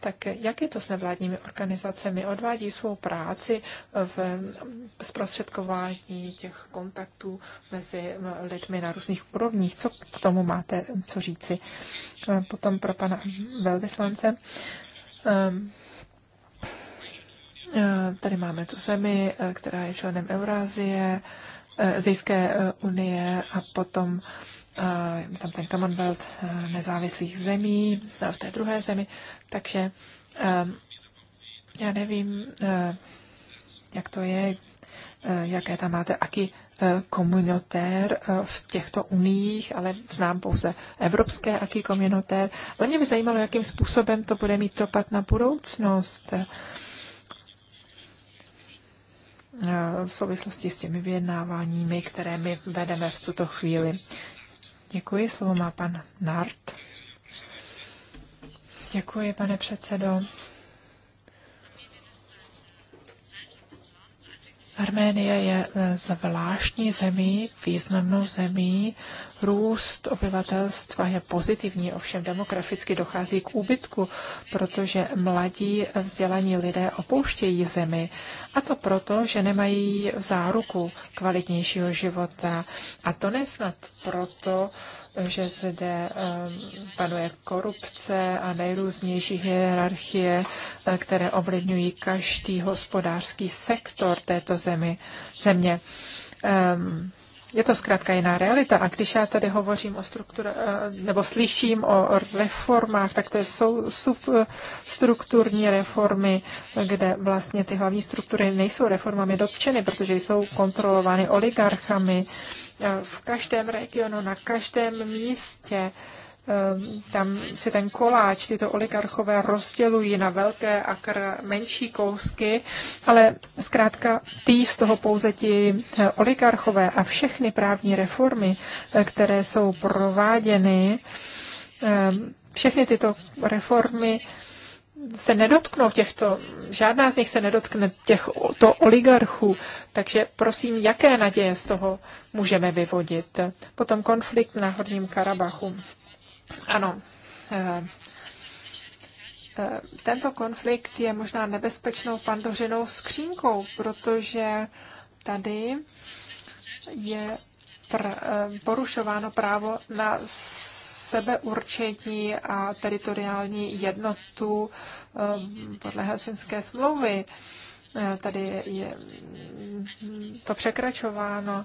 tak jak je to s nevládními organizacemi? Odvádí svou práci v zprostředkování těch kontaktů mezi lidmi na různých úrovních. Co k tomu máte co říci? Potom pro pana velvyslance. Ehm, e, tady máme tu zemi, e, která je členem Eurázie, e, Zejské unie a potom tam ten Commonwealth eh, nezávislých zemí v té druhé zemi, takže ehm, já nevím, eh, jak to je, eh, jaké tam máte, aký komunitér v těchto uních, ale znám pouze evropské aký komunitér. Ale mě by zajímalo, jakým způsobem to bude mít dopad na budoucnost v souvislosti s těmi vyjednáváními, které my vedeme v tuto chvíli. Děkuji, slovo má pan Nart. Děkuji, pane předsedo. Arménie je e, zvláštní zemí, významnou zemí Růst obyvatelstva je pozitivní, ovšem demograficky dochází k úbytku, protože mladí vzdělaní lidé opouštějí zemi. A to proto, že nemají záruku kvalitnějšího života. A to nesnad proto, že zde ehm, panuje korupce a nejrůznější hierarchie, eh, které ovlivňují každý hospodářský sektor této zemi, země. Um, je to zkrátka jiná realita. A když já tady hovořím o struktura, eh, nebo slyším o reformách, tak to jsou substrukturní reformy, kde vlastně ty hlavní struktury nejsou reformami dotčeny, protože jsou kontrolovány oligarchami eh, v každém regionu, na každém místě. Uh, Eh, tam se ten koláč, tyto oligarchové rozdělují na velké a menší kousky, ale zkrátka ty z toho pouze ti eh, oligarchové a všechny právní reformy, eh, které jsou prováděny, všechny tyto reformy se nedotknou těchto, žádná z nich se nedotkne těch to oligarchů, takže prosím, jaké naděje z toho můžeme vyvodit? Potom konflikt na Horním Karabachu. Ano. Eh, eh, tento konflikt je možná nebezpečnou pandořinou skřínkou, protože tady je pr- eh, porušováno právo na sebeurčení a teritoriální jednotu podle Helsinské smlouvy. Tady je mm, to překračováno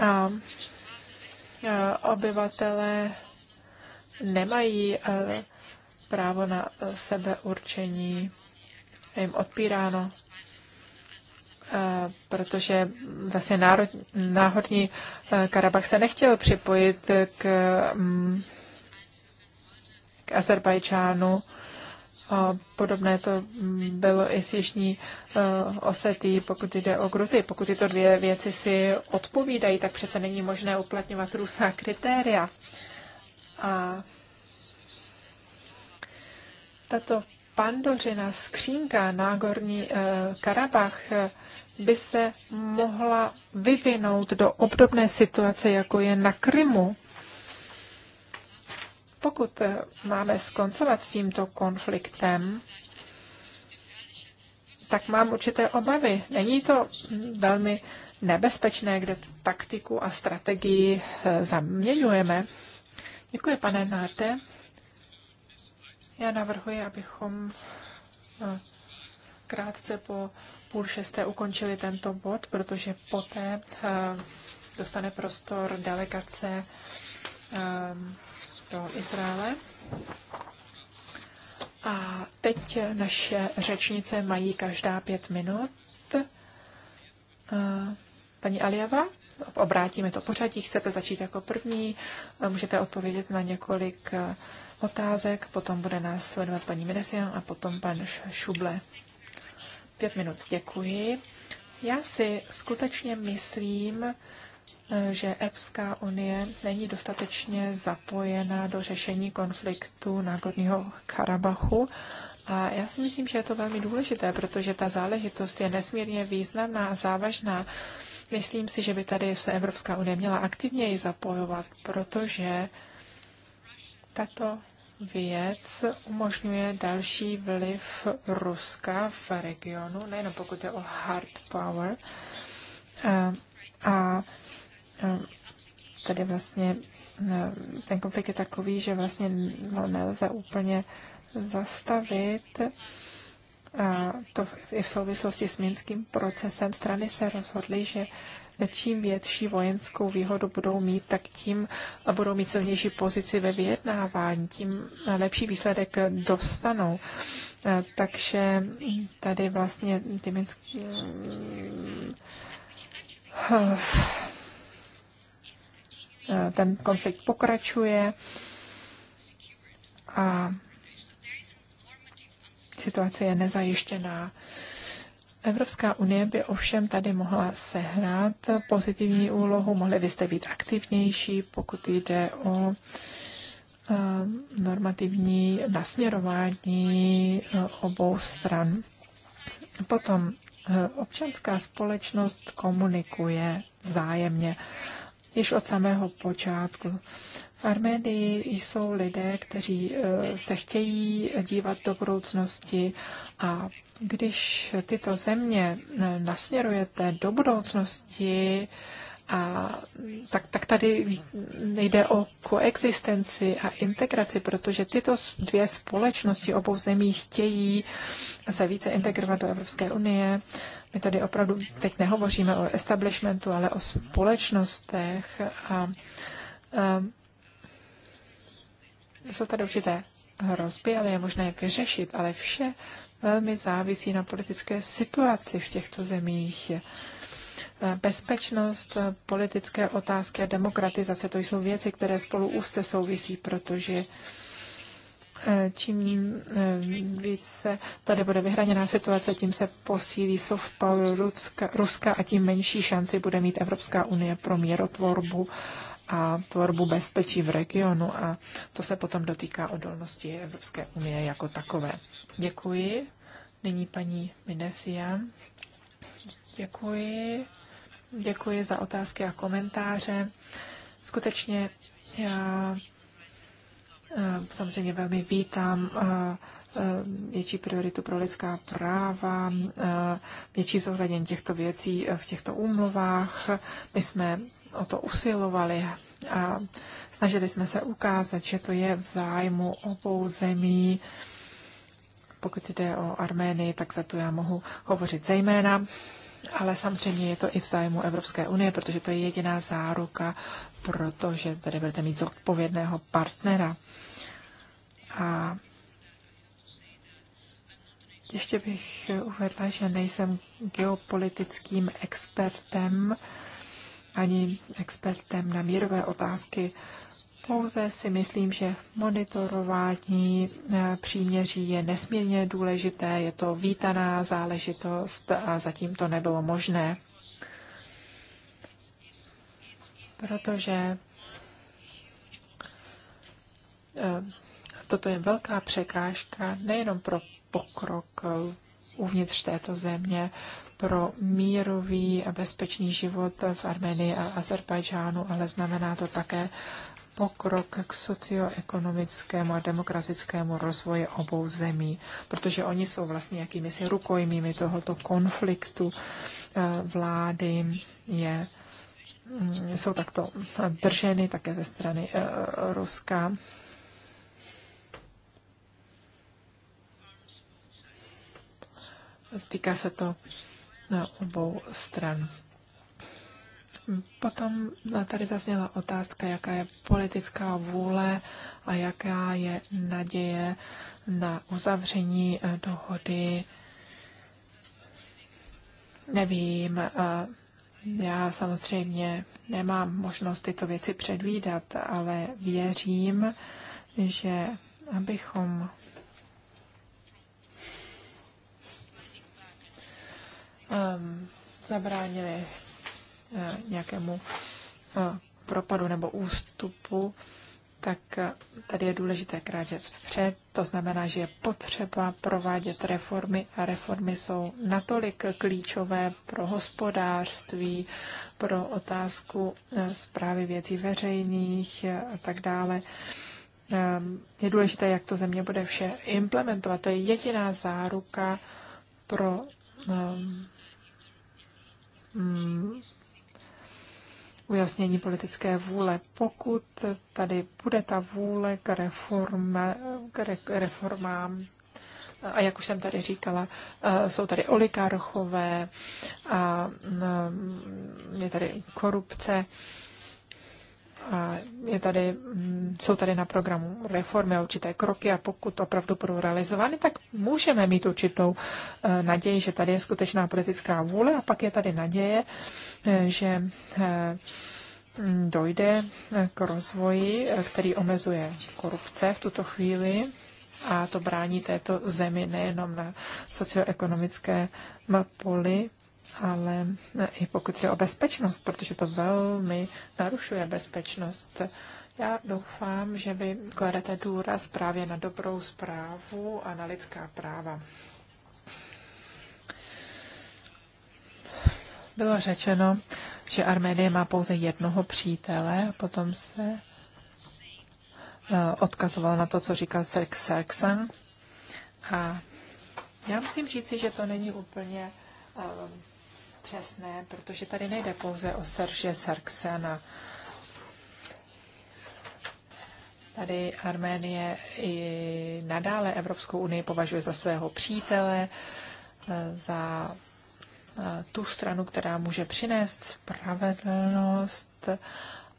a obyvatelé nemají eh, právo na eh, sebeurčení, je jim odpíráno, eh, protože vlastně národ, náhodní Karabach se nechtěl připojit k, mm, k Azerbajdžánu. Podobné to mm, bylo i s Jižní Osetí, pokud jde o Gruzii. Pokud tyto dvě věci si odpovídají, tak přece není možné uplatňovat různá kritéria. A tato pandořina, skřínka Nágorní eh, Karabach eh, by se mohla vyvinout do obdobné situace, jako je na Krymu. Pokud eh, máme skoncovat s tímto konfliktem, tak mám určité obavy. Není to velmi nebezpečné, kde taktiku a strategii zaměňujeme? Děkuji, pane Nárde. Já navrhuji, abychom eh, krátce po půl šesté ukončili tento bod, protože poté eh, dostane prostor delegace eh, do Izraele. A teď naše řečnice mají každá pět minut. Paní Aliava, obrátíme to pořadí. Chcete začít jako první, můžete odpovědět na několik eh, otázek, potom bude následovat paní Minesian a potom pan Šuble. Pět minut, děkuji. Já si skutečně myslím, eh, že Evropská unie není dostatečně zapojena do řešení konfliktu na Gorního Karabachu. A já si myslím, že je to velmi důležité, protože ta záležitost je nesmírně významná a závažná. Myslím si, že by tady se Evropská unie měla aktivněji zapojovat, protože tato věc umožňuje další vliv Ruska v regionu, nejenom pokud je o hard power. A, a tady vlastně e, ten konflikt je takový, že vlastně nelze úplně zastavit to i v souvislosti s minským procesem strany se rozhodly, že čím větší vojenskou výhodu budou mít, tak tím budou mít silnější pozici ve vyjednávání, tím lepší výsledek dostanou. Takže tady vlastně ty minský... Hm, ten konflikt pokračuje a situace je nezajištěná. Evropská unie by ovšem tady mohla sehrát pozitivní úlohu, mohli byste být aktivnější, pokud jde o eh, normativní nasměrování eh, obou stran. Potom eh, občanská společnost komunikuje vzájemně již od samého počátku. V Arménii jsou lidé, kteří eh, se chtějí dívat do budoucnosti a když tyto země eh, nasměrujete do budoucnosti, a tak, tak tady nejde o koexistenci a integraci, protože tyto dvě společnosti obou zemí chtějí se více integrovat do Evropské unie. My tady opravdu teď nehovoříme o establishmentu, ale o společnostech. A, a eh, jsou tady určité hrozby, ale je možné je vyřešit, ale vše velmi závisí na politické situaci v těchto zemích. Bezpečnost, politické otázky a demokratizace, to jsou věci, které spolu úzce souvisí, protože eh, čím eh, více tady bude vyhraněná situace, tím se posílí soft power Ruska, Ruska a tím menší šanci bude mít Evropská unie pro mírotvorbu a tvorbu bezpečí v regionu a to se potom dotýká odolnosti Evropské unie jako takové. Děkuji. Nyní paní Minesia. Děkuji. Děkuji za otázky a komentáře. Skutečně já eh, samozřejmě velmi vítám eh, eh, větší prioritu pro lidská práva, větší zohlednění těchto věcí v těchto úmluvách. My jsme o to usilovali a snažili jsme se ukázat, že to je v zájmu obou zemí. Pokud jde o Arménii, tak za to já mohu hovořit zejména, ale samozřejmě je to i v zájmu Evropské unie, protože to je jediná záruka, protože tady budete mít zodpovědného partnera. A ještě bych uvedla, že nejsem geopolitickým expertem, ani expertem na mírové otázky. Pouze si myslím, že monitorování eh, příměří je nesmírně důležité, je to vítaná záležitost a zatím to nebylo možné. Protože eh, toto je velká překážka nejenom pro pokrok eh, uvnitř této země, pro mírový a bezpečný život v Armenii a Azerbajdžánu, ale znamená to také pokrok k socioekonomickému a demokratickému rozvoji obou zemí, protože oni jsou vlastně jakými si rukojmími tohoto konfliktu eh, vlády je mm, jsou takto drženy také ze strany eh, Ruska. Týká se to na obou stran. Potom tady zazněla otázka, jaká je politická vůle a jaká je naděje na uzavření eh, dohody. Nevím, já samozřejmě nemám možnost tyto věci předvídat, ale věřím, že abychom um, zabránili uh, nějakému uh, propadu nebo ústupu, tak eh, tady je důležité krážet vpřed. To znamená, že je potřeba provádět reformy a reformy jsou natolik klíčové pro hospodářství, pro otázku zprávy věcí veřejných a tak dále. Ehm, je důležité, jak to země bude vše implementovat. To je jediná záruka pro ehm, mm, ujasnění politické vůle. Pokud tady bude ta vůle k, reforma, k reformám, a jak už jsem tady říkala, eh, jsou tady oligarchové a mm, je tady korupce, a je tady, mm, jsou tady na programu reformy a určité kroky a pokud opravdu budou realizovány, tak můžeme mít určitou eh, naději, že tady je skutečná politická vůle a pak je tady naděje, eh, že eh, mm, dojde k rozvoji, který omezuje korupce v tuto chvíli a to brání této zemi nejenom na socioekonomické poli, ale i pokud jde o bezpečnost, protože to velmi narušuje bezpečnost. Já doufám, že vy kladete důraz právě na dobrou zprávu a na lidská práva. Bylo řečeno, že Arménie má pouze jednoho přítele, a potom se eh, odkazoval na to, co říkal Serxan. A já musím říci, že to není úplně eh, přesné, protože tady nejde pouze o Serže Sarksena. Tady Arménie i nadále Evropskou unii považuje za svého přítele, za eh, tu stranu, která může přinést spravedlnost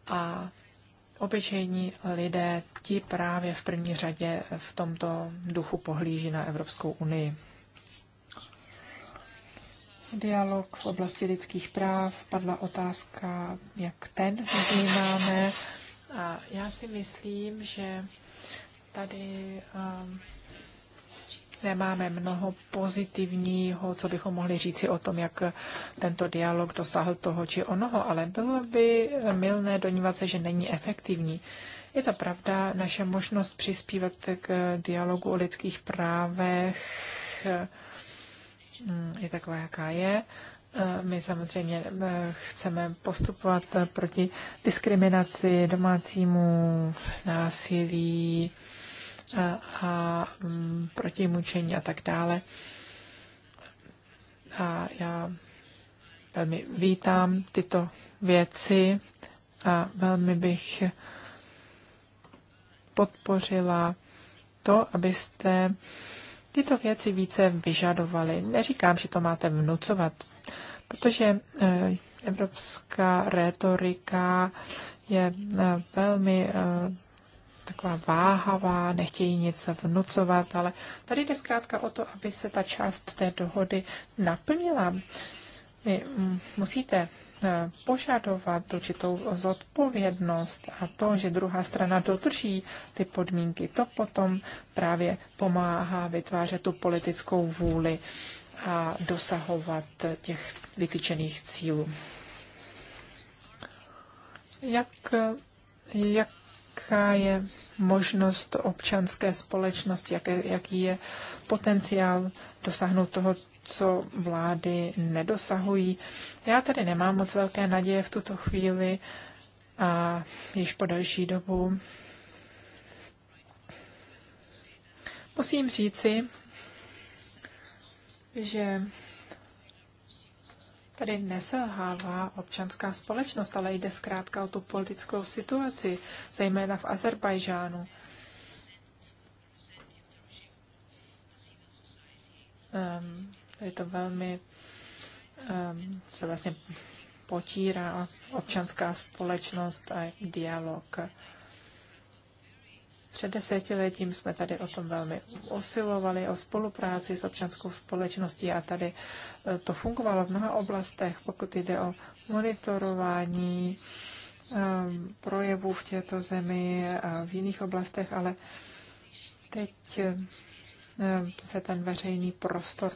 a obyčejní lidé, ti právě v první řadě v tomto duchu pohlíží na Evropskou unii dialog v oblasti lidských práv, padla otázka, jak ten vnímáme. A já si myslím, že tady um, nemáme mnoho pozitivního, co bychom mohli říci o tom, jak tento dialog dosáhl toho či onoho, ale bylo by milné donívat se, že není efektivní. Je to pravda, naše možnost přispívat k dialogu o lidských právech Mm, je taková, jaká je. Eh, my samozřejmě eh, chceme postupovat eh, proti diskriminaci, domácímu násilí a mm, proti mučení a tak dále. A já velmi vítám tyto věci a velmi bych podpořila to, abyste tyto věci více vyžadovaly. Neříkám, že to máte vnucovat, protože eh, evropská retorika je eh, velmi eh, taková váhavá, nechtějí nic vnucovat, ale tady jde zkrátka o to, aby se ta část té dohody naplnila. Vy mm, musíte požadovat určitou zodpovědnost a to, že druhá strana dodrží ty podmínky, to potom právě pomáhá vytvářet tu politickou vůli a dosahovat těch vytyčených cílů. Jak, jaká je možnost občanské společnosti, jaký je potenciál dosáhnout toho, co vlády nedosahují. Já tady nemám moc velké naděje v tuto chvíli a již po další dobu. Musím říci, že tady neselhává občanská společnost, ale jde zkrátka o tu politickou situaci, zejména v Azerbajžánu. Um, ehm, Tady to velmi um, se vlastně potírá občanská společnost a dialog. Před desetiletím jsme tady o tom velmi usilovali, o spolupráci s občanskou společností a tady eh, to fungovalo v mnoha oblastech, pokud jde o monitorování um, projevů v této zemi a v jiných oblastech, ale teď ehm, se ten veřejný prostor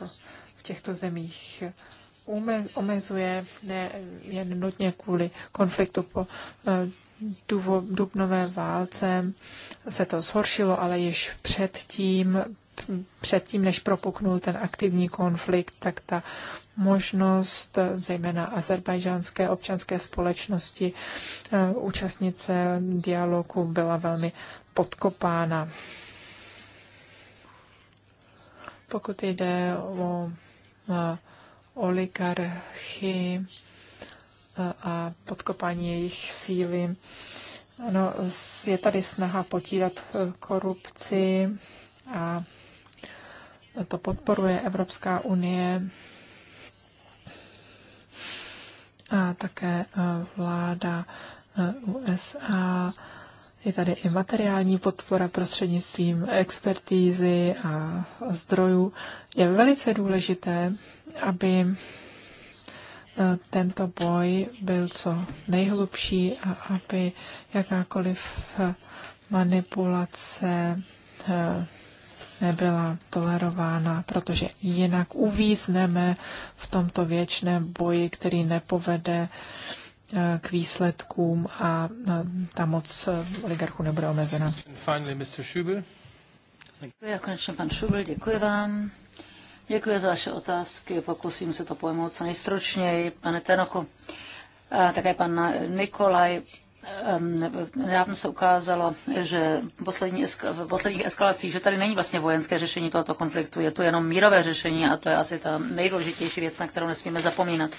těchto zemích omezuje, ne jen nutně kvůli konfliktu po eh, dubnové válce se to zhoršilo, ale již předtím, předtím, než propuknul ten aktivní konflikt, tak ta možnost zejména azerbajžánské občanské společnosti eh, účastnit se dialogu byla velmi podkopána. Pokud jde o Eh, oligarchy eh, a podkopání jejich síly. No je tady snaha potírat eh, korupci a to podporuje Evropská unie a také vláda USA je tady i materiální podpora prostřednictvím expertízy a zdrojů. Je velice důležité, aby e, tento boj byl co nejhlubší a aby jakákoliv e, manipulace e, nebyla tolerována, protože jinak uvízneme v tomto věčném boji, který nepovede uh, Eh, k výsledkům a ta moc eh, oligarchů nebude omezena. Finally, Mr. Děkuji a konečně pan Šubl, děkuji vám. Děkuji za vaše otázky, pokusím se to pojmout co nejstručněji, pane Tenoku. A také pan Nikolaj, Nedávno se ukázalo, že poslední v posledních eskalacích, že tady není vlastně vojenské řešení tohoto konfliktu, je to jenom mírové řešení a to je asi ta nejdůležitější věc, na kterou nesmíme zapomínat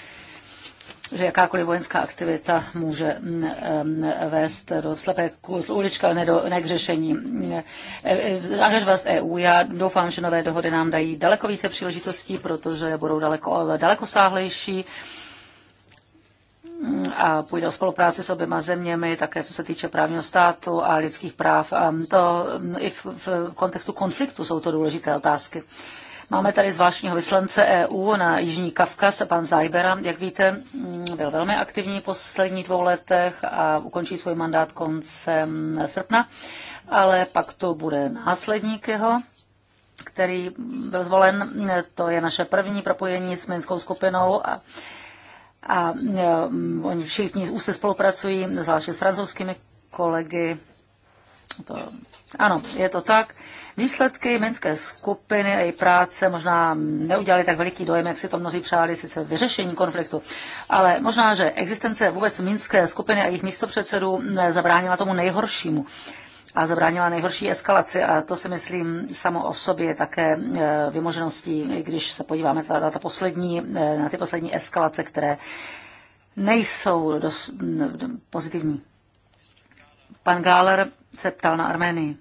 že jakákoliv vojenská aktivita může mm, vést do slepé uličky, ale ne, do, ne k řešení. E, e, angažovanost EU, já doufám, že nové dohody nám dají daleko více příležitostí, protože budou daleko, daleko sáhlejší a půjde o spolupráci s oběma zeměmi, také co se týče právního státu a lidských práv. To mm, i v, v kontextu konfliktu jsou to důležité otázky. Máme tady zvláštního vyslance EU na Jižní Kavkaz, pan Zajbera. Jak víte, mm, byl velmi aktivní v posledních dvou letech a ukončí svůj mandát koncem srpna, ale pak to bude následník jeho který byl zvolen. To je naše první propojení s Minskou skupinou a, a mm, oni všichni úzce spolupracují, zvláště s francouzskými kolegy. To, ano, je to tak. Výsledky minské skupiny a její práce možná neudělali tak veliký dojem, jak si to mnozí přáli, sice vyřešení konfliktu, ale možná, že existence vůbec minské skupiny a jejich místopředsedů zabránila tomu nejhoršímu a zabránila nejhorší eskalaci a to si myslím samo o sobě také e, vymožeností, když se podíváme na, ta poslední, e, na ty poslední eskalace, které nejsou dost pozitivní. Pan Gáler se ptal na Arménii.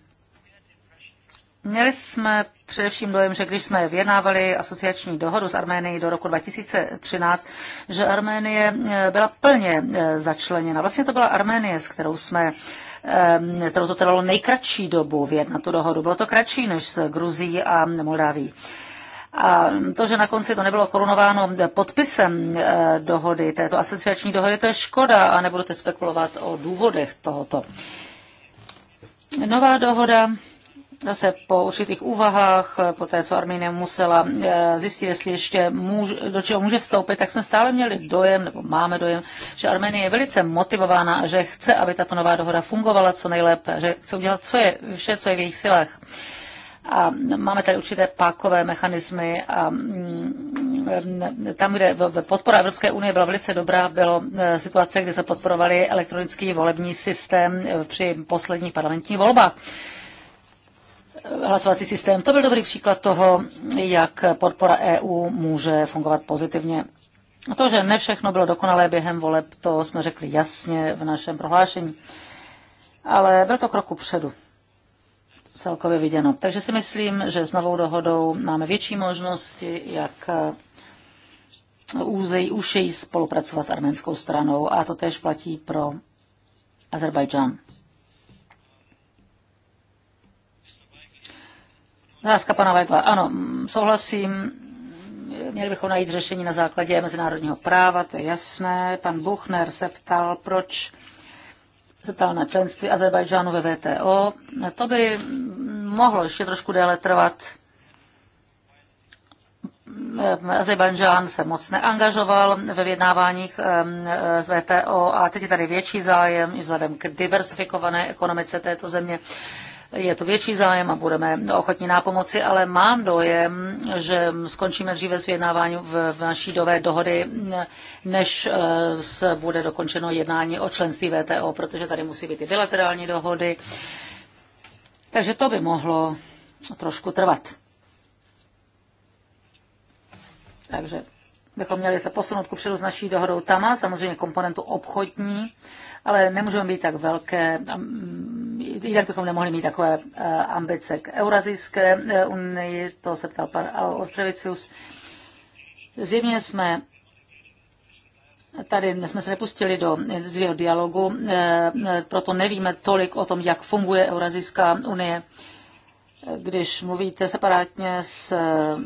Měli jsme především dojem, že když jsme vyjednávali asociační dohodu s Arménií do roku 2013, že Arménie eh, byla plně eh, začleněna. Vlastně to byla Arménie, s kterou jsme eh, kterou to trvalo nejkratší dobu vyjednat tu dohodu. Bylo to kratší než s Gruzí a Moldáví. A to, že na konci to nebylo korunováno podpisem dohody, této asociační dohody, to je škoda a nebudu teď spekulovat o důvodech tohoto. Nová dohoda se po určitých úvahách, po té, co Arménie musela eh, zjistit, jestli ještě můž, do čeho může vstoupit, tak jsme stále měli dojem, nebo máme dojem, že Arménie je velice motivována a že chce, aby tato nová dohoda fungovala co nejlépe, že chce udělat co je, vše, co je v jejich silách. A máme tady určité pákové mechanismy a mm, tam, kde podpora Evropské unie byla velice dobrá, bylo eh, situace, kdy se podporovali elektronický volební systém eh, při posledních parlamentních volbách hlasovací systém. To byl dobrý příklad toho, jak podpora EU může fungovat pozitivně. A to, že ne všechno bylo dokonalé během voleb, to jsme řekli jasně v našem prohlášení. Ale byl to krok předu celkově viděno. Takže si myslím, že s novou dohodou máme větší možnosti, jak eh, úzej, ušeji spolupracovat s arménskou stranou a to tež platí pro Azerbajdžán. Otázka pana Vegla. Ano, mm, souhlasím. Měli bychom najít řešení na základě mezinárodního práva, to je jasné. Pan Buchner se ptal, proč se ptal na členství Azerbajdžánu ve VTO. To by mohlo ještě trošku déle trvat. Mm, Azerbajdžán se moc neangažoval ve vyjednáváních mm, z VTO a teď je tady větší zájem i vzhledem k diversifikované ekonomice této země je to větší zájem a budeme ochotní na pomoci, ale mám dojem, že skončíme dříve s vyjednáváním v naší dové dohody, než eh, se bude dokončeno jednání o členství VTO, protože tady musí být i bilaterální dohody. Takže to by mohlo trošku trvat. Takže bychom měli se posunout předu s naší dohodou tam, samozřejmě komponentu obchodní, ale nemůžeme být tak velké mm, jinak bychom nemohli mít takové eh, ambice k Eurazijské eh, unii, to se ptal pan Ostrevicius. Zjevně jsme Tady jsme se nepustili do zvýho dialogu, eh, proto nevíme tolik o tom, jak funguje Eurazijská unie když mluvíte separátně s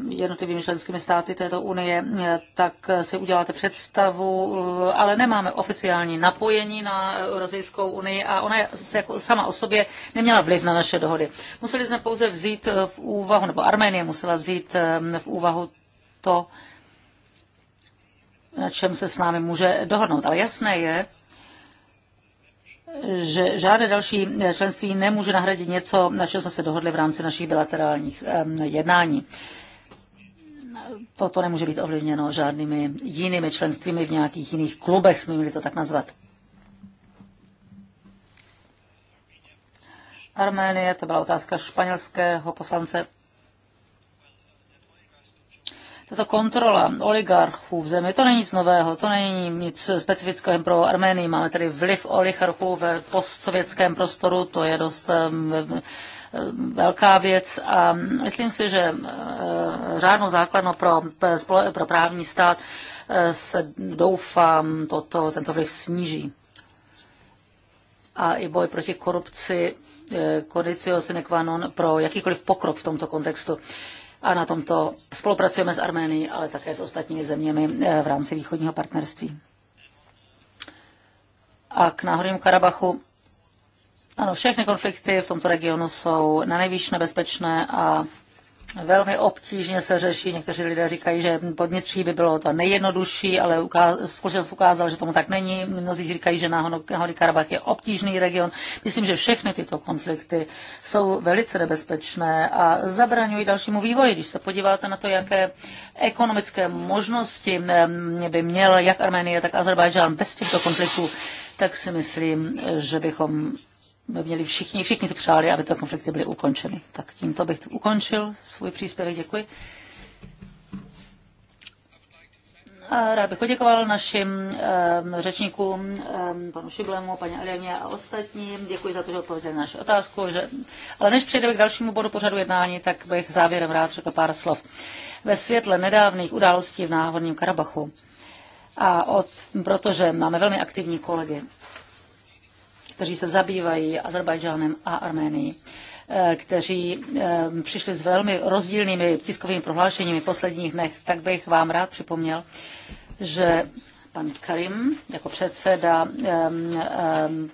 jednotlivými členskými státy této unie, tak si uděláte představu, ale nemáme oficiální napojení na Eurozijskou unii a ona se jako sama o sobě neměla vliv na naše dohody. Museli jsme pouze vzít v úvahu, nebo Arménie musela vzít eh, v úvahu to, na čem se s námi může dohodnout. Ale jasné je, že žádné další členství nemůže nahradit něco, na čem jsme se dohodli v rámci našich bilaterálních jednání. Toto nemůže být ovlivněno žádnými jinými členstvími v nějakých jiných klubech, jsme měli to tak nazvat. Arménie, to byla otázka španělského poslance. Tato kontrola oligarchů v zemi, to není nic nového, to není nic specifického pro Arménii. Máme tady vliv oligarchů v postsovětském prostoru, to je dost velká věc a myslím si, že eh, řádnou základnou pro, eh, pro právní stát eh, se doufám toto, tento vliv sníží. A i boj proti korupci, kodicio sine qua non pro jakýkoliv pokrok v tomto kontextu a na tomto spolupracujeme s Arménií, ale také s ostatními zeměmi eh, v rámci východního partnerství. A k Náhornímu Karabachu. Ano, všechny konflikty v tomto regionu jsou na nejvýš nebezpečné a velmi obtížně se řeší. Někteří lidé říkají, že podnitří by bylo to nejjednodušší, ale společnost ukázala, že tomu tak není. Mnozí říkají, že náhodný Karabach je obtížný region. Myslím, že všechny tyto konflikty jsou velice nebezpečné a zabraňují dalšímu vývoji. Když se podíváte na to, jaké ekonomické možnosti by měl jak Arménie, tak Azerbajdžán bez těchto konfliktů, tak si myslím, že bychom měli všichni, všichni si přáli, aby ty konflikty byly ukončeny. Tak tímto bych ukončil svůj příspěvek. Děkuji. A rád bych poděkoval našim um, řečníkům, um, panu Šiblemu, paní Aliamě a ostatním. Děkuji za to, že odpověděli na naši otázku. Že... Ale než přejdeme k dalšímu bodu pořadu jednání, tak bych závěrem rád řekl pár slov. Ve světle nedávných událostí v Náhorním Karabachu, a od, protože máme velmi aktivní kolegy kteří se zabývají Azerbajdžánem a Arménií eh, kteří eh, přišli s velmi rozdílnými tiskovými prohlášeními v posledních dnech, tak bych vám rád připomněl, že pan Karim jako předseda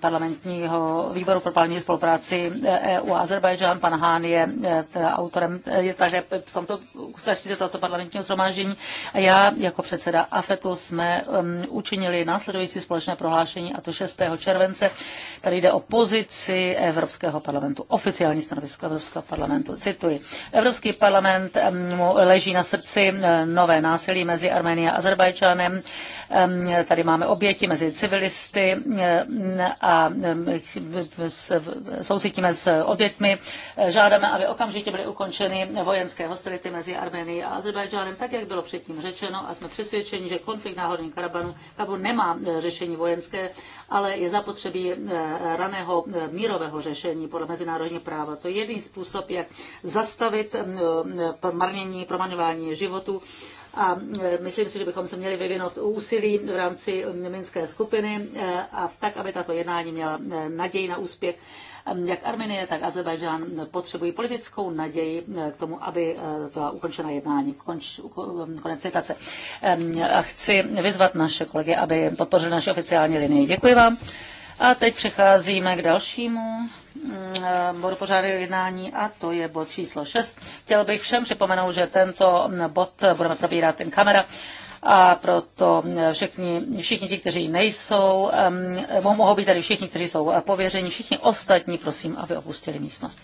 parlamentního výboru pro parlamentní spolupráci EU e Azerbajdžán, pan Hán je e, autorem, e, je také v tomto ústačnice tohoto parlamentního zhromáždění. a já jako předseda AFETu jsme učinili následující společné prohlášení a to 6. července. Tady jde o pozici Evropského parlamentu, oficiální stanovisko Evropského parlamentu. Cituji. Evropský parlament mu leží na srdci nové násilí mezi Armenií a Azerbajdžánem tady máme oběti mezi civilisty eh, a soucitíme eh, s obětmi. Žádáme, aby okamžitě byly ukončeny vojenské hostility mezi Arménií a Azerbajdžánem, tak jak bylo předtím řečeno a jsme přesvědčeni, že konflikt na Horním Karabanu Kabu nemá eh, řešení vojenské, ale je zapotřebí raného mírového řešení podle mezinárodního práva. To je jediný způsob, jak zastavit promarnění, promarňování životu a e, myslím si, že bychom se měli vyvinout úsilí v rámci minské skupiny e, a tak, aby tato jednání měla e, naději na úspěch. Jak Arminie, tak Azerbajdžán potřebují politickou naději k tomu, aby byla ukončena jednání. Konč, konec citace. A chci vyzvat naše kolegy, aby podpořili naše oficiální linii. Děkuji vám. A teď přecházíme k dalšímu. Mm, eh, bodu pořádu jednání a to je bod číslo 6. Chtěl bych všem připomenout, že tento mm, bod budeme probírat ten kamera a proto mm, všichni, všichni ti, kteří nejsou, mohou být tady všichni, kteří jsou pověřeni, všichni ostatní, prosím, aby opustili místnost.